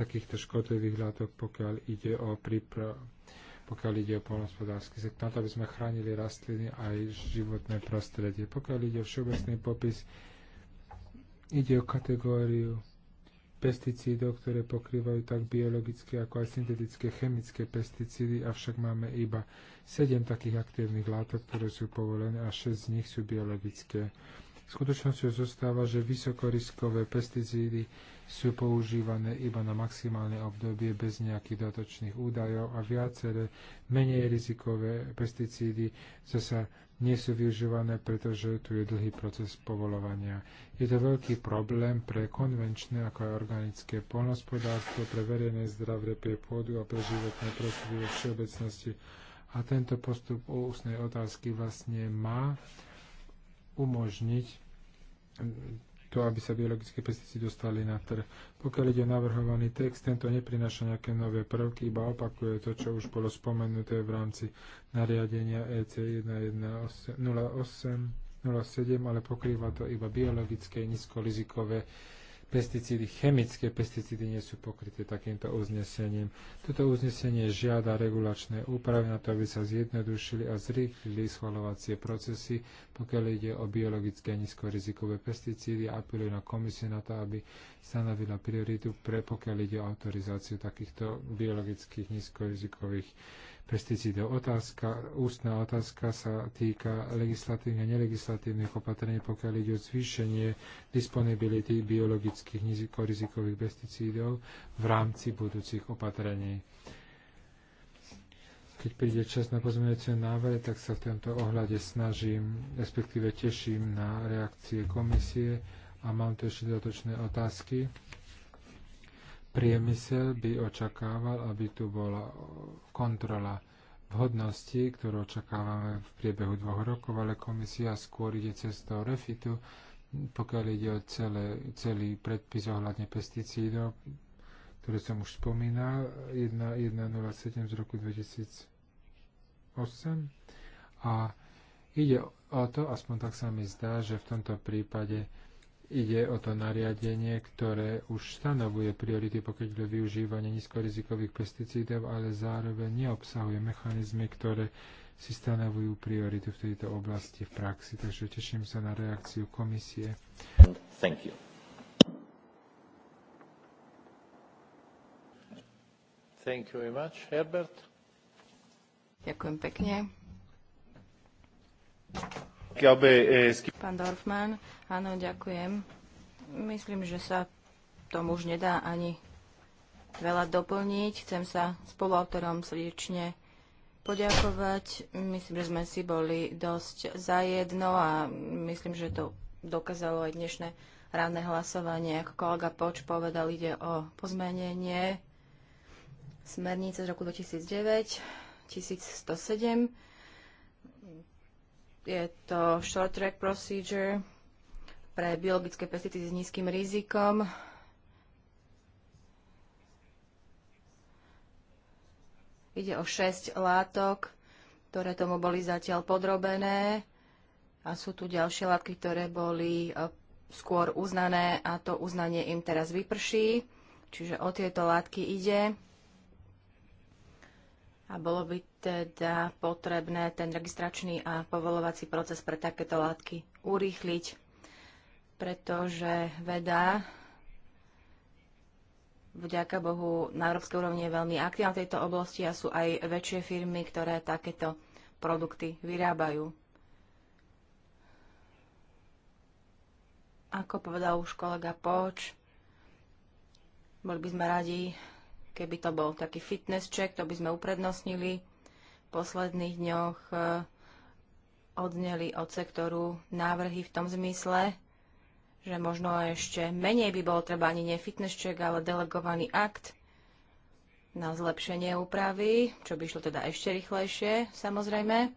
takýchto škodlivých látok, pokiaľ ide o príprav, pokiaľ ide o polnospodársky sektor, na to, aby sme chránili rastliny aj životné prostredie. Pokiaľ ide o všeobecný popis, ide o kategóriu pesticídov, ktoré pokrývajú tak biologické ako aj syntetické chemické pesticídy, avšak máme iba 7 takých aktívnych látok, ktoré sú povolené a 6 z nich sú biologické. Skutočnosťou zostáva, že vysokoriskové pesticídy sú používané iba na maximálne obdobie bez nejakých dodatočných údajov a viaceré menej rizikové pesticídy zase nie sú využívané, pretože tu je dlhý proces povolovania. Je to veľký problém pre konvenčné ako aj organické polnospodárstvo, pre verejné zdravie, pre pôdu a pre životné prostredie všeobecnosti. A tento postup o ústnej otázky vlastne má umožniť to, aby sa biologické pesticídy dostali na trh. Pokiaľ ide navrhovaný text, tento neprináša nejaké nové prvky, iba opakuje to, čo už bolo spomenuté v rámci nariadenia EC 1108 07, ale pokrýva to iba biologické nízkorizikové pesticídy, chemické pesticídy nie sú pokryté takýmto uznesením. Toto uznesenie žiada regulačné úpravy na to, aby sa zjednodušili a zrýchlili schvalovacie procesy, pokiaľ ide o biologické a nízkorizikové pesticídy a apeluje na komisiu na to, aby stanovila prioritu pre pokiaľ ide o autorizáciu takýchto biologických nízkorizikových pesticídov. Otázka, ústna otázka sa týka legislatívnych a nelegislatívnych opatrení, pokiaľ ide o zvýšenie disponibility biologických nízkorizikových pesticídov v rámci budúcich opatrení. Keď príde čas na pozmeňujúce návrhy, tak sa v tomto ohľade snažím, respektíve teším na reakcie komisie a mám tu ešte dodatočné otázky priemysel by očakával, aby tu bola kontrola vhodnosti, ktorú očakávame v priebehu dvoch rokov, ale komisia skôr ide cestou refitu, pokiaľ ide o celé, celý predpis ohľadne pesticídov, ktoré som už spomínal, 1.1.07 z roku 2008. A ide o to, aspoň tak sa mi zdá, že v tomto prípade Ide o to nariadenie, ktoré už stanovuje priority, pokiaľ ide využívanie nízkorizikových pesticídov, ale zároveň neobsahuje mechanizmy, ktoré si stanovujú prioritu v tejto oblasti v praxi. Takže teším sa na reakciu komisie. Thank you. Thank you very much. Herbert. Ďakujem pekne. E, Pán Dorfman, áno, ďakujem. Myslím, že sa tomu už nedá ani veľa doplniť. Chcem sa spoluautorom srdečne poďakovať. Myslím, že sme si boli dosť zajedno a myslím, že to dokázalo aj dnešné ranné hlasovanie. Ako kolega Poč povedal, ide o pozmenenie smernice z roku 2009 1107 je to short track procedure pre biologické pesticídy s nízkym rizikom. Ide o 6 látok, ktoré tomu boli zatiaľ podrobené a sú tu ďalšie látky, ktoré boli e, skôr uznané a to uznanie im teraz vyprší. Čiže o tieto látky ide. A bolo by teda potrebné ten registračný a povolovací proces pre takéto látky urýchliť, pretože veda vďaka Bohu na európskej úrovni je veľmi aktívna v tejto oblasti a sú aj väčšie firmy, ktoré takéto produkty vyrábajú. Ako povedal už kolega Poč, boli by sme radi, keby to bol taký fitness check, to by sme uprednostnili. V posledných dňoch e, odneli od sektoru návrhy v tom zmysle, že možno ešte menej by bolo treba ani nefitness check, ale delegovaný akt na zlepšenie úpravy, čo by išlo teda ešte rýchlejšie, samozrejme.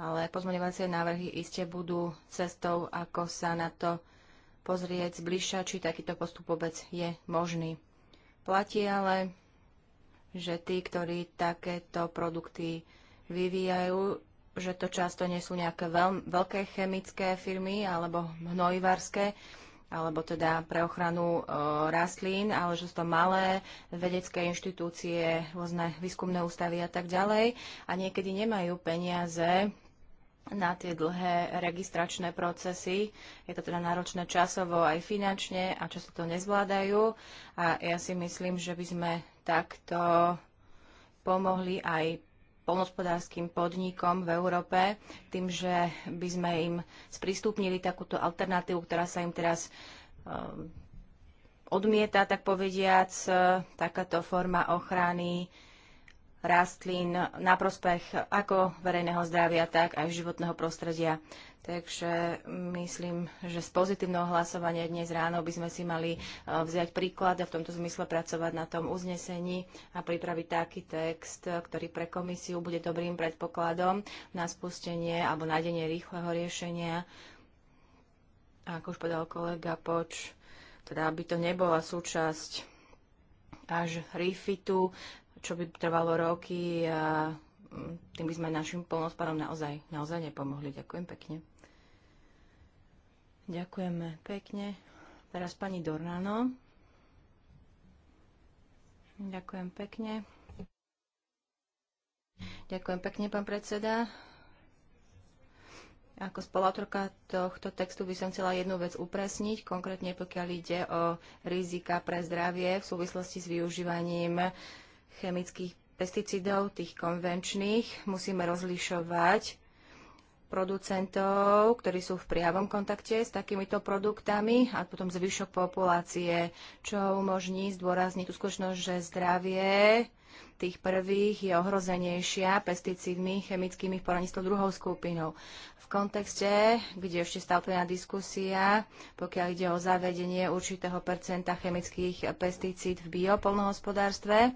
Ale pozmeňovacie návrhy iste budú cestou, ako sa na to pozrieť zbližša, či takýto postup vôbec je možný. Platí ale, že tí, ktorí takéto produkty vyvíjajú, že to často nie sú nejaké veľ, veľké chemické firmy alebo hnojivárske, alebo teda pre ochranu e, rastlín, ale že sú to malé vedecké inštitúcie, rôzne výskumné ústavy a tak ďalej. A niekedy nemajú peniaze na tie dlhé registračné procesy. Je to teda náročné časovo aj finančne a často to nezvládajú. A ja si myslím, že by sme takto pomohli aj polnospodárským podnikom v Európe tým, že by sme im sprístupnili takúto alternatívu, ktorá sa im teraz um, odmieta, tak povediac, e, takáto forma ochrany rastlín na prospech ako verejného zdravia, tak aj životného prostredia. Takže myslím, že z pozitívneho hlasovania dnes ráno by sme si mali e, vziať príklad a v tomto zmysle pracovať na tom uznesení a pripraviť taký text, e, ktorý pre komisiu bude dobrým predpokladom na spustenie alebo nájdenie rýchleho riešenia. A ako už povedal kolega Poč, teda aby to nebola súčasť až refitu, čo by trvalo roky a mm, tým by sme našim polnospodárom naozaj, naozaj nepomohli. Ďakujem pekne. Ďakujeme pekne. Teraz pani Dornano. Ďakujem pekne. Ďakujem pekne, pán predseda. Ako spolautorka tohto textu by som chcela jednu vec upresniť, konkrétne pokiaľ ide o rizika pre zdravie v súvislosti s využívaním uh, chemických pesticídov, tých konvenčných, musíme rozlišovať producentov, ktorí sú v priavom kontakte s takýmito produktami a potom zvyšok populácie, čo umožní zdôrazniť tú skutočnosť, že zdravie tých prvých je ohrozenejšia pesticídmi, chemickými v porovnaní s tou druhou skupinou. V kontexte, kde ešte stále plná diskusia, pokiaľ ide o zavedenie určitého percenta chemických pesticíd v biopolnohospodárstve,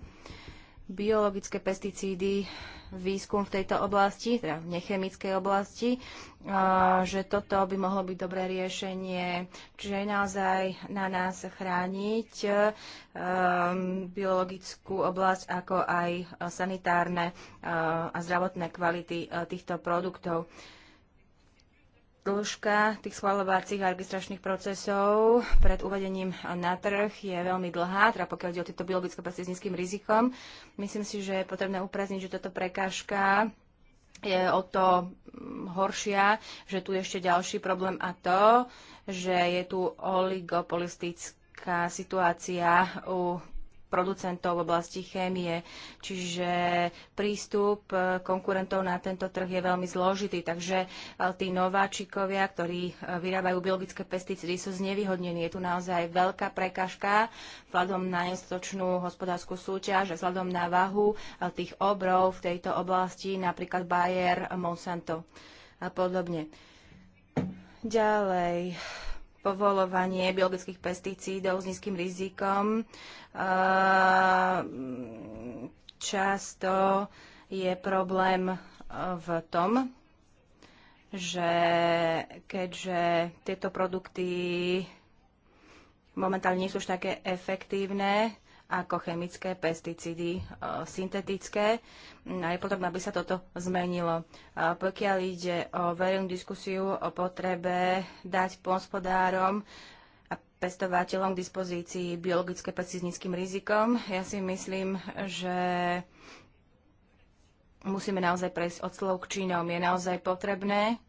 biologické pesticídy, výskum v tejto oblasti, teda v nechemickej oblasti, že toto by mohlo byť dobré riešenie. Čiže je naozaj na nás chrániť ehm, biologickú oblasť, ako aj sanitárne a zdravotné kvality e, týchto produktov. Dĺžka tých schvaľovacích a registračných procesov pred uvedením na trh je veľmi dlhá, teda pokiaľ ide o tieto biologické pesty s nízkym rizikom. Myslím si, že je potrebné uprazniť, že toto prekážka je o to mm, horšia, že tu je ešte ďalší problém a to, že je tu oligopolistická situácia u producentov v oblasti chémie. Čiže prístup e, konkurentov na tento trh je veľmi zložitý, takže e, tí nováčikovia, ktorí e, vyrábajú biologické pesticídy, sú znevýhodnení. Je tu naozaj veľká prekažka vzhľadom na nestočnú hospodárskú súťaž a vzhľadom na váhu tých obrov v tejto oblasti, napríklad Bayer, Monsanto a podobne. Ďalej, povolovanie biologických pesticídov s nízkym rizikom eh, často je problém eh, v tom, že keďže tieto produkty momentálne nie sú už také efektívne, ako chemické pesticídy e, syntetické. A je potrebné, aby sa toto zmenilo. E, pokiaľ ide o verejnú diskusiu o potrebe dať pospodárom a pestovateľom k dispozícii biologické pesty s nízkym rizikom, ja si myslím, že musíme naozaj prejsť od slov k činom. Je naozaj potrebné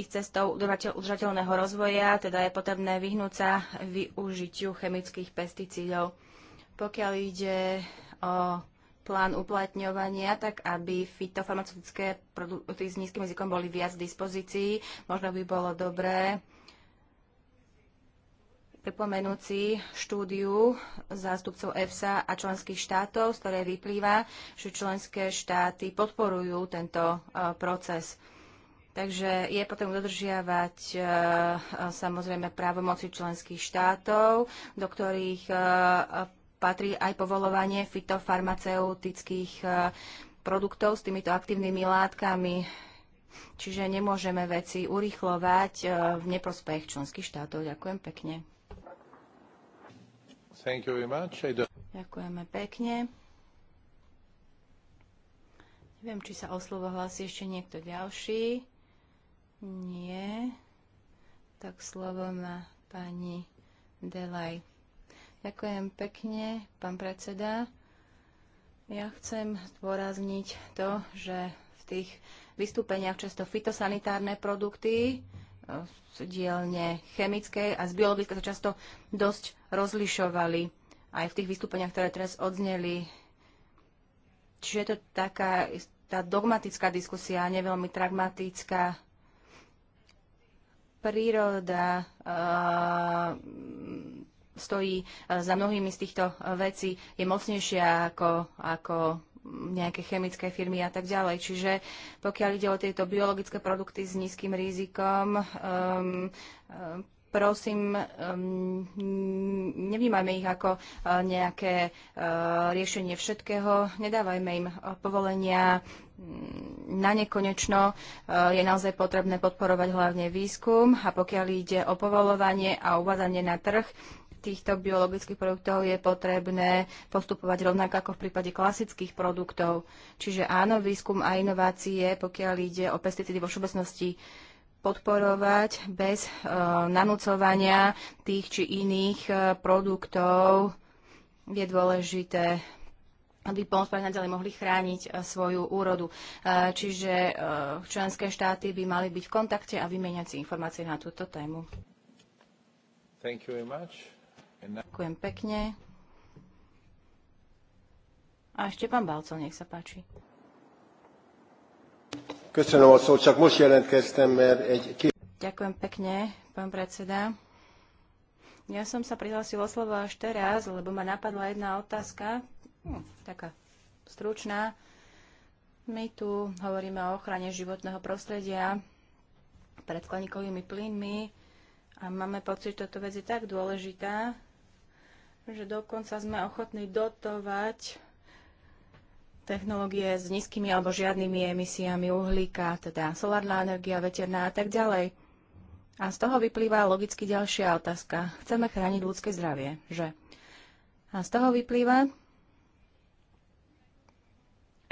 ich cestou udržateľného rozvoja, teda je potrebné vyhnúť sa využitiu chemických pesticídov. Pokiaľ ide o plán uplatňovania, tak aby fitofarmaceutické produkty s nízkym rizikom boli viac v dispozícii, možno by bolo dobré pripomenúť si štúdiu zástupcov EFSA a členských štátov, z ktorej vyplýva, že členské štáty podporujú tento e, proces. Takže je potom dodržiavať e, e, samozrejme právomoci členských štátov, do ktorých e, patrí aj povolovanie fitofarmaceutických produktov s týmito aktívnymi látkami. Čiže nemôžeme veci urychlovať v neprospech členských štátov. Ďakujem pekne. Ďakujeme pekne. Neviem, či sa o slovo hlási ešte niekto ďalší. Nie. Tak slovo má pani Delaj. Ďakujem pekne, pán predseda. Ja chcem zdôrazniť to, že v tých vystúpeniach často fitosanitárne produkty eh, z dielne chemickej a z biologické sa často dosť rozlišovali aj v tých vystúpeniach, ktoré teraz odzneli. Čiže je to taká tá dogmatická diskusia, neveľmi pragmatická príroda eh, stojí eh, za mnohými z týchto eh, vecí, je mocnejšia ako, ako nejaké chemické firmy a tak ďalej. Čiže pokiaľ ide o tieto biologické produkty s nízkym rizikom, um, um, prosím, um, nevnímajme ich ako uh, nejaké uh, riešenie všetkého, nedávajme im uh, povolenia mm, na nekonečno. Je naozaj potrebné podporovať hlavne výskum a pokiaľ ide o povolovanie a uvádzanie na trh, týchto biologických produktov je potrebné postupovať rovnako ako v prípade klasických produktov. Čiže áno, výskum a inovácie, pokiaľ ide o pesticídy vo všeobecnosti, podporovať bez e, nanúcovania tých či iných e, produktov. Je dôležité aby polnospodári nadalej mohli chrániť e, svoju úrodu. Čiže členské štáty by mali byť v kontakte a vymieňať si informácie na túto tému. Now... Ďakujem pekne. A ešte pán Balco, nech sa páči. Köszönöm a szót, csak most jelentkeztem, mert egy... Ďakujem pekne, pán predseda. Ja som sa prihlásil o slovo až teraz, lebo ma napadla jedna otázka, hm, taká stručná. My tu hovoríme o ochrane životného prostredia pred skleníkovými plynmi a máme pocit, že toto vec je tak dôležitá, že dokonca sme ochotní dotovať technológie s nízkymi alebo žiadnymi emisiami uhlíka, teda solárna energia, veterná a tak ďalej. A z toho vyplýva logicky ďalšia otázka. Chceme chrániť ľudské zdravie, že? A z toho vyplýva,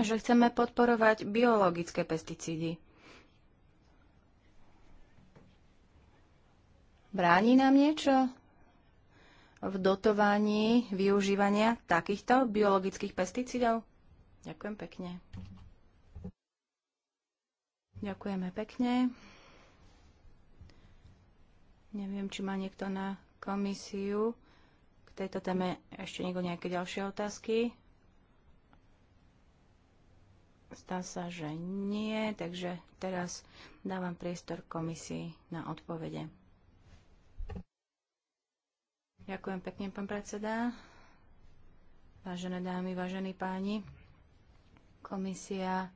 že chceme podporovať biologické pesticídy. Bráni nám niečo v dotovaní využívania takýchto biologických pesticídov? Ďakujem pekne. Ďakujeme pekne. Neviem, či má niekto na komisiu k tejto téme ešte niekto nejaké ďalšie otázky. Zdá sa, že nie, takže teraz dávam priestor komisii na odpovede. Ďakujem pekne, pán predseda. Vážené dámy, vážení páni. Komisia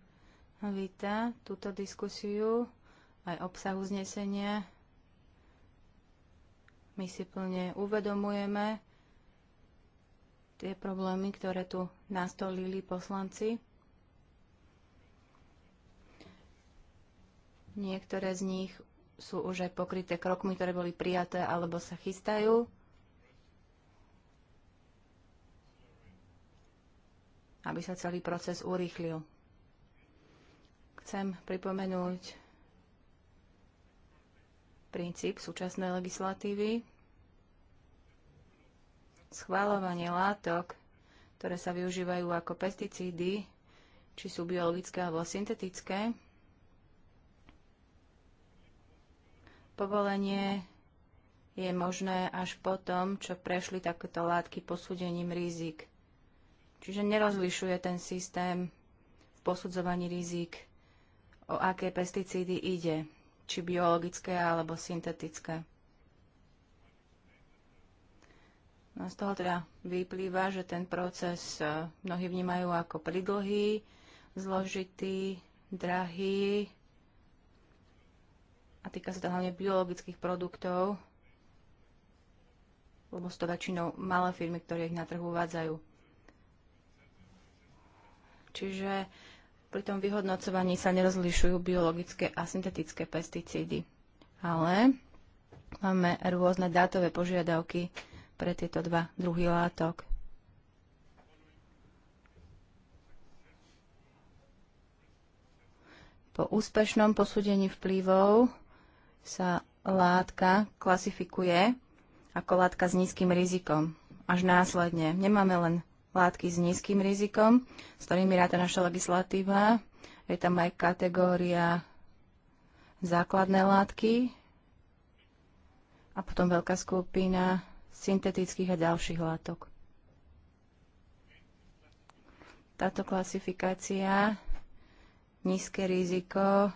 víta túto diskusiu, aj obsah uznesenia. My si plne uvedomujeme tie problémy, ktoré tu nastolili poslanci. Niektoré z nich sú už aj pokryté krokmi, ktoré boli prijaté alebo sa chystajú. aby sa celý proces urýchlil. Chcem pripomenúť princíp súčasnej legislatívy. Schváľovanie látok, ktoré sa využívajú ako pesticídy, či sú biologické alebo syntetické, povolenie je možné až po tom, čo prešli takéto látky posúdením rizik. Čiže nerozlišuje ten systém v posudzovaní rizik, o aké pesticídy ide, či biologické alebo syntetické. No z toho teda vyplýva, že ten proces e, mnohí vnímajú ako pridlhý, zložitý, drahý a týka sa to hlavne biologických produktov, lebo sú to väčšinou malé firmy, ktoré ich na trhu uvádzajú. Čiže pri tom vyhodnocovaní sa nerozlišujú biologické a syntetické pesticídy. Ale máme rôzne dátové požiadavky pre tieto dva druhy látok. Po úspešnom posúdení vplyvov sa látka klasifikuje ako látka s nízkym rizikom. Až následne. Nemáme len látky s nízkym rizikom, s ktorými ráta naša legislatíva. Je tam aj kategória základné látky a potom veľká skupina syntetických a ďalších látok. Táto klasifikácia, nízke riziko,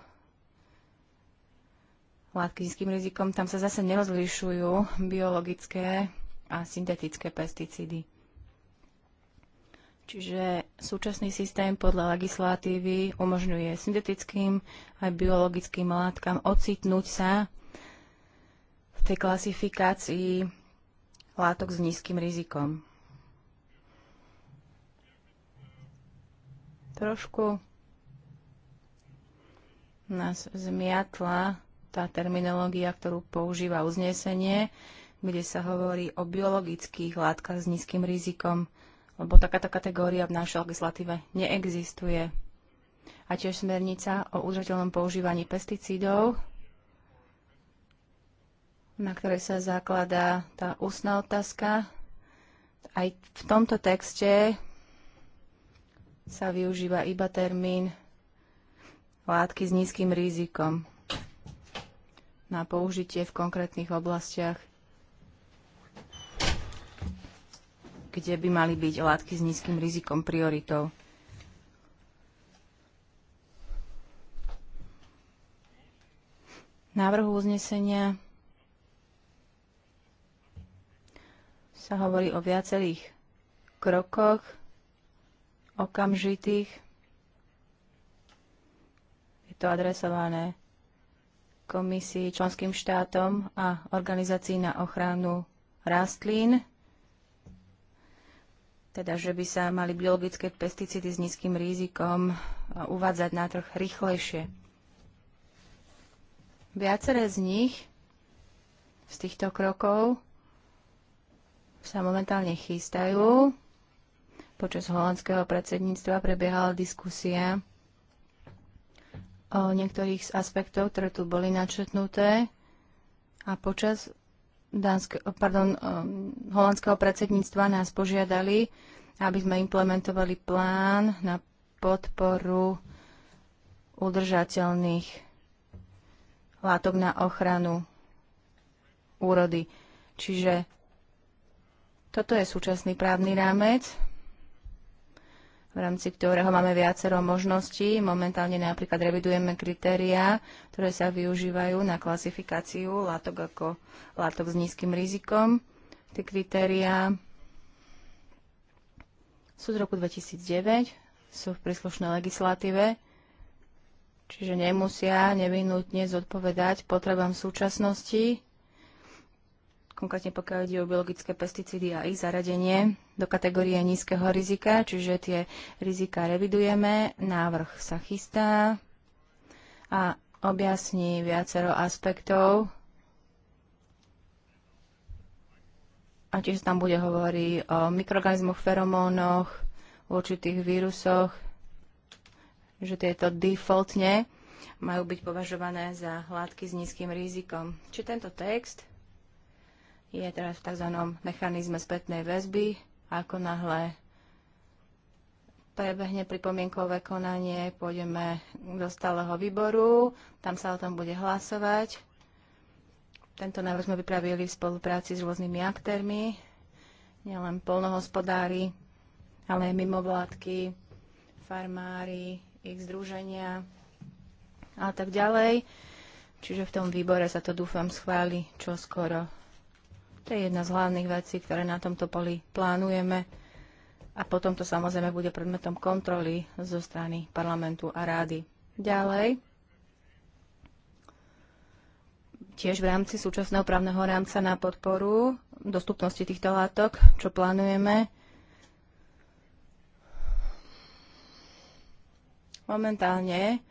látky s nízkym rizikom, tam sa zase nerozlišujú biologické a syntetické pesticídy. Čiže súčasný systém podľa legislatívy umožňuje syntetickým aj biologickým látkam ocitnúť sa v tej klasifikácii látok s nízkym rizikom. Trošku nás zmiatla tá terminológia, ktorú používa uznesenie, kde sa hovorí o biologických látkach s nízkym rizikom lebo takáto kategória v našej legislatíve neexistuje. A tiež smernica o udržateľnom používaní pesticídov, na ktorej sa zakladá tá ústna otázka. Aj v tomto texte sa využíva iba termín látky s nízkym rizikom na použitie v konkrétnych oblastiach kde by mali byť látky s nízkym rizikom prioritou. Návrhu uznesenia sa hovorí o viacerých krokoch okamžitých. Je to adresované komisii, členským štátom a organizácii na ochranu rastlín teda že by sa mali biologické pesticídy s nízkym rizikom e, uvádzať na trh rýchlejšie. Viaceré z nich, z týchto krokov, sa momentálne chystajú. Počas holandského predsedníctva prebiehala diskusia o niektorých z aspektov, ktoré tu boli načetnuté. A počas Dansk, pardon, um, holandského predsedníctva nás požiadali, aby sme implementovali plán na podporu udržateľných látok na ochranu úrody. Čiže toto je súčasný právny rámec, v rámci ktorého máme viacero možností. Momentálne napríklad revidujeme kritériá, ktoré sa využívajú na klasifikáciu látok ako látok s nízkym rizikom. Tie kritériá sú z roku 2009, sú v príslušnej legislatíve, čiže nemusia nevyhnutne zodpovedať potrebám súčasnosti konkrétne pokiaľ ide o biologické pesticídy a ich zaradenie do kategórie nízkeho rizika, čiže tie rizika revidujeme, návrh sa chystá a objasní viacero aspektov. A tiež tam bude hovorí o mikroorganizmoch, feromónoch, určitých vírusoch, že tieto defaultne majú byť považované za látky s nízkym rizikom. Či tento text je teraz v tzv. mechanizme spätnej väzby. Ako náhle prebehne pripomienkové konanie, pôjdeme do stáleho výboru, tam sa o tom bude hlasovať. Tento návrh sme vypravili v spolupráci s rôznymi aktérmi, nielen polnohospodári, ale aj mimovládky, farmári, ich združenia a tak ďalej. Čiže v tom výbore sa to dúfam schváli čo skoro. To je jedna z hlavných vecí, ktoré na tomto poli plánujeme. A potom to samozrejme bude predmetom kontroly zo strany parlamentu a rády. Ďalej, tiež v rámci súčasného právneho rámca na podporu dostupnosti týchto látok, čo plánujeme, Momentálne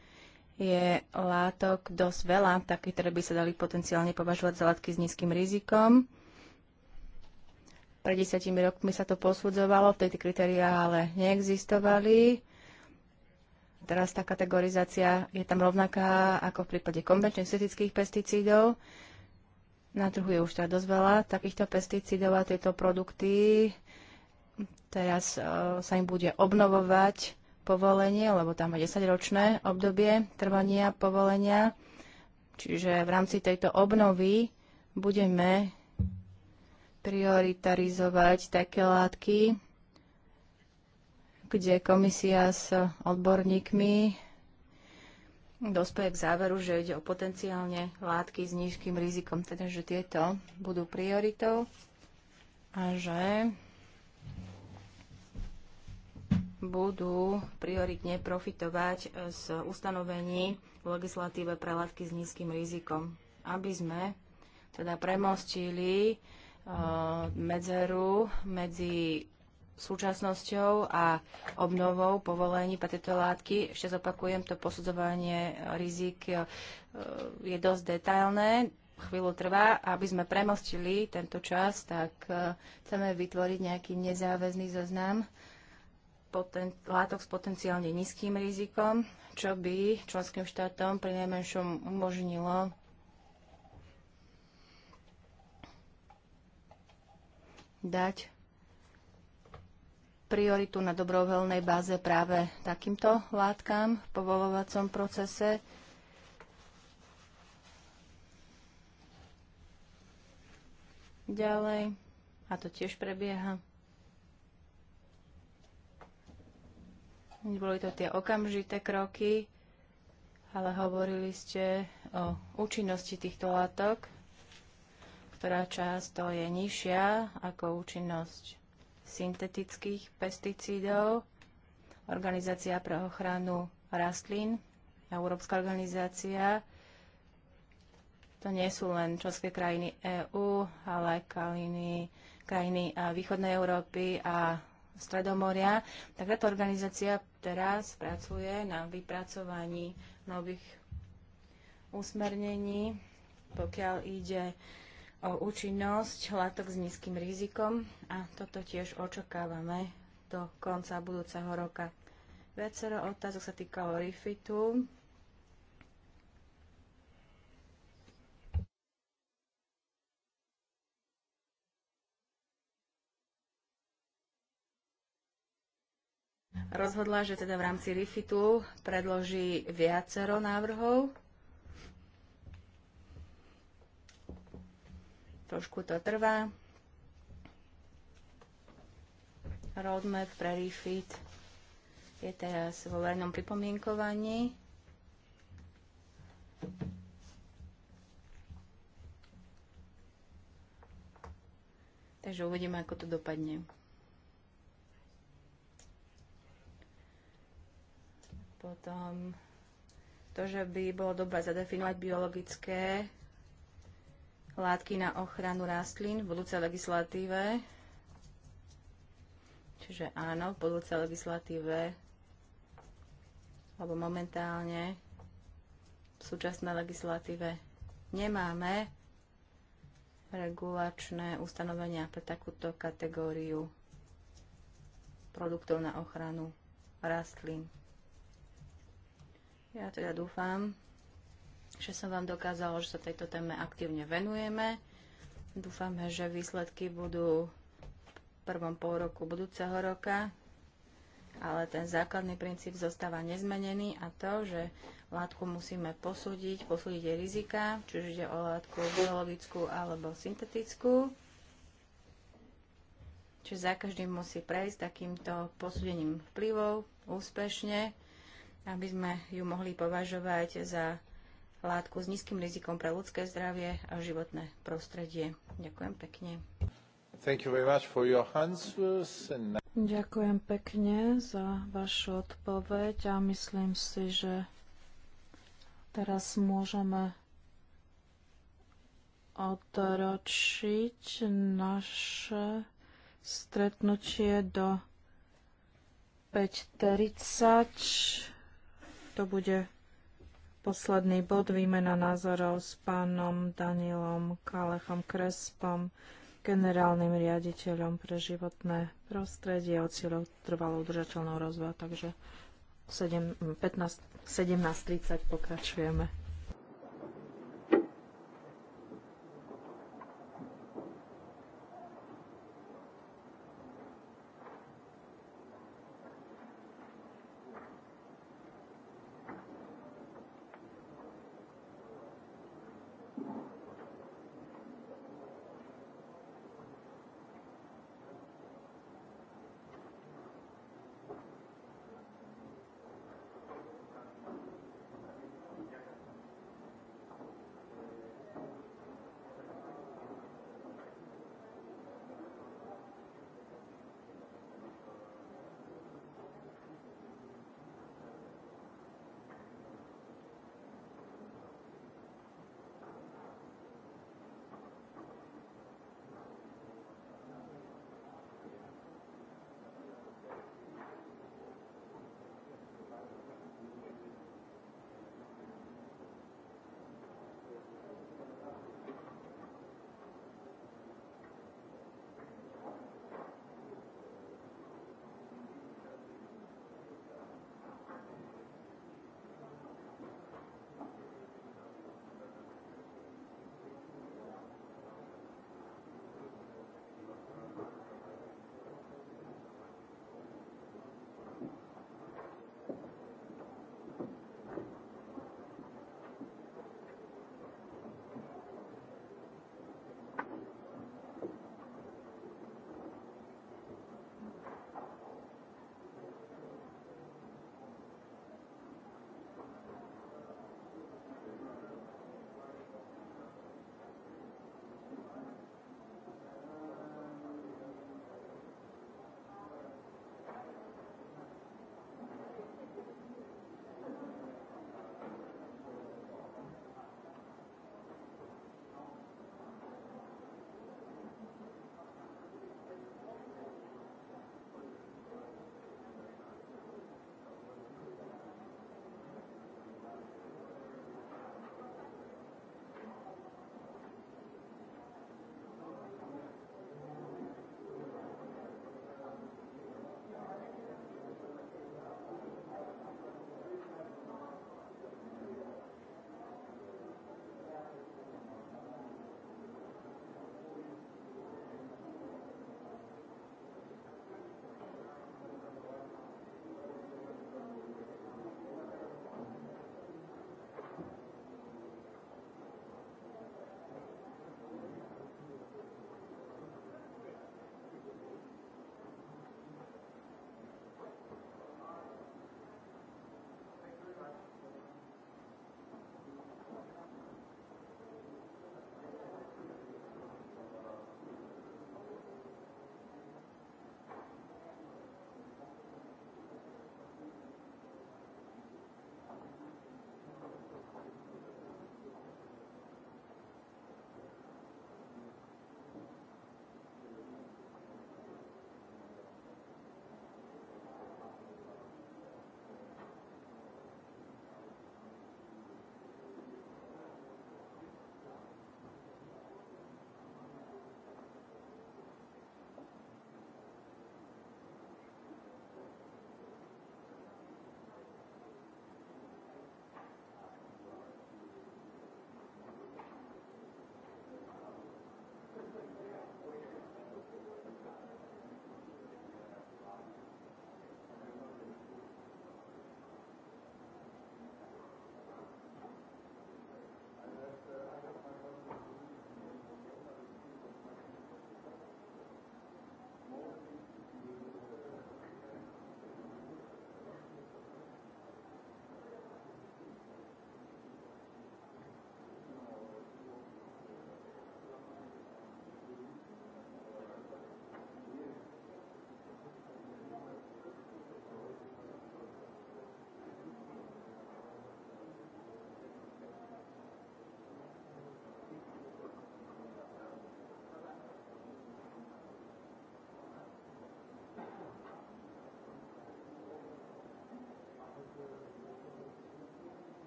je látok dosť veľa, také, ktoré by sa dali potenciálne považovať za látky s nízkym rizikom. Pred desiatimi rokmi sa to posudzovalo, vtedy kritériá ale neexistovali. Teraz tá kategorizácia je tam rovnaká ako v prípade konvenčných syntetických pesticídov. Na trhu je už teda dosť veľa takýchto pesticídov a tieto produkty. Teraz e, sa im bude obnovovať povolenie, lebo tam je 10-ročné obdobie trvania povolenia. Čiže v rámci tejto obnovy budeme prioritarizovať také látky, kde komisia s odborníkmi dospeje k záveru, že ide o potenciálne látky s nízkym rizikom, teda že tieto budú prioritou a že budú prioritne profitovať z ustanovení v legislatíve pre látky s nízkym rizikom, aby sme teda premostili uh, Eh, medzeru medzi súčasnosťou a obnovou povolení pre tieto látky. Ešte zopakujem, to posudzovanie rizik eh, je dosť detailné, chvíľu trvá. Aby sme premostili tento čas, tak eh, chceme vytvoriť nejaký nezáväzný zoznam látok s potenciálne nízkym rizikom, čo by členským štátom pri najmenšom umožnilo dať prioritu na dobrovoľnej báze práve takýmto látkam v povolovacom procese. Ďalej, a to tiež prebieha. Boli to tie okamžité kroky, ale hovorili ste o účinnosti týchto látok ktorá často je nižšia ako účinnosť syntetických pesticídov. Organizácia pre ochranu rastlín, Európska organizácia, to nie sú len členské krajiny EÚ, ale krajiny, krajiny východnej Európy a Stredomoria. Tak táto organizácia teraz pracuje na vypracovaní nových usmernení, pokiaľ ide o účinnosť látok s nízkym rizikom a toto tiež očakávame do konca budúceho roka. Viacero otázok sa týkalo refitu. Rozhodla, že teda v rámci refitu predloží viacero návrhov Trošku to trvá. Roadmap pre refit je teraz vo vernom pripomienkovaní. Takže uvidíme, ako to dopadne. Potom to, že by bolo dobré zadefinovať biologické látky na ochranu rastlín v budúcej legislatíve. Čiže áno, v budúcej legislatíve, alebo momentálne v súčasnej legislatíve nemáme regulačné ustanovenia pre takúto kategóriu produktov na ochranu rastlín. Ja teda dúfam, že som vám dokázala, že sa tejto téme aktívne venujeme. Dúfame, že výsledky budú v prvom pol roku budúceho roka, ale ten základný princíp zostáva nezmenený a to, že látku musíme posúdiť, posúdiť jej rizika, čiže ide o látku biologickú alebo syntetickú. Čiže za každým musí prejsť takýmto posúdením vplyvov úspešne, aby sme ju mohli považovať za látku s nízkym rizikom pre ľudské zdravie a životné prostredie. Ďakujem pekne. Ďakujem pekne za vašu odpoveď a myslím si, že teraz môžeme odročiť naše stretnutie do 5.30. To bude posledný bod výmena názorov s pánom Danilom Kalechom Krespom, generálnym riaditeľom pre životné prostredie o cieľov trvalo udržateľného rozvoja. Takže 17.30 mm, pokračujeme.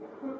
Mm-hmm.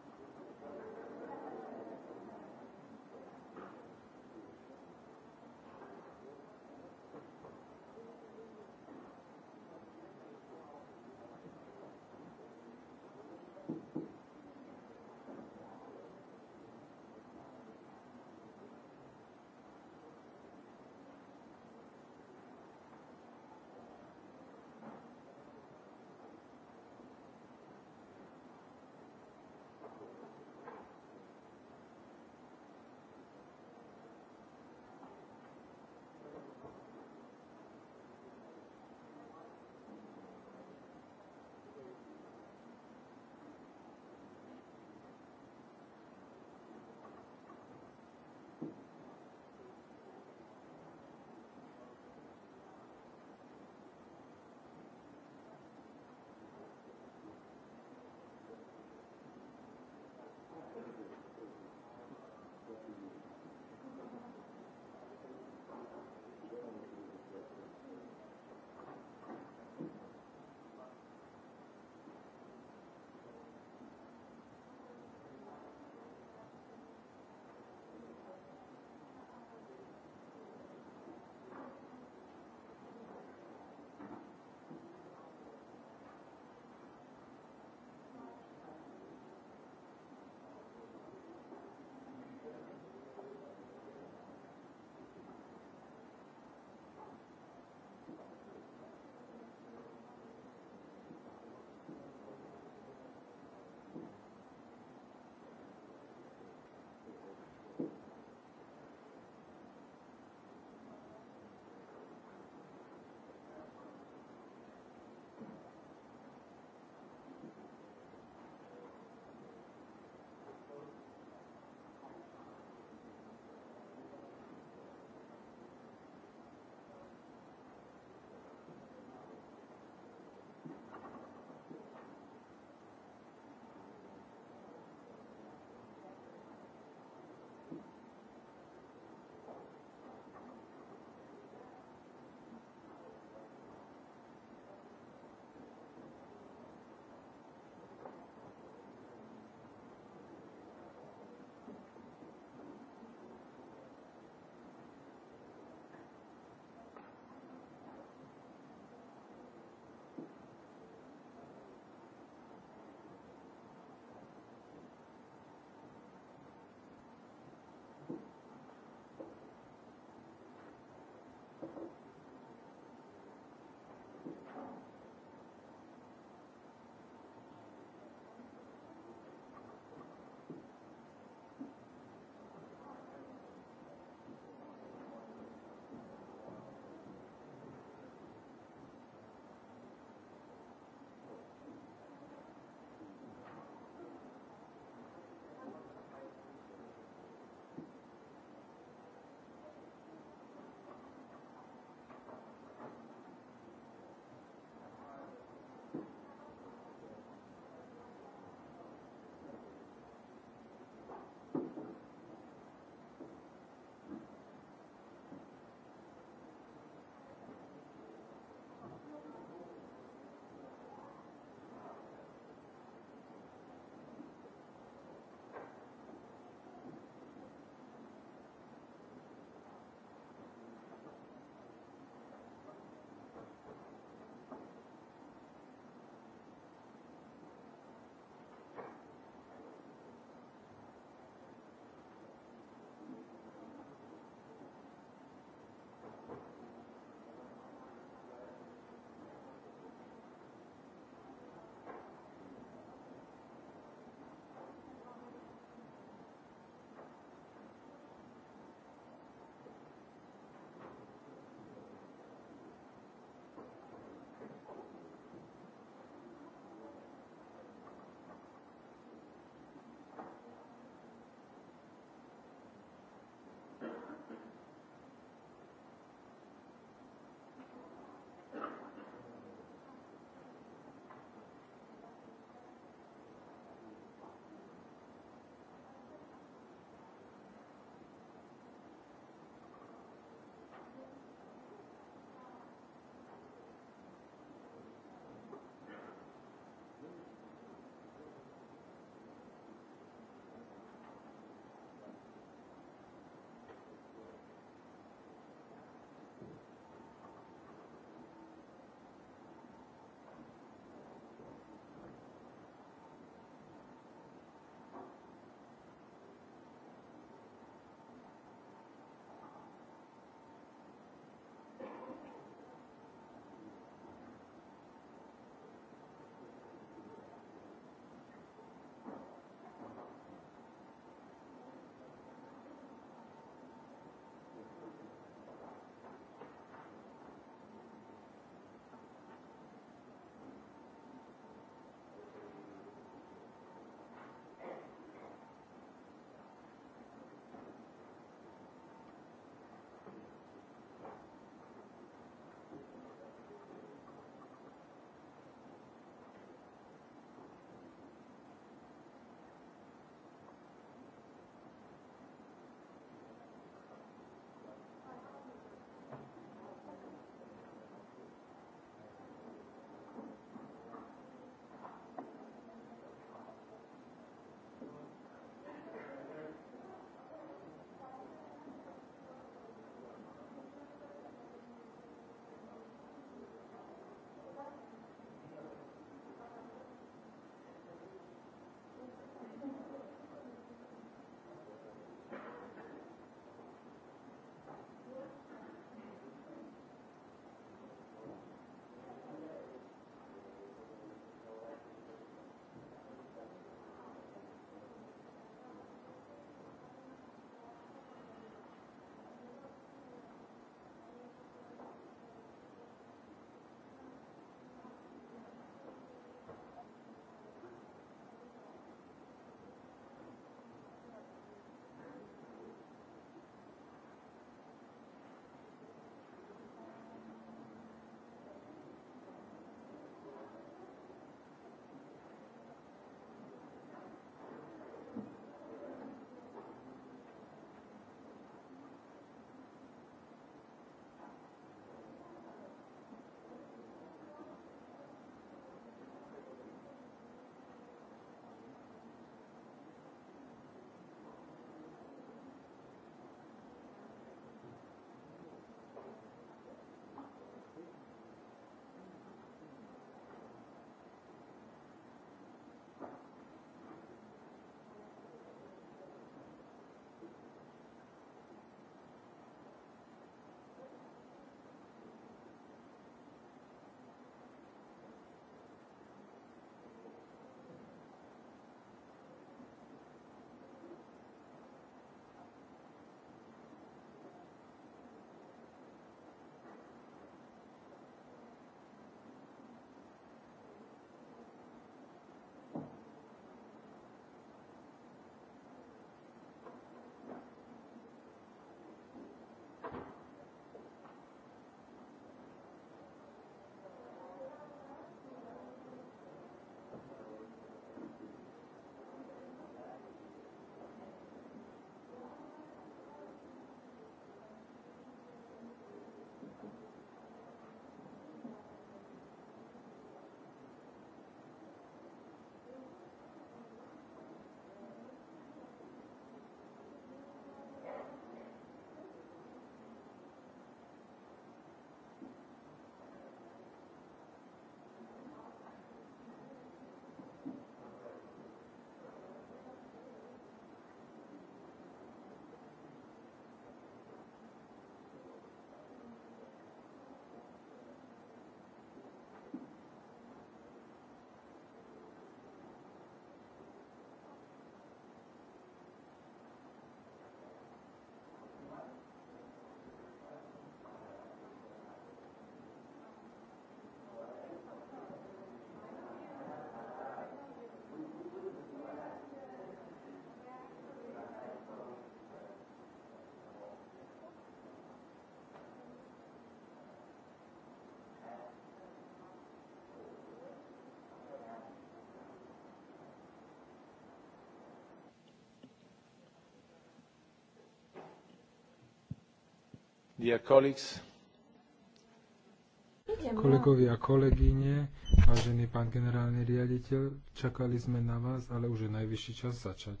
Kolegovia a kolegyne, vážený pán generálny riaditeľ, čakali sme na vás, ale už je najvyšší čas začať.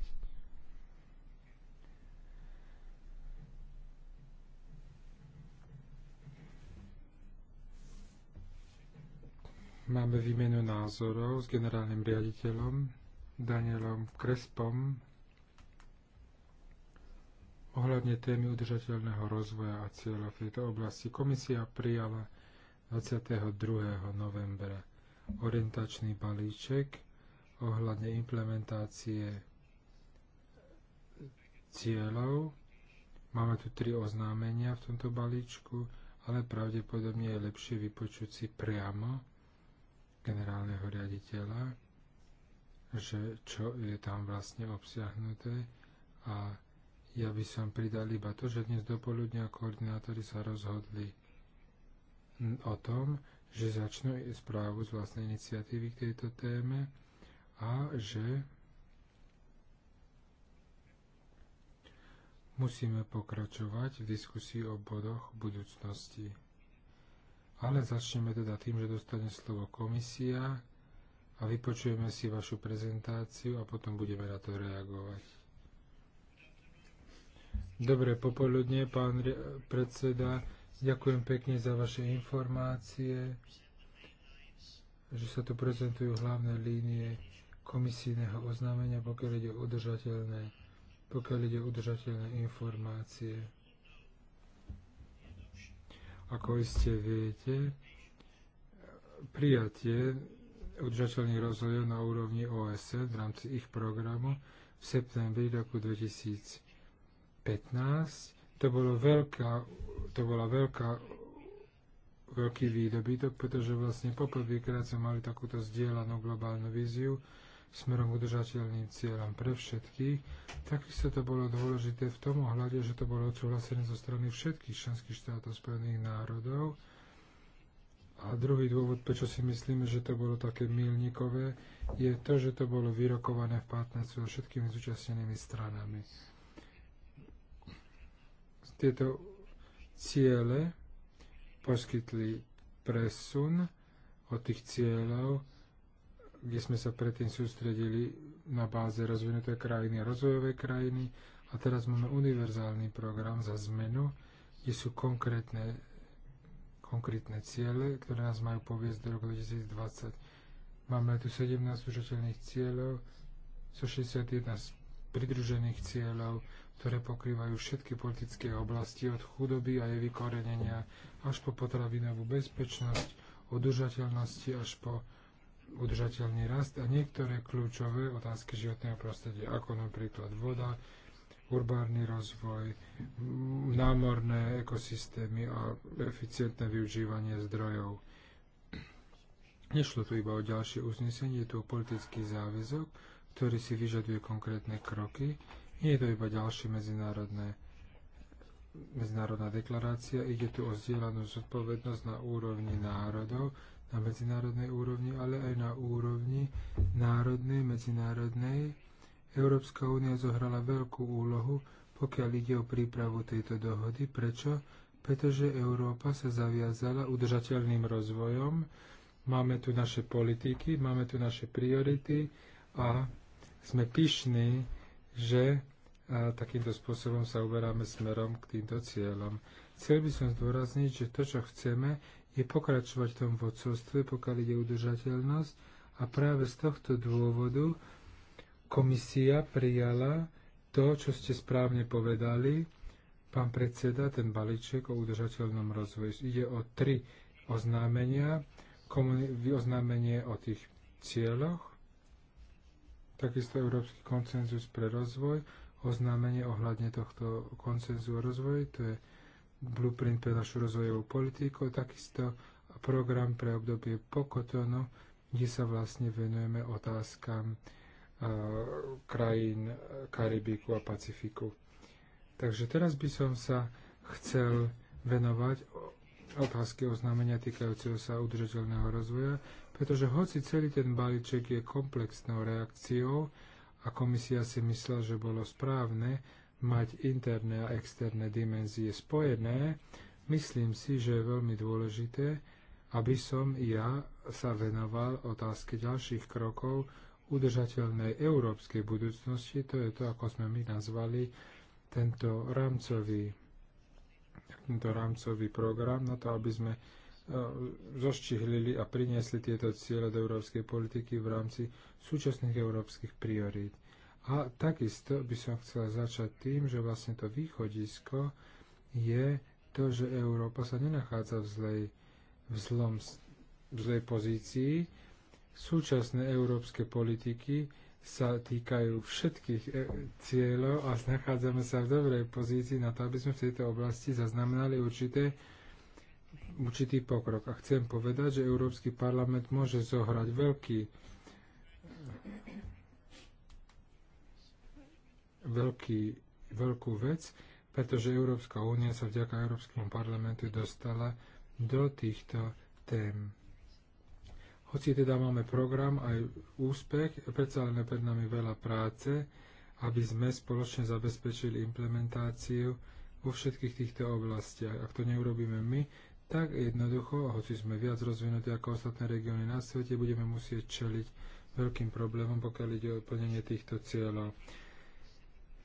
Máme výmenu názorov s generálnym riaditeľom Danielom Krespom ohľadne témy udržateľného rozvoja a cieľov v tejto oblasti. Komisia prijala 22. novembra orientačný balíček ohľadne implementácie cieľov. Máme tu tri oznámenia v tomto balíčku, ale pravdepodobne je lepšie vypočuť si priamo generálneho riaditeľa, že čo je tam vlastne obsiahnuté a ja by som pridal iba to, že dnes dopoludnia koordinátori sa rozhodli o tom, že začnú správu z vlastnej iniciatívy k tejto téme a že musíme pokračovať v diskusii o bodoch budúcnosti. Ale začneme teda tým, že dostane slovo komisia a vypočujeme si vašu prezentáciu a potom budeme na to reagovať. Dobré popoludne, pán predseda. Ďakujem pekne za vaše informácie, že sa tu prezentujú hlavné línie komisijného oznámenia, pokiaľ ide o udržateľné, pokiaľ ide o udržateľné informácie. Ako iste viete, prijatie udržateľných rozhodov na úrovni OSN v rámci ich programu v septembri roku 2000 15, To, bolo veľká, to bola veľká, veľký výdobytok, pretože vlastne poprvýkrát sme mali takúto zdieľanú globálnu víziu smerom k udržateľným cieľom pre všetkých. Takisto to bolo dôležité v tom ohľade, že to bolo odsúhlasené zo strany všetkých členských štátov Spojených národov. A druhý dôvod, prečo si myslíme, že to bolo také milníkové, je to, že to bolo vyrokované v partnerstve so všetkými zúčastnenými stranami. Tieto ciele poskytli presun od tých cieľov, kde sme sa predtým sústredili na báze rozvinuté krajiny a rozvojové krajiny. A teraz máme univerzálny program za zmenu, kde sú konkrétne, konkrétne ciele, ktoré nás majú poviesť do roku 2020. Máme tu 17 užiteľných cieľov, 161 pridružených cieľov, ktoré pokrývajú všetky politické oblasti od chudoby a jej vykorenenia až po potravinovú bezpečnosť, udržateľnosti až po udržateľný rast a niektoré kľúčové otázky životného prostredia, ako napríklad voda, urbárny rozvoj, námorné ekosystémy a eficientné využívanie zdrojov. Nešlo tu iba o ďalšie uznesenie, je tu o politický záväzok, ktorý si vyžaduje konkrétne kroky nie je to iba ďalšie medzinárodné medzinárodná deklarácia, ide tu o zdieľanú zodpovednosť na úrovni národov, na medzinárodnej úrovni, ale aj na úrovni národnej, medzinárodnej. Európska únia zohrala veľkú úlohu, pokiaľ ide o prípravu tejto dohody. Prečo? Pretože Európa sa zaviazala udržateľným rozvojom, máme tu naše politiky, máme tu naše priority a sme pyšní že a takýmto spôsobom sa uberáme smerom k týmto cieľom. Chcel by som zdôrazniť, že to, čo chceme, je pokračovať v tom vodcovstve, pokiaľ ide udržateľnosť a práve z tohto dôvodu komisia prijala to, čo ste správne povedali, pán predseda, ten balíček o udržateľnom rozvoji. Ide o tri oznámenia. Komuni- oznámenie o tých cieľoch, takisto Európsky koncenzus pre rozvoj, oznámenie ohľadne tohto koncenzu o rozvoji, to je blueprint pre našu rozvojovú politiku, takisto program pre obdobie po Kotonu, kde sa vlastne venujeme otázkam krajín Karibiku a Pacifiku. Takže teraz by som sa chcel venovať otázky oznámenia týkajúceho sa udržateľného rozvoja, pretože hoci celý ten balíček je komplexnou reakciou a komisia si myslela, že bolo správne mať interné a externé dimenzie spojené, myslím si, že je veľmi dôležité, aby som ja sa venoval otázke ďalších krokov udržateľnej európskej budúcnosti, to je to, ako sme my nazvali tento rámcový takýmto rámcový program na to, aby sme e, zoštihlili a priniesli tieto ciele do európskej politiky v rámci súčasných európskych priorít. A takisto by som chcela začať tým, že vlastne to východisko je to, že Európa sa nenachádza v zlej, v zlom, v zlej pozícii. Súčasné európske politiky sa týkajú všetkých e, cieľov a nachádzame sa v dobrej pozícii na to, aby sme v tejto oblasti zaznamenali určité, určitý pokrok. A chcem povedať, že Európsky parlament môže zohrať veľký veľký, veľkú vec, pretože Európska únia sa vďaka Európskemu parlamentu dostala do týchto tém. Hoci teda máme program aj úspech, predsa len pred nami veľa práce, aby sme spoločne zabezpečili implementáciu vo všetkých týchto oblastiach. Ak to neurobíme my, tak jednoducho, hoci sme viac rozvinutí ako ostatné regióny na svete, budeme musieť čeliť veľkým problémom, pokiaľ ide o plnenie týchto cieľov.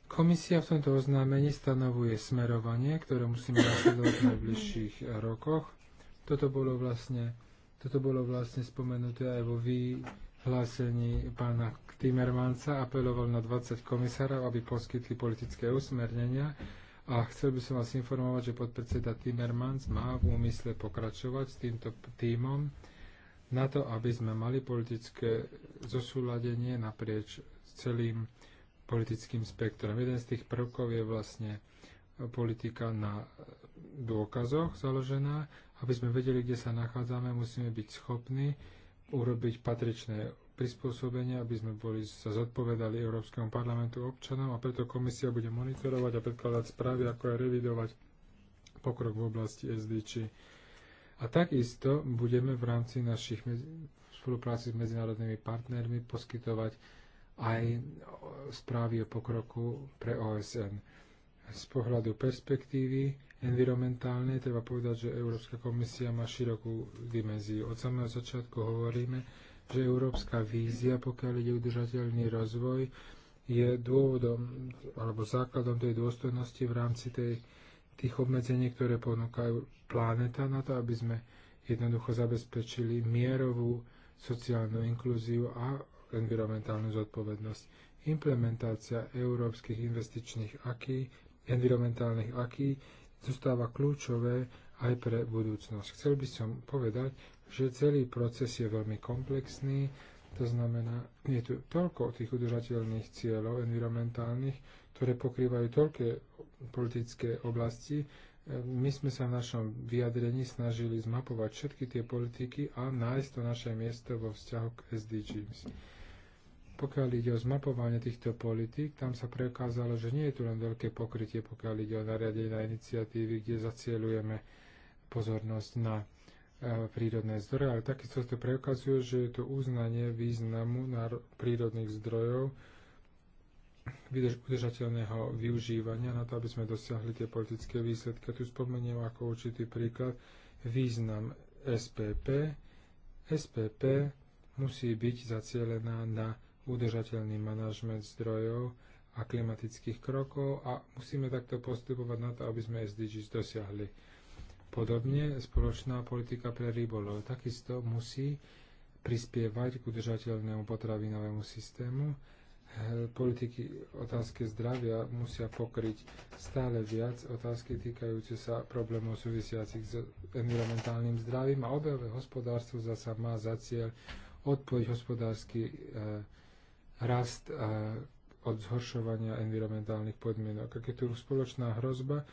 Komisia v tomto oznámení stanovuje smerovanie, ktoré musíme nasledovať v najbližších rokoch. Toto bolo vlastne toto bolo vlastne spomenuté aj vo vyhlásení pána Timmermansa. Apeloval na 20 komisárov, aby poskytli politické usmernenia. A chcel by som vás informovať, že podpredseda Timmermans má v úmysle pokračovať s týmto týmom na to, aby sme mali politické zosúladenie naprieč celým politickým spektrom. Jeden z tých prvkov je vlastne politika na dôkazoch založená aby sme vedeli, kde sa nachádzame, musíme byť schopní urobiť patričné prispôsobenia, aby sme boli, sa zodpovedali Európskemu parlamentu občanom a preto komisia bude monitorovať a predkladať správy, ako aj revidovať pokrok v oblasti SDG. A takisto budeme v rámci našich spolupráci s medzinárodnými partnermi poskytovať aj správy o pokroku pre OSN. Z pohľadu perspektívy Environmentálne treba povedať, že Európska komisia má širokú dimenziu. Od samého začiatku hovoríme, že európska vízia, pokiaľ ide udržateľný rozvoj, je dôvodom alebo základom tej dôstojnosti v rámci tej, tých obmedzení, ktoré ponúkajú planéta na to, aby sme jednoducho zabezpečili mierovú sociálnu inklúziu a environmentálnu zodpovednosť. Implementácia európskych investičných aký, environmentálnych akí zostáva kľúčové aj pre budúcnosť. Chcel by som povedať, že celý proces je veľmi komplexný, to znamená, je tu toľko tých udržateľných cieľov environmentálnych, ktoré pokrývajú toľké politické oblasti. My sme sa v našom vyjadrení snažili zmapovať všetky tie politiky a nájsť to naše miesto vo vzťahu k SDGs. Pokiaľ ide o zmapovanie týchto politík, tam sa preukázalo, že nie je tu len veľké pokrytie, pokiaľ ide o nariadenie na iniciatívy, kde zacielujeme pozornosť na e, prírodné zdroje, ale takisto to preukazuje, že je to uznanie významu prírodných zdrojov, udržateľného využívania na to, aby sme dosiahli tie politické výsledky. Tu spomeniem ako určitý príklad význam SPP. SPP musí byť zacielená na udržateľný manažment zdrojov a klimatických krokov a musíme takto postupovať na to, aby sme SDGs dosiahli. Podobne spoločná politika pre rybolov takisto musí prispievať k udržateľnému potravinovému systému. Politiky otázky zdravia musia pokryť stále viac otázky týkajúce sa problémov súvisiacich s environmentálnym zdravím a obehové hospodárstvo zasa má za cieľ odpojiť hospodársky eh, rast od zhoršovania environmentálnych podmienok. Ak je tu spoločná hrozba,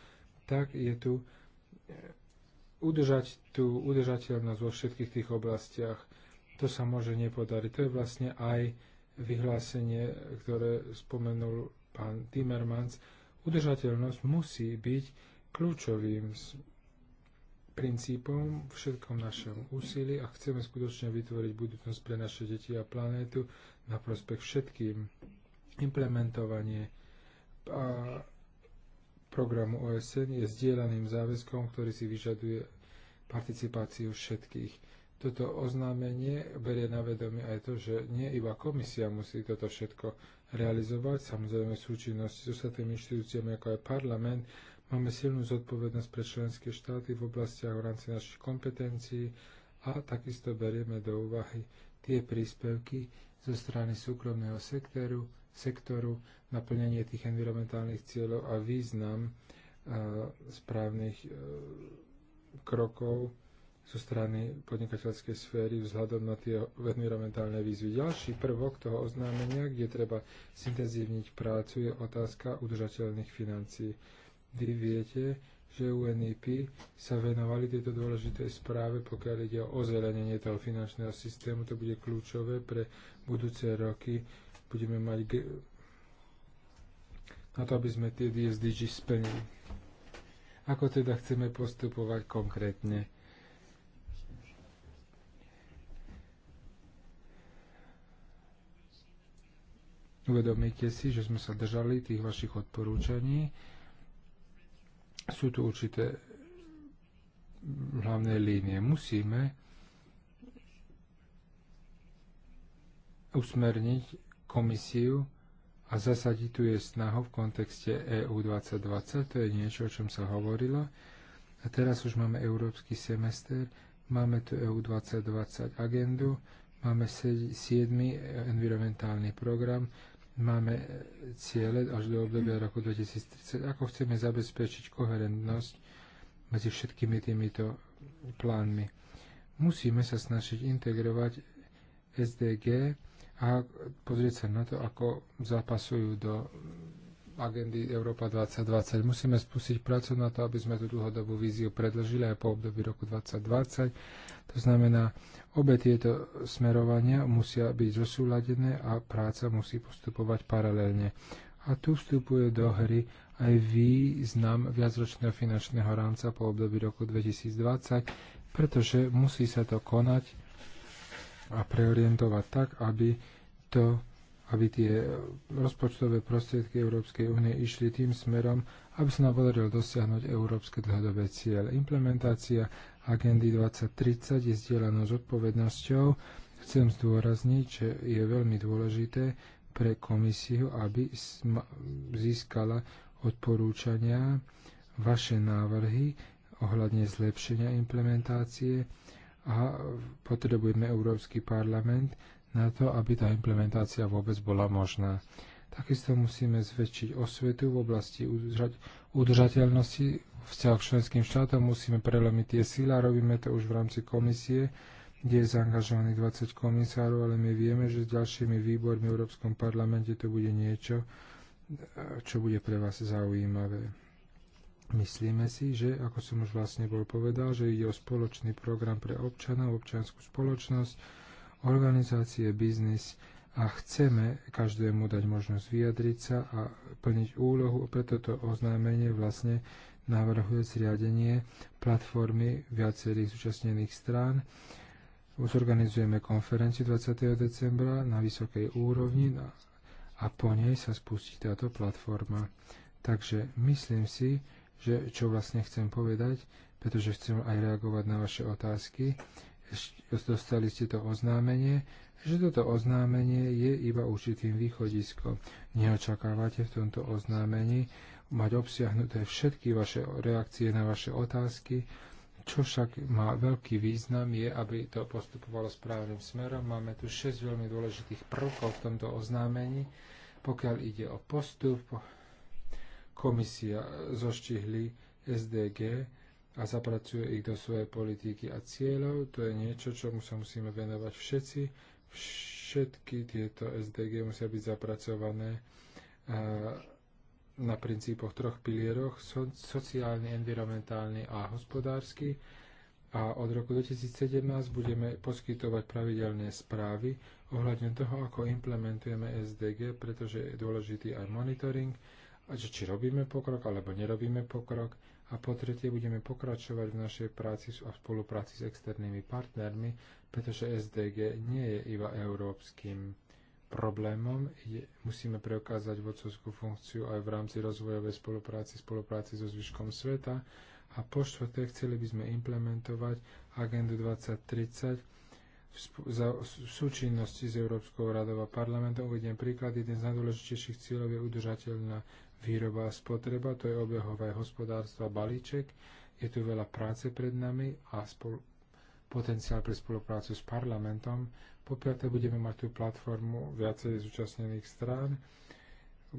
tak je tu eh, udržať tú udržateľnosť vo všetkých tých oblastiach. To sa môže nepodariť. To je vlastne aj vyhlásenie, ktoré spomenul pán Timmermans. Udržateľnosť musí byť kľúčovým princípom všetkom našom úsilí a chceme skutočne vytvoriť budúcnosť pre naše deti a planétu, na prospech všetkým. Implementovanie a programu OSN je zdieľaným záväzkom, ktorý si vyžaduje participáciu všetkých. Toto oznámenie berie na vedomie aj to, že nie iba komisia musí toto všetko realizovať, samozrejme v súčinnosti s ostatnými inštitúciami ako aj parlament. Máme silnú zodpovednosť pre členské štáty v oblastiach v rámci našich kompetencií a takisto berieme do úvahy tie príspevky, zo strany súkromného sektoru, sektoru naplnenie tých environmentálnych cieľov a význam e, správnych e, krokov zo strany podnikateľskej sféry vzhľadom na tie environmentálne výzvy. Ďalší prvok toho oznámenia, kde treba zintenzívniť prácu, je otázka udržateľných financií. Vy viete, že UNEP sa venovali tejto dôležitej správe, pokiaľ ide o ozelenenie toho finančného systému. To bude kľúčové pre budúce roky budeme mať na to, aby sme tie DSDG splnili. Ako teda chceme postupovať konkrétne? Uvedomíte si, že sme sa držali tých vašich odporúčaní. Sú tu určité hlavné línie. Musíme usmerniť komisiu a zasadiť tu je snahu v kontexte EU 2020, to je niečo, o čom sa hovorilo. A teraz už máme európsky semester, máme tu EU 2020 agendu, máme 7. environmentálny program, máme ciele až do obdobia roku 2030, ako chceme zabezpečiť koherentnosť medzi všetkými týmito plánmi. Musíme sa snažiť integrovať SDG a pozrieť sa na to, ako zapasujú do agendy Európa 2020. Musíme spustiť prácu na to, aby sme tú dlhodobú víziu predlžili aj po období roku 2020. To znamená, obe tieto smerovania musia byť zosúladené a práca musí postupovať paralelne. A tu vstupuje do hry aj význam viacročného finančného rámca po období roku 2020, pretože musí sa to konať a preorientovať tak, aby to aby tie rozpočtové prostriedky Európskej únie išli tým smerom, aby sa nám podarilo dosiahnuť európske dlhodobé ciele. Implementácia agendy 2030 je zdieľanou odpovednosťou. Chcem zdôrazniť, že je veľmi dôležité pre komisiu, aby získala odporúčania, vaše návrhy ohľadne zlepšenia implementácie a potrebujeme Európsky parlament na to, aby tá implementácia vôbec bola možná. Takisto musíme zväčšiť osvetu v oblasti udržateľnosti v k členským štátom, musíme prelomiť tie síly a robíme to už v rámci komisie, kde je zaangažovaných 20 komisárov, ale my vieme, že s ďalšími výbormi v Európskom parlamente to bude niečo, čo bude pre vás zaujímavé. Myslíme si, že, ako som už vlastne bol povedal, že ide o spoločný program pre občanov, občanskú spoločnosť, organizácie, biznis a chceme každému dať možnosť vyjadriť sa a plniť úlohu. Preto to oznámenie vlastne navrhuje zriadenie platformy viacerých zúčastnených strán. Zorganizujeme konferenciu 20. decembra na vysokej úrovni a po nej sa spustí táto platforma. Takže myslím si, že čo vlastne chcem povedať, pretože chcem aj reagovať na vaše otázky. Dostali ste to oznámenie, že toto oznámenie je iba určitým východiskom. Neočakávate v tomto oznámení mať obsiahnuté všetky vaše reakcie na vaše otázky, čo však má veľký význam je, aby to postupovalo správnym smerom. Máme tu 6 veľmi dôležitých prvkov v tomto oznámení. Pokiaľ ide o postup, komisia zoštihli SDG a zapracuje ich do svojej politiky a cieľov. To je niečo, čomu sa musíme venovať všetci. Všetky tieto SDG musia byť zapracované eh, na princípoch troch pilieroch, sociálny, environmentálny a hospodársky. A od roku 2017 budeme poskytovať pravidelné správy ohľadne toho, ako implementujeme SDG, pretože je dôležitý aj monitoring že či robíme pokrok alebo nerobíme pokrok. A po tretie budeme pokračovať v našej práci a spolupráci s externými partnermi, pretože SDG nie je iba európskym problémom. Je, musíme preukázať vodcovskú funkciu aj v rámci rozvojovej spolupráci, spolupráci so zvyškom sveta. A po štvrté, chceli by sme implementovať agendu 2030 v súčinnosti s Európskou radou a parlamentom. Uvediem príklad. Jeden z najdôležitejších cieľov je udržateľná výroba a spotreba, to je obehové hospodárstvo a balíček. Je tu veľa práce pred nami a spolu, potenciál pre spoluprácu s parlamentom. Po piaté budeme mať tú platformu viacej zúčastnených strán.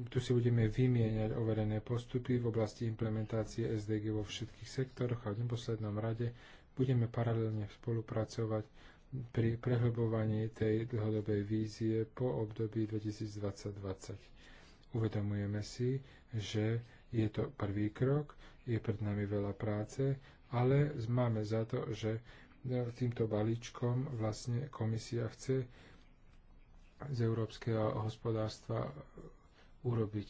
Tu si budeme vymieňať overené postupy v oblasti implementácie SDG vo všetkých sektoroch a v neposlednom rade budeme paralelne spolupracovať pri prehlbovaní tej dlhodobej vízie po období 2020-2020. Uvedomujeme si, že je to prvý krok, je pred nami veľa práce, ale máme za to, že e, týmto balíčkom vlastne komisia chce z európskeho hospodárstva e, urobiť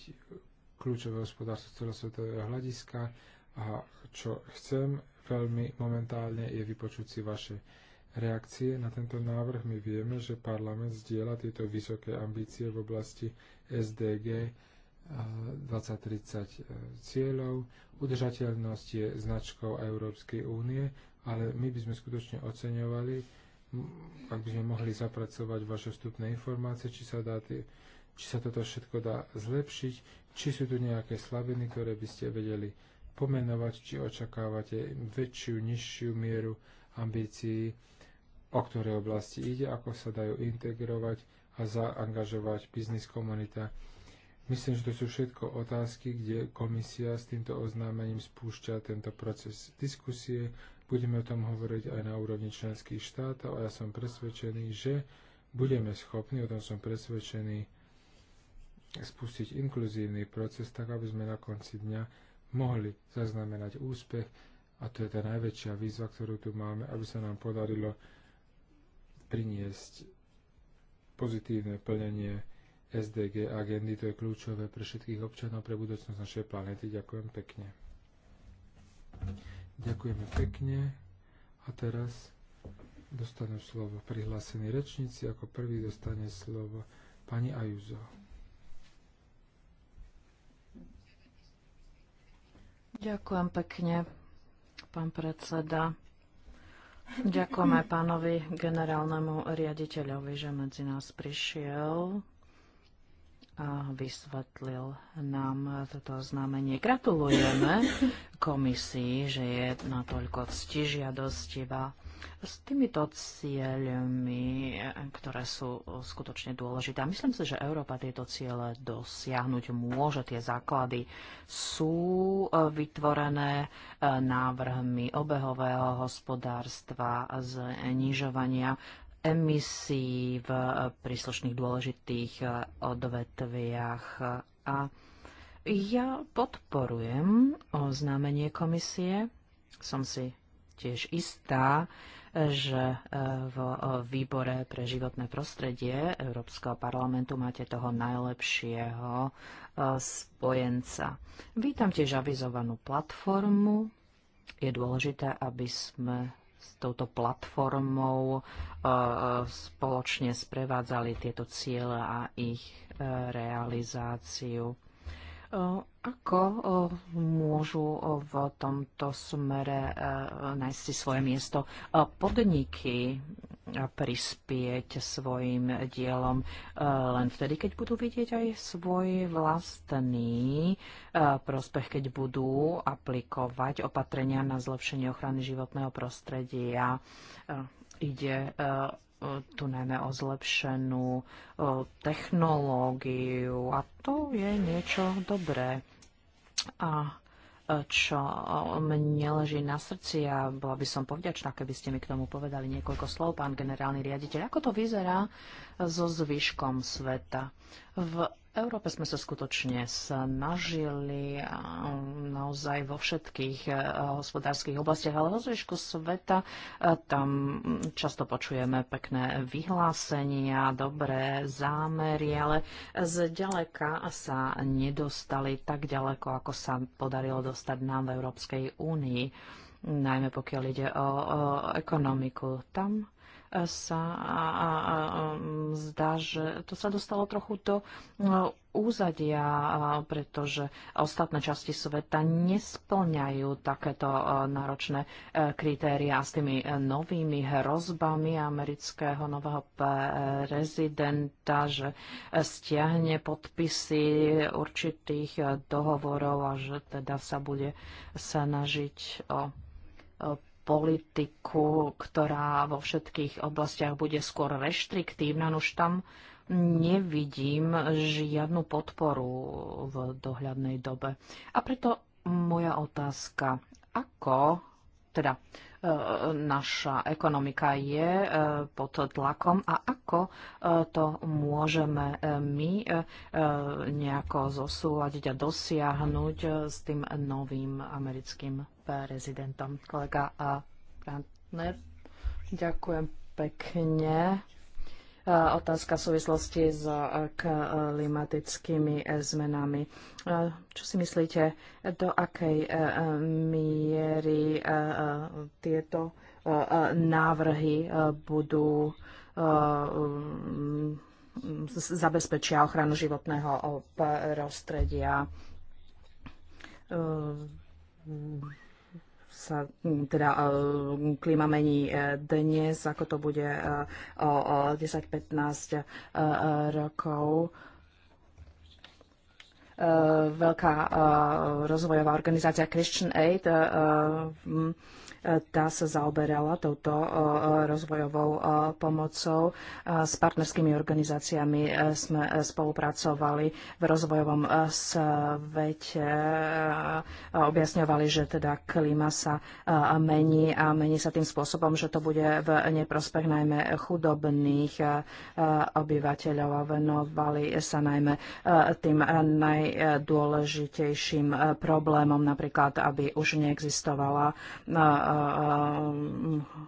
kľúčové hospodárstvo celosvetového hľadiska a čo chcem veľmi momentálne je vypočuť si vaše reakcie na tento návrh. My vieme, že parlament zdieľa tieto vysoké ambície v oblasti SDG 2030 e, cieľov. Udržateľnosť je značkou Európskej únie, ale my by sme skutočne oceňovali, ak by sme mohli zapracovať vaše vstupné informácie, či sa, dá tý, či sa toto všetko dá zlepšiť, či sú tu nejaké slabiny, ktoré by ste vedeli pomenovať, či očakávate väčšiu, nižšiu mieru ambícií o ktoré oblasti ide, ako sa dajú integrovať a zaangažovať biznis komunita. Myslím, že to sú všetko otázky, kde komisia s týmto oznámením spúšťa tento proces diskusie. Budeme o tom hovoriť aj na úrovni členských štátov a ja som presvedčený, že budeme schopní, o tom som presvedčený, spustiť inkluzívny proces, tak aby sme na konci dňa mohli zaznamenať úspech. A to je tá najväčšia výzva, ktorú tu máme, aby sa nám podarilo priniesť pozitívne plnenie SDG agendy. To je kľúčové pre všetkých občanov, pre budúcnosť našej planéty. Ďakujem pekne. Ďakujeme pekne. A teraz dostanú slovo prihlásení rečníci. Ako prvý dostane slovo pani Ajuzo. Ďakujem pekne, pán predseda. Ďakujeme pánovi generálnemu riaditeľovi, že medzi nás prišiel a vysvetlil nám toto znamenie. Gratulujeme komisii, že je natoľko dostiva s týmito cieľmi, ktoré sú skutočne dôležité. A myslím si, že Európa tieto ciele dosiahnuť môže. Tie základy sú e, vytvorené e, návrhmi obehového hospodárstva, znižovania emisí v e, príslušných dôležitých odvetviach a ja podporujem oznámenie komisie. Som si tiež istá, že e, v e, výbore pre životné prostredie Európskeho parlamentu máte toho najlepšieho e, spojenca. Vítam tiež avizovanú platformu. Je dôležité, aby sme s touto platformou spoločne sprevádzali tieto ciele a ich realizáciu. E, ako e, môžu e, v tomto smere nájsť si svoje miesto podniky prispieť svojim dielom len vtedy, keď budú vidieť aj svoj vlastný prospech, keď budú aplikovať opatrenia na zlepšenie ochrany životného prostredia. Ide tu najmä o zlepšenú technológiu a to je niečo dobré. A e, čo mne leží na srdci a bola by som povďačná, keby ste mi k tomu povedali niekoľko slov, pán generálny riaditeľ. Ako to vyzerá so zvyškom sveta. V Európe sme sa skutočne snažili naozaj vo všetkých e, hospodárskych oblastiach, ale vo zvyšku sveta e, tam často počujeme pekné vyhlásenia, dobré zámery, ale zďaleka sa nedostali tak ďaleko, ako sa podarilo dostať nám v Európskej únii, najmä pokiaľ ide o, o ekonomiku. Tam sa um, zdá, že to sa dostalo trochu do uh, úzadia, pretože ostatné časti sveta nesplňajú takéto uh, náročné uh, kritéria s tými novými hrozbami amerického nového prezidenta, že stiahne podpisy určitých dohovorov a že teda sa bude snažiť o politiku, ktorá vo všetkých oblastiach bude skôr reštriktívna, no už tam nevidím žiadnu podporu v dohľadnej dobe. A preto moja otázka, ako, teda naša ekonomika je e, pod tlakom a ako e, to môžeme e, my nejako zosúľadiť a dosiahnuť s tým novým americkým prezidentom. Kolega Brandner, ďakujem pekne otázka v súvislosti s e, klimatickými e, zmenami. Čo si myslíte, do akej e, miery tieto návrhy budú zabezpečia ochranu životného prostredia? sa mm, teda e, klíma mení e, dnes, ako to bude e, o 10-15 rokov veľká rozvojová organizácia Christian Aid tá sa zaoberala touto rozvojovou pomocou. S partnerskými organizáciami e, sme e, spolupracovali v rozvojovom e, svete. Objasňovali, že teda klíma sa mení a mení sa tým spôsobom, že to bude v neprospech najmä chudobných obyvateľov a venovali sa najmä tým najdôležitejším problémom, napríklad, aby už neexistovala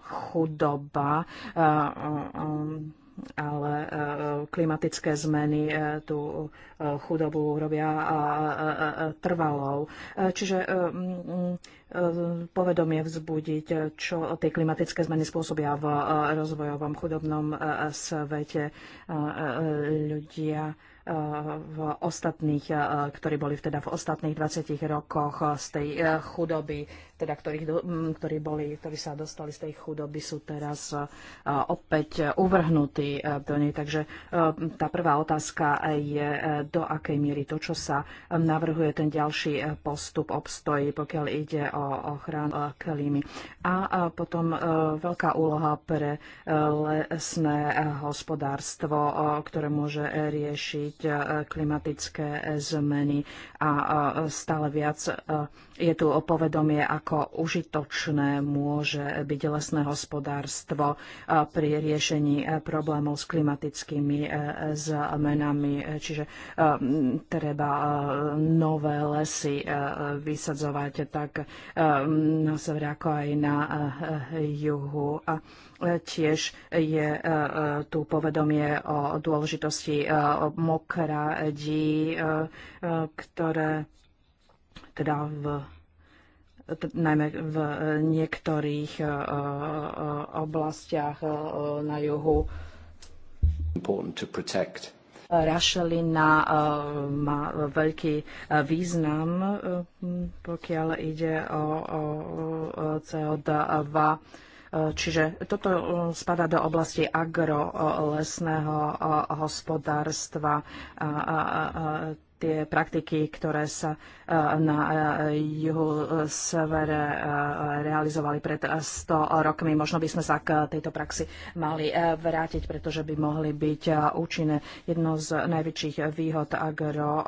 chudoba ale klimatické zmeny e, tú e, chudobu robia trvalou. E, čiže povedomie vzbudiť, čo tie klimatické zmeny spôsobia v rozvojovom chudobnom svete ľudia v ostatných, ktorí boli teda v ostatných 20 rokoch z tej chudoby teda ktorých, ktorí, boli, ktorí sa dostali z tej chudoby, sú teraz e, opäť uvrhnutí e, do nej. Takže e, tá prvá otázka je, do akej miery to, čo sa navrhuje, ten ďalší postup obstojí, pokiaľ ide o ochranu klímy. A potom veľká úloha pre lesné hospodárstvo, ktoré môže riešiť klimatické zmeny a stále viac je tu povedomie, ako ako užitočné môže byť lesné hospodárstvo pri riešení problémov s klimatickými e, zmenami. E, čiže e, treba nové lesy vysadzovať tak na severe ako aj na juhu. A tiež je tu povedomie o dôležitosti mokradí, ktoré teda v najmä v eh, niektorých eh, eh, oblastiach na juhu. Rašelina má veľký význam, pokiaľ ide o CO2. Čiže toto spada do oblasti agrolesného hospodárstva tie praktiky, ktoré sa e, na e, juhu e, severe realizovali pred 100 rokmi. Možno by sme sa k tejto praxi mali vrátiť, pretože by mohli byť účinné. Jedno z najväčších výhod agro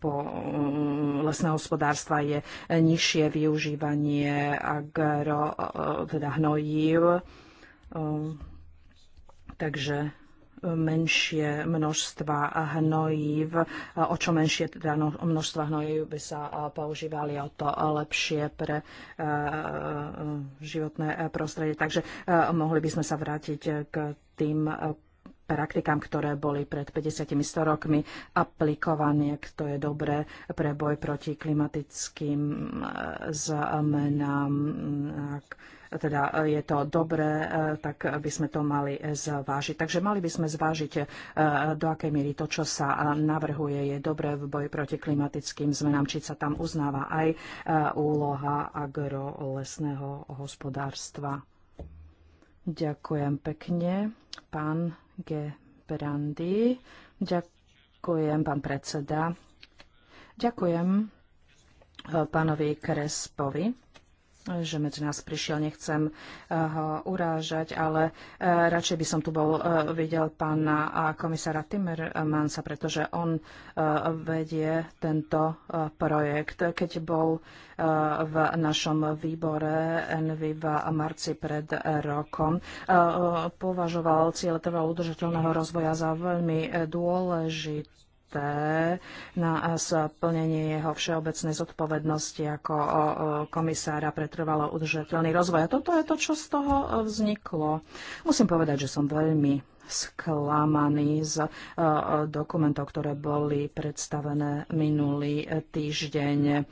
po mm, lesného hospodárstva je nižšie využívanie agro, teda hnojív. Takže menšie množstva hnojív. O čo menšie teda no- množstva hnojív by sa používali, o to lepšie pre životné prostredie. Takže mohli by sme sa vrátiť k tým praktikám, ktoré boli pred 50-100 rokmi aplikované, to je dobré pre boj proti klimatickým zmenám teda e, je to dobré, e, tak by sme to mali zvážiť. Takže mali by sme zvážiť, e, do akej miery to, čo sa navrhuje, je dobré v boji proti klimatickým zmenám, či sa tam uznáva aj úloha agrolesného hospodárstva. Ďakujem pekne, pán G. Brandy. Ďakujem, pán predseda. Ďakujem pánovi Krespovi že medzi nás prišiel, nechcem eh, ho urážať, ale eh, radšej by som tu bol eh, videl pána komisára Timmermansa, pretože on vedie tento projekt. Keď bol v našom výbore Envy v marci pred rokom, považoval cieľ trvalo udržateľného rozvoja za veľmi dôležitý na no splnenie jeho všeobecnej zodpovednosti ako komisára pre trvalo udržateľný rozvoj. A toto je to, čo z toho e, vzniklo. Musím povedať, že som veľmi sklamaný z e, e, dokumentov, ktoré boli predstavené minulý týždeň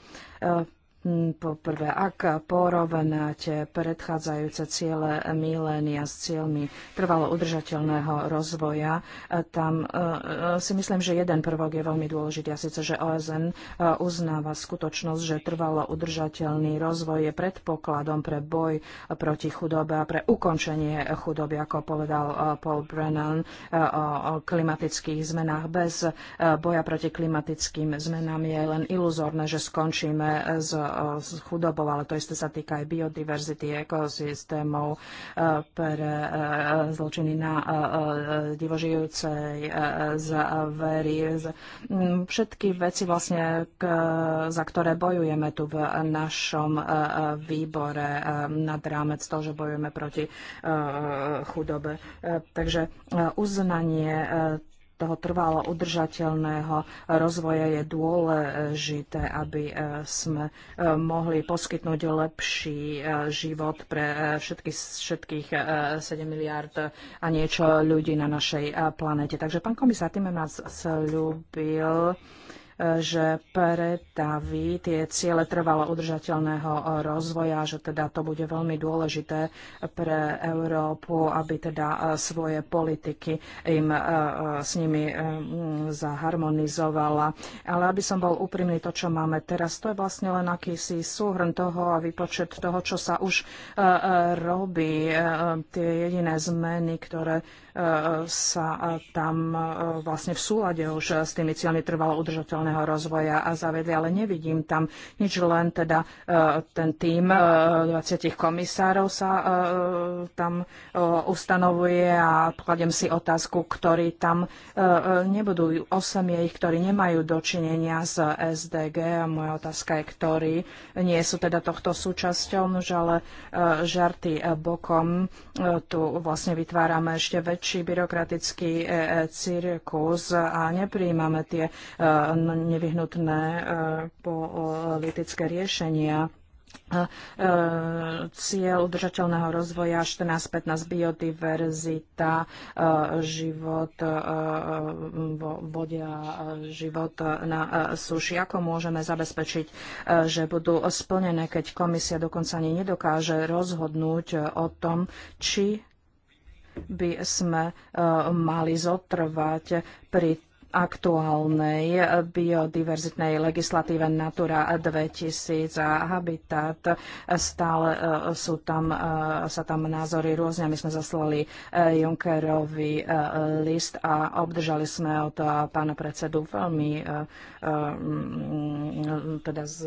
Hm, poprvé, ak porovnáte predchádzajúce ciele milénia s cieľmi trvalo udržateľného rozvoja, e, tam e, e, si myslím, že jeden prvok je veľmi dôležitý a síce, že OSN uznáva skutočnosť, že trvalo udržateľný rozvoj je predpokladom pre boj proti chudobe a pre ukončenie chudoby, ako povedal Paul Brennan o klimatických zmenách. Bez boja proti klimatickým zmenám je len iluzórne, že skončíme s s chudobou, ale to isté sa týka aj biodiverzity, ekosystémov e, pre e, zločiny na e, divožijúcej zvery. Všetky veci, vlastne, za ktoré bojujeme tu v našom výbore nad rámec toho, že bojujeme proti chudobe. Takže uznanie toho trvalo udržateľného rozvoja je dôležité, aby e, sme e, mohli poskytnúť lepší e, život pre všetkých, všetkých 7 miliard a niečo ľudí na našej planete. Takže pán komisár nás slúbil, že pretaví tie ciele trvalo udržateľného rozvoja, že teda to bude veľmi dôležité pre Európu, aby teda e, svoje politiky im e, e, s nimi zaharmonizovala. Ale aby som bol úprimný, to, čo máme teraz, to je vlastne len akýsi súhrn toho a výpočet toho, čo sa už robí. Tie jediné zmeny, ktoré sa tam vlastne v súlade už s tými cieľmi trvalo udržateľného regionálneho rozvoja a zavedli, ale nevidím tam nič len teda e, ten tým 20 e, komisárov sa e, tam ustanovuje a kladem si otázku, ktorí tam nebudú. Osem je ich, ktorí nemajú dočinenia s SDG a moja otázka je, ktorí nie sú teda tohto súčasťou, že ale žarty bokom tu vlastne vytvárame ešte väčší byrokratický cirkus a nepríjmame tie nevyhnutné e, politické riešenia e, e, cieľ udržateľného rozvoja 14-15 biodiverzita, život vo vode a život na suši. Ako môžeme zabezpečiť, že budú splnené, keď komisia dokonca ani nedokáže rozhodnúť o tom, či by sme mali zotrvať pri aktuálnej biodiverzitnej legislatíve Natura 2000 a Habitat. Stále e, sú tam, e, sa tam názory rôzne. My sme zaslali e, Junckerovi list a obdržali sme od pána predsedu veľmi mm, teda z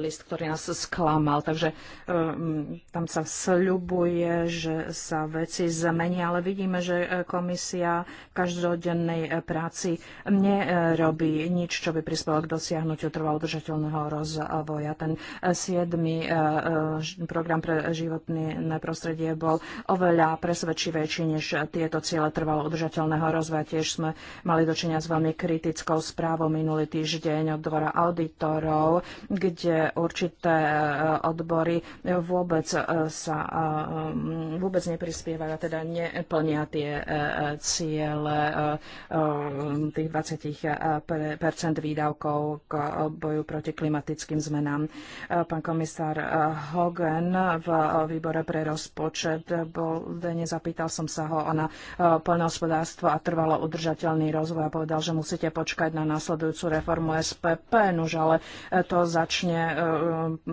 list, ktorý nás sklamal. Takže mm, tam sa sľubuje, že sa veci zmenia, ale vidíme, že komisia v každodennej práci nerobí e, nič, čo by prispelo k dosiahnutiu trvalo udržateľného rozvoja. Ten 7. E, e, program pre životné prostredie bol oveľa presvedčivejší než tieto ciele trvalo udržateľného rozvoja. Tiež sme mali dočinia s veľmi kritickou správou minulý týždeň od dvora auditorov, kde určité odbory vôbec sa vôbec neprispievajú teda neplnia tie ciele tých 20 20 výdavkov k boju proti klimatickým zmenám. Pán komisár Hogan v výbore pre rozpočet bol denne, zapýtal som sa ho na poľnohospodárstvo a trvalo udržateľný rozvoj a povedal, že musíte počkať na následujúcu reformu SPP, nuž ale to začne e,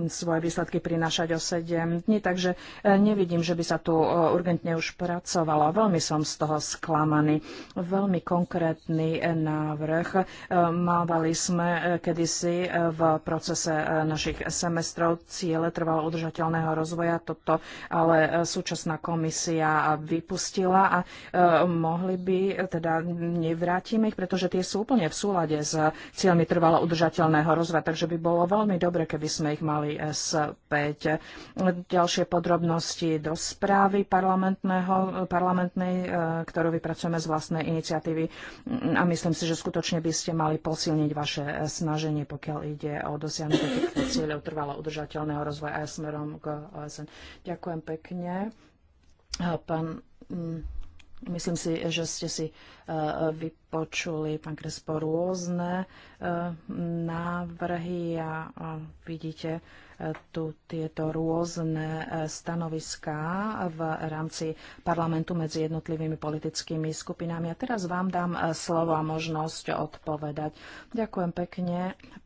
svoje výsledky prinášať o 7 dní, takže e, nevidím, že by sa tu e, urgentne už pracovalo. Veľmi som z toho sklamaný. Veľmi konkrétny na návrh. E, mávali sme e, kedysi e, v procese našich semestrov ciele trvalo udržateľného rozvoja. Toto ale súčasná komisia vypustila a mohli by, teda nevrátime ich, pretože tie sú úplne v súlade s cieľmi trvalo udržateľného rozvoja. Takže by bolo veľmi dobre, keby sme ich mali späť. Ďalšie podrobnosti do správy parlamentného, parlamentnej, ktorú vypracujeme z vlastnej iniciatívy a myslím si, že skutočne by ste mali posilniť vaše eh, snaženie, pokiaľ ide o dosiahnutie týchto cieľov trvalo udržateľného rozvoja aj smerom k OSN. Ďakujem pekne. Eh, pán, mm, myslím si, že ste si eh, vypočuli, pán Krespo, rôzne návrhy a vidíte, tu tieto rôzne e, stanoviská v rámci parlamentu medzi jednotlivými politickými skupinami. A teraz vám dám e, slovo a možnosť odpovedať. Ďakujem pekne,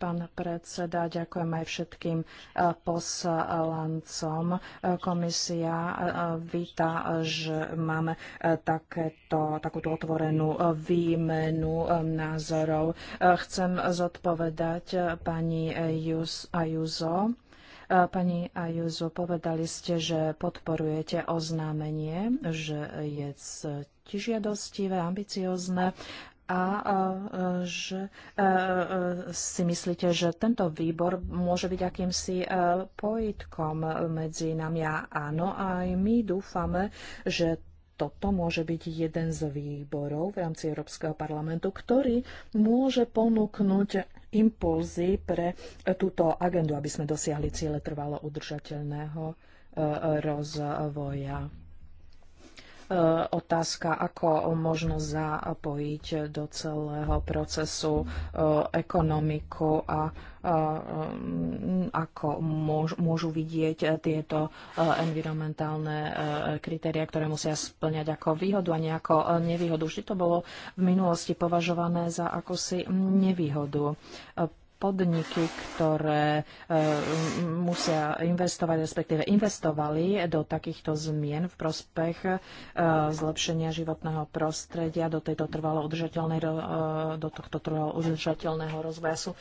pán predseda. Ďakujem aj všetkým e, poslancom. Komisia víta, že máme takéto, takúto otvorenú výmenu názorov. Chcem zodpovedať pani Juzo. Pani Ajuzo, povedali ste, že podporujete oznámenie, že je žiadostivé, ambiciozne a že si myslíte, že tento výbor môže byť akýmsi pojitkom medzi nami a áno, aj my dúfame, že toto môže byť jeden z výborov v rámci Európskeho parlamentu, ktorý môže ponúknuť impulzy pre túto agendu, aby sme dosiahli ciele trvalo udržateľného e, e, rozvoja. E, otázka, ako možno zapojiť do celého procesu e, ekonomiku a e, ako môžu vidieť tieto environmentálne kritéria, ktoré musia splňať ako výhodu a nejako nevýhodu. Vždy to bolo v minulosti považované za akosi nevýhodu podniky, ktoré e, musia investovať, respektíve investovali do takýchto zmien v prospech e, zlepšenia životného prostredia do, tejto trvalo udržateľnej, e, do tohto trvalo udržateľného rozvoja sú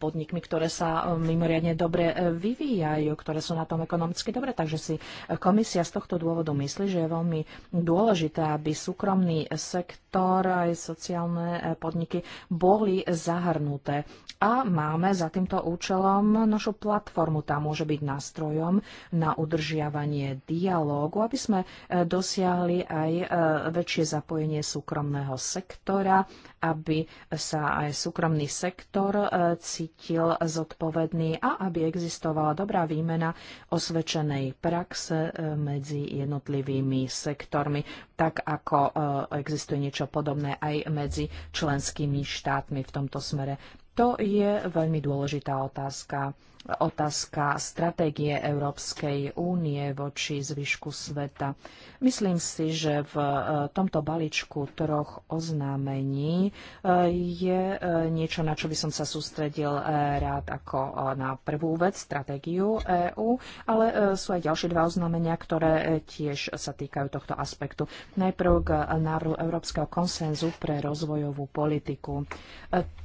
podnikmi, ktoré sa mimoriadne dobre vyvíjajú, ktoré sú na tom ekonomicky dobre. Takže si komisia z tohto dôvodu myslí, že je veľmi dôležité, aby súkromný sektor aj sociálne podniky boli zahrnuté a máme za týmto účelom našu platformu. Tá môže byť nástrojom na udržiavanie dialógu, aby sme e, dosiahli aj e, väčšie zapojenie súkromného sektora, aby sa aj súkromný sektor e, cítil zodpovedný a aby existovala dobrá výmena osvedčenej praxe medzi jednotlivými sektormi, tak ako existuje niečo podobné aj medzi členskými štátmi v tomto smere. To je veľmi dôležitá otázka otázka stratégie Európskej únie voči zvyšku sveta. Myslím si, že v e, tomto balíčku troch oznámení e, je e, niečo, na čo by som sa sústredil rád ako na prvú vec, stratégiu EÚ, ale sú aj ďalšie dva oznámenia, ktoré tiež sa týkajú tohto aspektu. Najprv k návrhu Európskeho konsenzu pre rozvojovú politiku.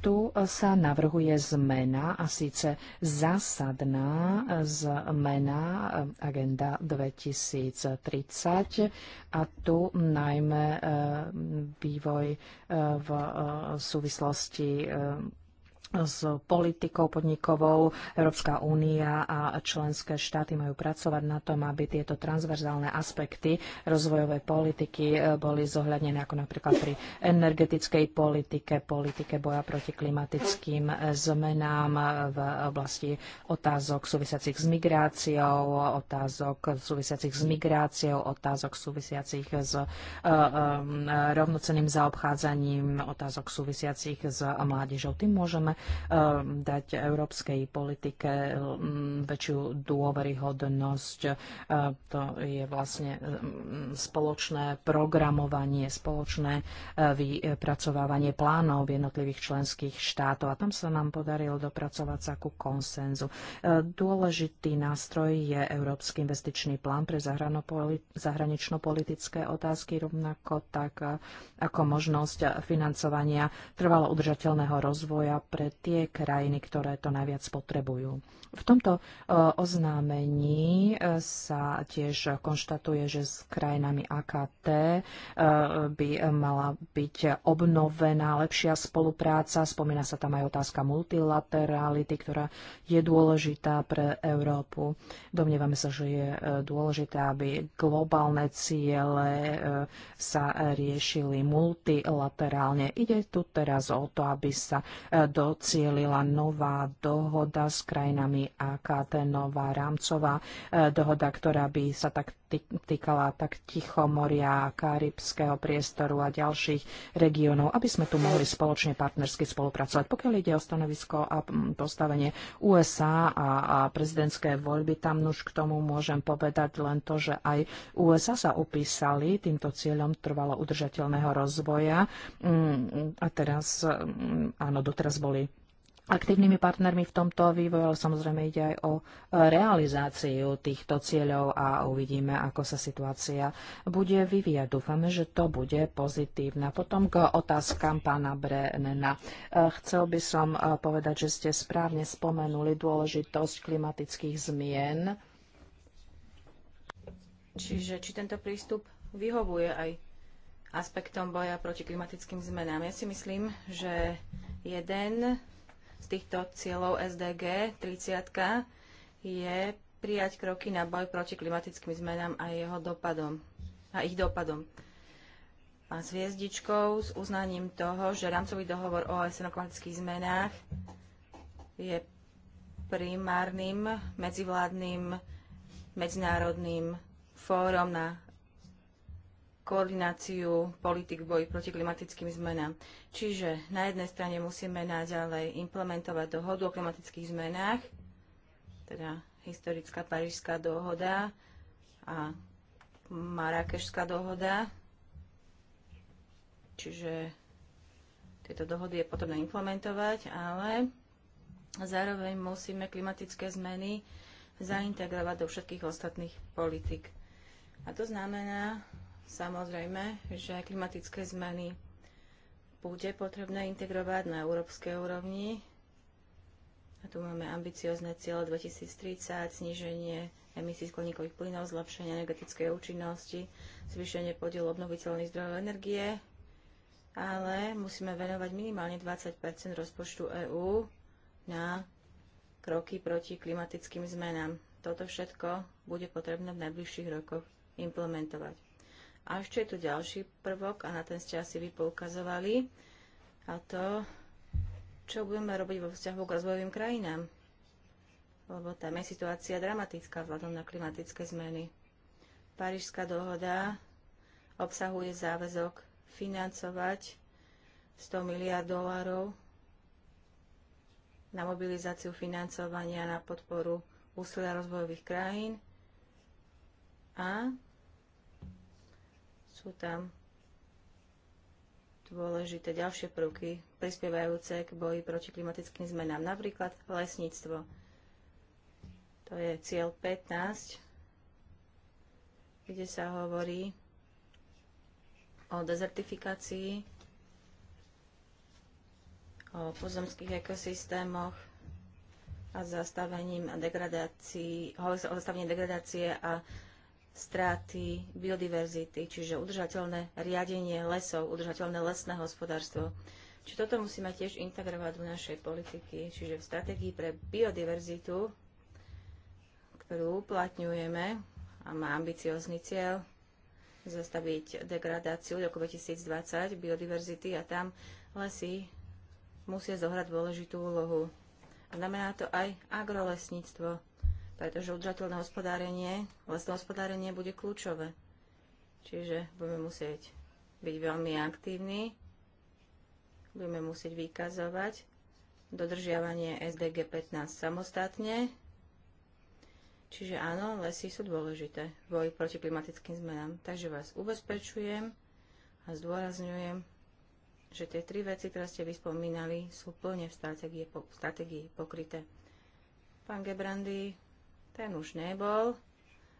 Tu sa navrhuje zmena a síce zas zásadná zmena eh, Agenda 2030 a tu najmä eh, vývoj eh, v súvislosti s politikou podnikovou Európska únia a členské štáty majú pracovať na tom, aby tieto transverzálne aspekty rozvojovej politiky e, boli zohľadnené ako napríklad pri energetickej politike, politike boja proti klimatickým e, zmenám e, v oblasti otázok súvisiacich s migráciou, otázok súvisiacich s migráciou, otázok súvisiacich s rovnocenným zaobchádzaním, otázok súvisiacich s mládežou. Tým môžeme Um, dať európskej politike um, väčšiu dôveryhodnosť. Uh, to je vlastne um, spoločné programovanie, spoločné uh, vypracovávanie plánov jednotlivých členských štátov. A tam sa nám podarilo dopracovať sa ku konsenzu. Uh, dôležitý nástroj je Európsky investičný plán pre zahranično-politické otázky, rovnako tak ako možnosť financovania trvalo udržateľného rozvoja pre tie krajiny, ktoré to najviac potrebujú. V tomto e, oznámení e, sa tiež konštatuje, že s krajinami AKT e, by mala byť obnovená lepšia spolupráca. Spomína sa tam aj otázka multilaterality, ktorá je dôležitá pre Európu. Domnievame sa, že je dôležité, aby globálne ciele sa riešili multilaterálne. Ide tu teraz o to, aby sa do docielila nová dohoda s krajinami AKT, nová rámcová eh, dohoda, ktorá by sa tak týkala tak Tichomoria, Karibského priestoru a ďalších regiónov, aby sme tu mohli spoločne partnersky spolupracovať. Pokiaľ ide o stanovisko a postavenie USA a, a prezidentské voľby, tam už k tomu môžem povedať len to, že aj USA sa upísali týmto cieľom trvalo udržateľného rozvoja mm, a teraz, mm, áno, doteraz boli aktívnymi partnermi v tomto vývoji, ale samozrejme ide aj o realizáciu týchto cieľov a uvidíme, ako sa situácia bude vyvíjať. Dúfame, že to bude pozitívne. Potom k otázkam pána Brenena. Chcel by som eh, povedať, že ste správne spomenuli dôležitosť klimatických zmien. Čiže či tento prístup vyhovuje aj aspektom boja proti klimatickým zmenám. Ja si myslím, že jeden z týchto cieľov SDG 30 je prijať kroky na boj proti klimatickým zmenám a jeho dopadom a ich dopadom. A s hviezdičkou, s uznaním toho, že rámcový dohovor OSN o klimatických zmenách je primárnym medzivládnym medzinárodným fórom na koordináciu politik v boji proti klimatickým zmenám. Čiže na jednej strane musíme naďalej implementovať dohodu o klimatických zmenách, teda historická parížská dohoda a marakešská dohoda. Čiže tieto dohody je potrebné implementovať, ale zároveň musíme klimatické zmeny zaintegrovať do všetkých ostatných politik. A to znamená, Samozrejme, že klimatické zmeny bude potrebné integrovať na európskej úrovni. A tu máme ambiciozne cieľe 2030, zníženie emisí skleníkových plynov, zlepšenie energetickej účinnosti, zvýšenie podielu obnoviteľných zdrojov energie, ale musíme venovať minimálne 20 rozpočtu EÚ na kroky proti klimatickým zmenám. Toto všetko bude potrebné v najbližších rokoch implementovať. A ešte je tu ďalší prvok a na ten ste asi poukazovali, a to, čo budeme robiť vo vzťahu k rozvojovým krajinám. Lebo tam je situácia dramatická vzhľadom na klimatické zmeny. Parížská dohoda obsahuje záväzok financovať 100 miliard dolárov na mobilizáciu financovania na podporu úsilia rozvojových krajín a sú tam dôležité ďalšie prvky prispievajúce k boji proti klimatickým zmenám, napríklad lesníctvo. To je cieľ 15, kde sa hovorí o dezertifikácii, o pozemských ekosystémoch a zastavením degradácii, o zastavení degradácie a straty biodiverzity, čiže udržateľné riadenie lesov, udržateľné lesné hospodárstvo. Čiže toto musíme tiež integrovať do našej politiky, čiže v stratégii pre biodiverzitu, ktorú uplatňujeme a má ambiciózny cieľ zastaviť degradáciu do roku 2020 biodiverzity a tam lesy musia zohrať dôležitú úlohu. Znamená to aj agrolesníctvo, pretože udržateľné hospodárenie, lesné hospodárenie bude kľúčové. Čiže budeme musieť byť veľmi aktívni, budeme musieť vykazovať dodržiavanie SDG 15 samostatne. Čiže áno, lesy sú dôležité v boji proti klimatickým zmenám. Takže vás ubezpečujem a zdôrazňujem, že tie tri veci, ktoré ste vyspomínali, sú plne v stratégii, v stratégii pokryté. Pán Gebrandy, ten už nebol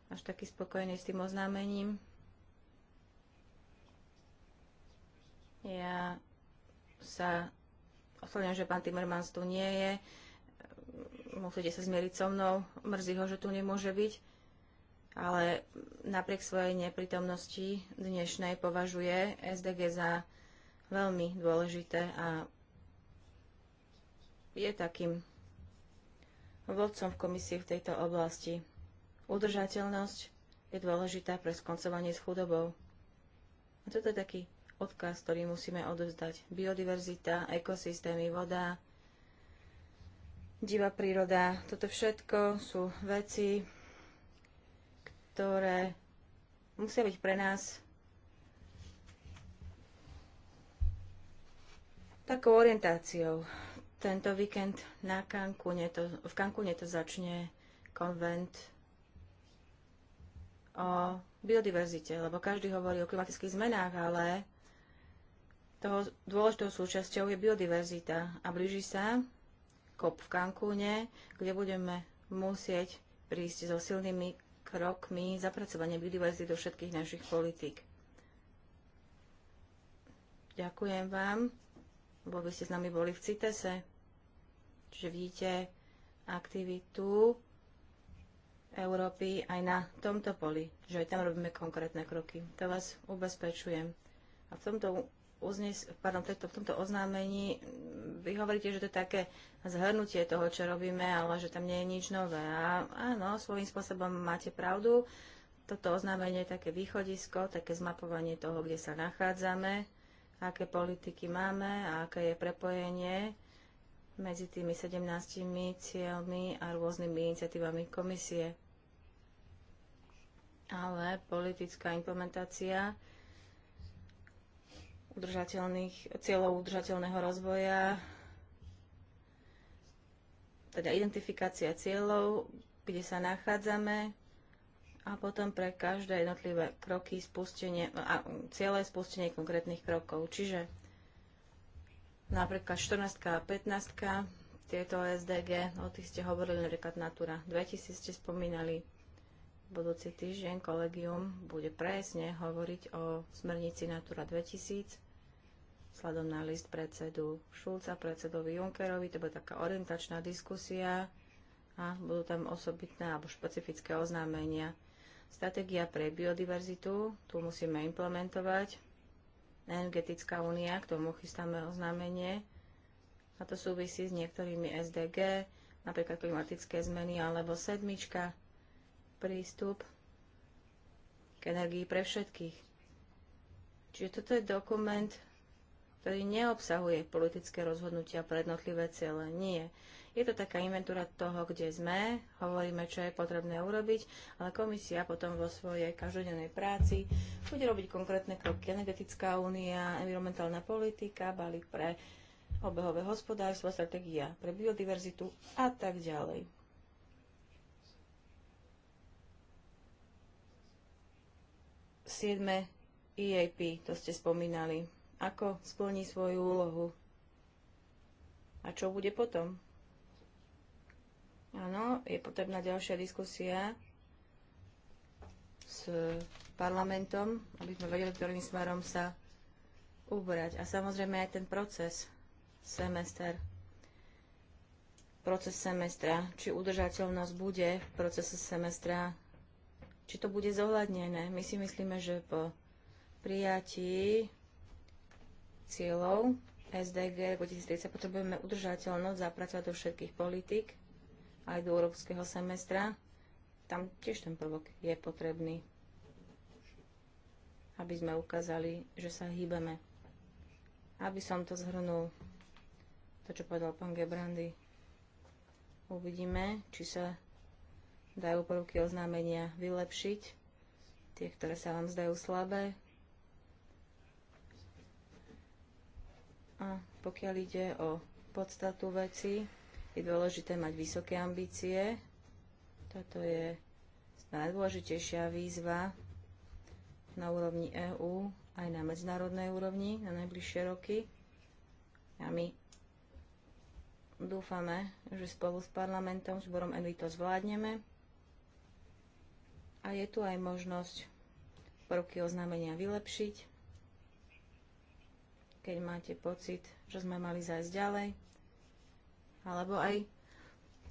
až taký spokojný s tým oznámením. Ja sa oslovňujem, že pán Timmermans tu nie je. Musíte sa zmieriť so mnou. Mrzí ho, že tu nemôže byť. Ale napriek svojej neprítomnosti dnešnej považuje SDG za veľmi dôležité a je takým vodcom v komisii v tejto oblasti. Udržateľnosť je dôležitá pre skoncovanie s chudobou. A toto je taký odkaz, ktorý musíme odovzdať. Biodiverzita, ekosystémy, voda, divá príroda, toto všetko sú veci, ktoré musia byť pre nás takou orientáciou tento víkend na Cancúne to, v Cancúne to začne konvent o biodiverzite, lebo každý hovorí o klimatických zmenách, ale toho dôležitou súčasťou je biodiverzita a blíži sa kop v Cancúne, kde budeme musieť prísť so silnými krokmi zapracovania biodiverzity do všetkých našich politík. Ďakujem vám, lebo vy ste s nami boli v CITESe. Čiže vidíte aktivitu Európy aj na tomto poli, že aj tam robíme konkrétne kroky. To vás ubezpečujem. A v tomto, uznes, pardon, v tomto oznámení vy hovoríte, že to je také zhrnutie toho, čo robíme, ale že tam nie je nič nové. A áno, svojím spôsobom máte pravdu. Toto oznámenie je také východisko, také zmapovanie toho, kde sa nachádzame, aké politiky máme a aké je prepojenie medzi tými 17 cieľmi a rôznymi iniciatívami komisie. Ale politická implementácia udržateľných, cieľov udržateľného rozvoja, teda identifikácia cieľov, kde sa nachádzame a potom pre každé jednotlivé kroky spustenie, a, cieľe spustenie konkrétnych krokov. Čiže Napríklad 14 a 15, tieto SDG, o tých ste hovorili napríklad Natura 2000 ste spomínali. Budúci týždeň kolegium bude presne hovoriť o smernici Natura 2000 sladom na list predsedu Šulca, predsedovi Junkerovi, to bude taká orientačná diskusia a budú tam osobitné alebo špecifické oznámenia. Stratégia pre biodiverzitu, tu musíme implementovať energetická únia, k tomu chystáme oznámenie. A to súvisí s niektorými SDG, napríklad klimatické zmeny alebo sedmička, prístup k energii pre všetkých. Čiže toto je dokument, ktorý neobsahuje politické rozhodnutia pre jednotlivé ciele. Nie. Je to taká inventúra toho, kde sme, hovoríme, čo je potrebné urobiť, ale komisia potom vo svojej každodennej práci bude robiť konkrétne kroky. Energetická únia, environmentálna politika, balík pre obehové hospodárstvo, stratégia pre biodiverzitu a tak ďalej. Siedme, EAP, to ste spomínali. Ako splní svoju úlohu? A čo bude potom? Áno, je potrebná ďalšia diskusia s parlamentom, aby sme vedeli, ktorým smerom sa ubrať. A samozrejme aj ten proces, semester, proces semestra, či udržateľnosť bude v procese semestra, či to bude zohľadnené. My si myslíme, že po prijatí cieľov SDG 2030 potrebujeme udržateľnosť zapracovať do všetkých politik aj do európskeho semestra. Tam tiež ten prvok je potrebný, aby sme ukázali, že sa hýbeme. Aby som to zhrnul, to, čo povedal pán Gebrandy, uvidíme, či sa dajú prvky oznámenia vylepšiť, tie, ktoré sa vám zdajú slabé. A pokiaľ ide o podstatu veci, je dôležité mať vysoké ambície. Toto je najdôležitejšia výzva na úrovni EÚ, aj na medzinárodnej úrovni na najbližšie roky. A my dúfame, že spolu s parlamentom, s Borom Envy to zvládneme. A je tu aj možnosť prvky oznámenia vylepšiť, keď máte pocit, že sme mali zajsť ďalej alebo aj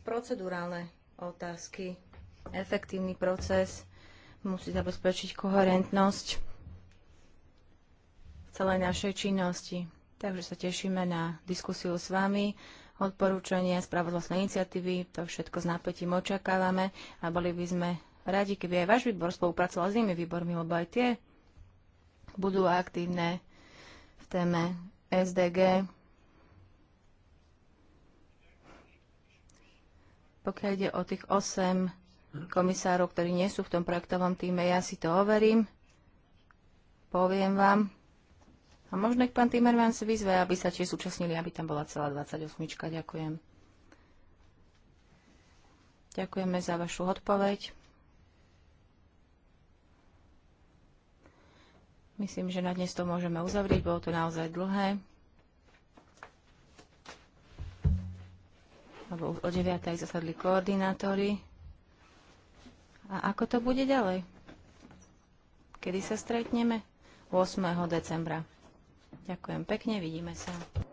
procedurálne otázky. Efektívny proces musí zabezpečiť koherentnosť celej našej činnosti. Takže sa tešíme na diskusiu s vami, odporúčania, spravodlostné iniciatívy, to všetko s napätím očakávame a boli by sme radi, keby aj váš výbor spolupracoval s inými výbormi, lebo aj tie budú aktívne v téme SDG, Pokiaľ ide o tých 8 komisárov, ktorí nie sú v tom projektovom týme, ja si to overím, poviem vám. A možno ich pán Timmermans vyzve, aby sa tiež súčasnili, aby tam bola celá 28. Ďakujem. Ďakujeme za vašu odpoveď. Myslím, že na dnes to môžeme uzavrieť, bolo to naozaj dlhé. lebo o 9. zasadli koordinátori. A ako to bude ďalej? Kedy sa stretneme? 8. decembra. Ďakujem pekne, vidíme sa.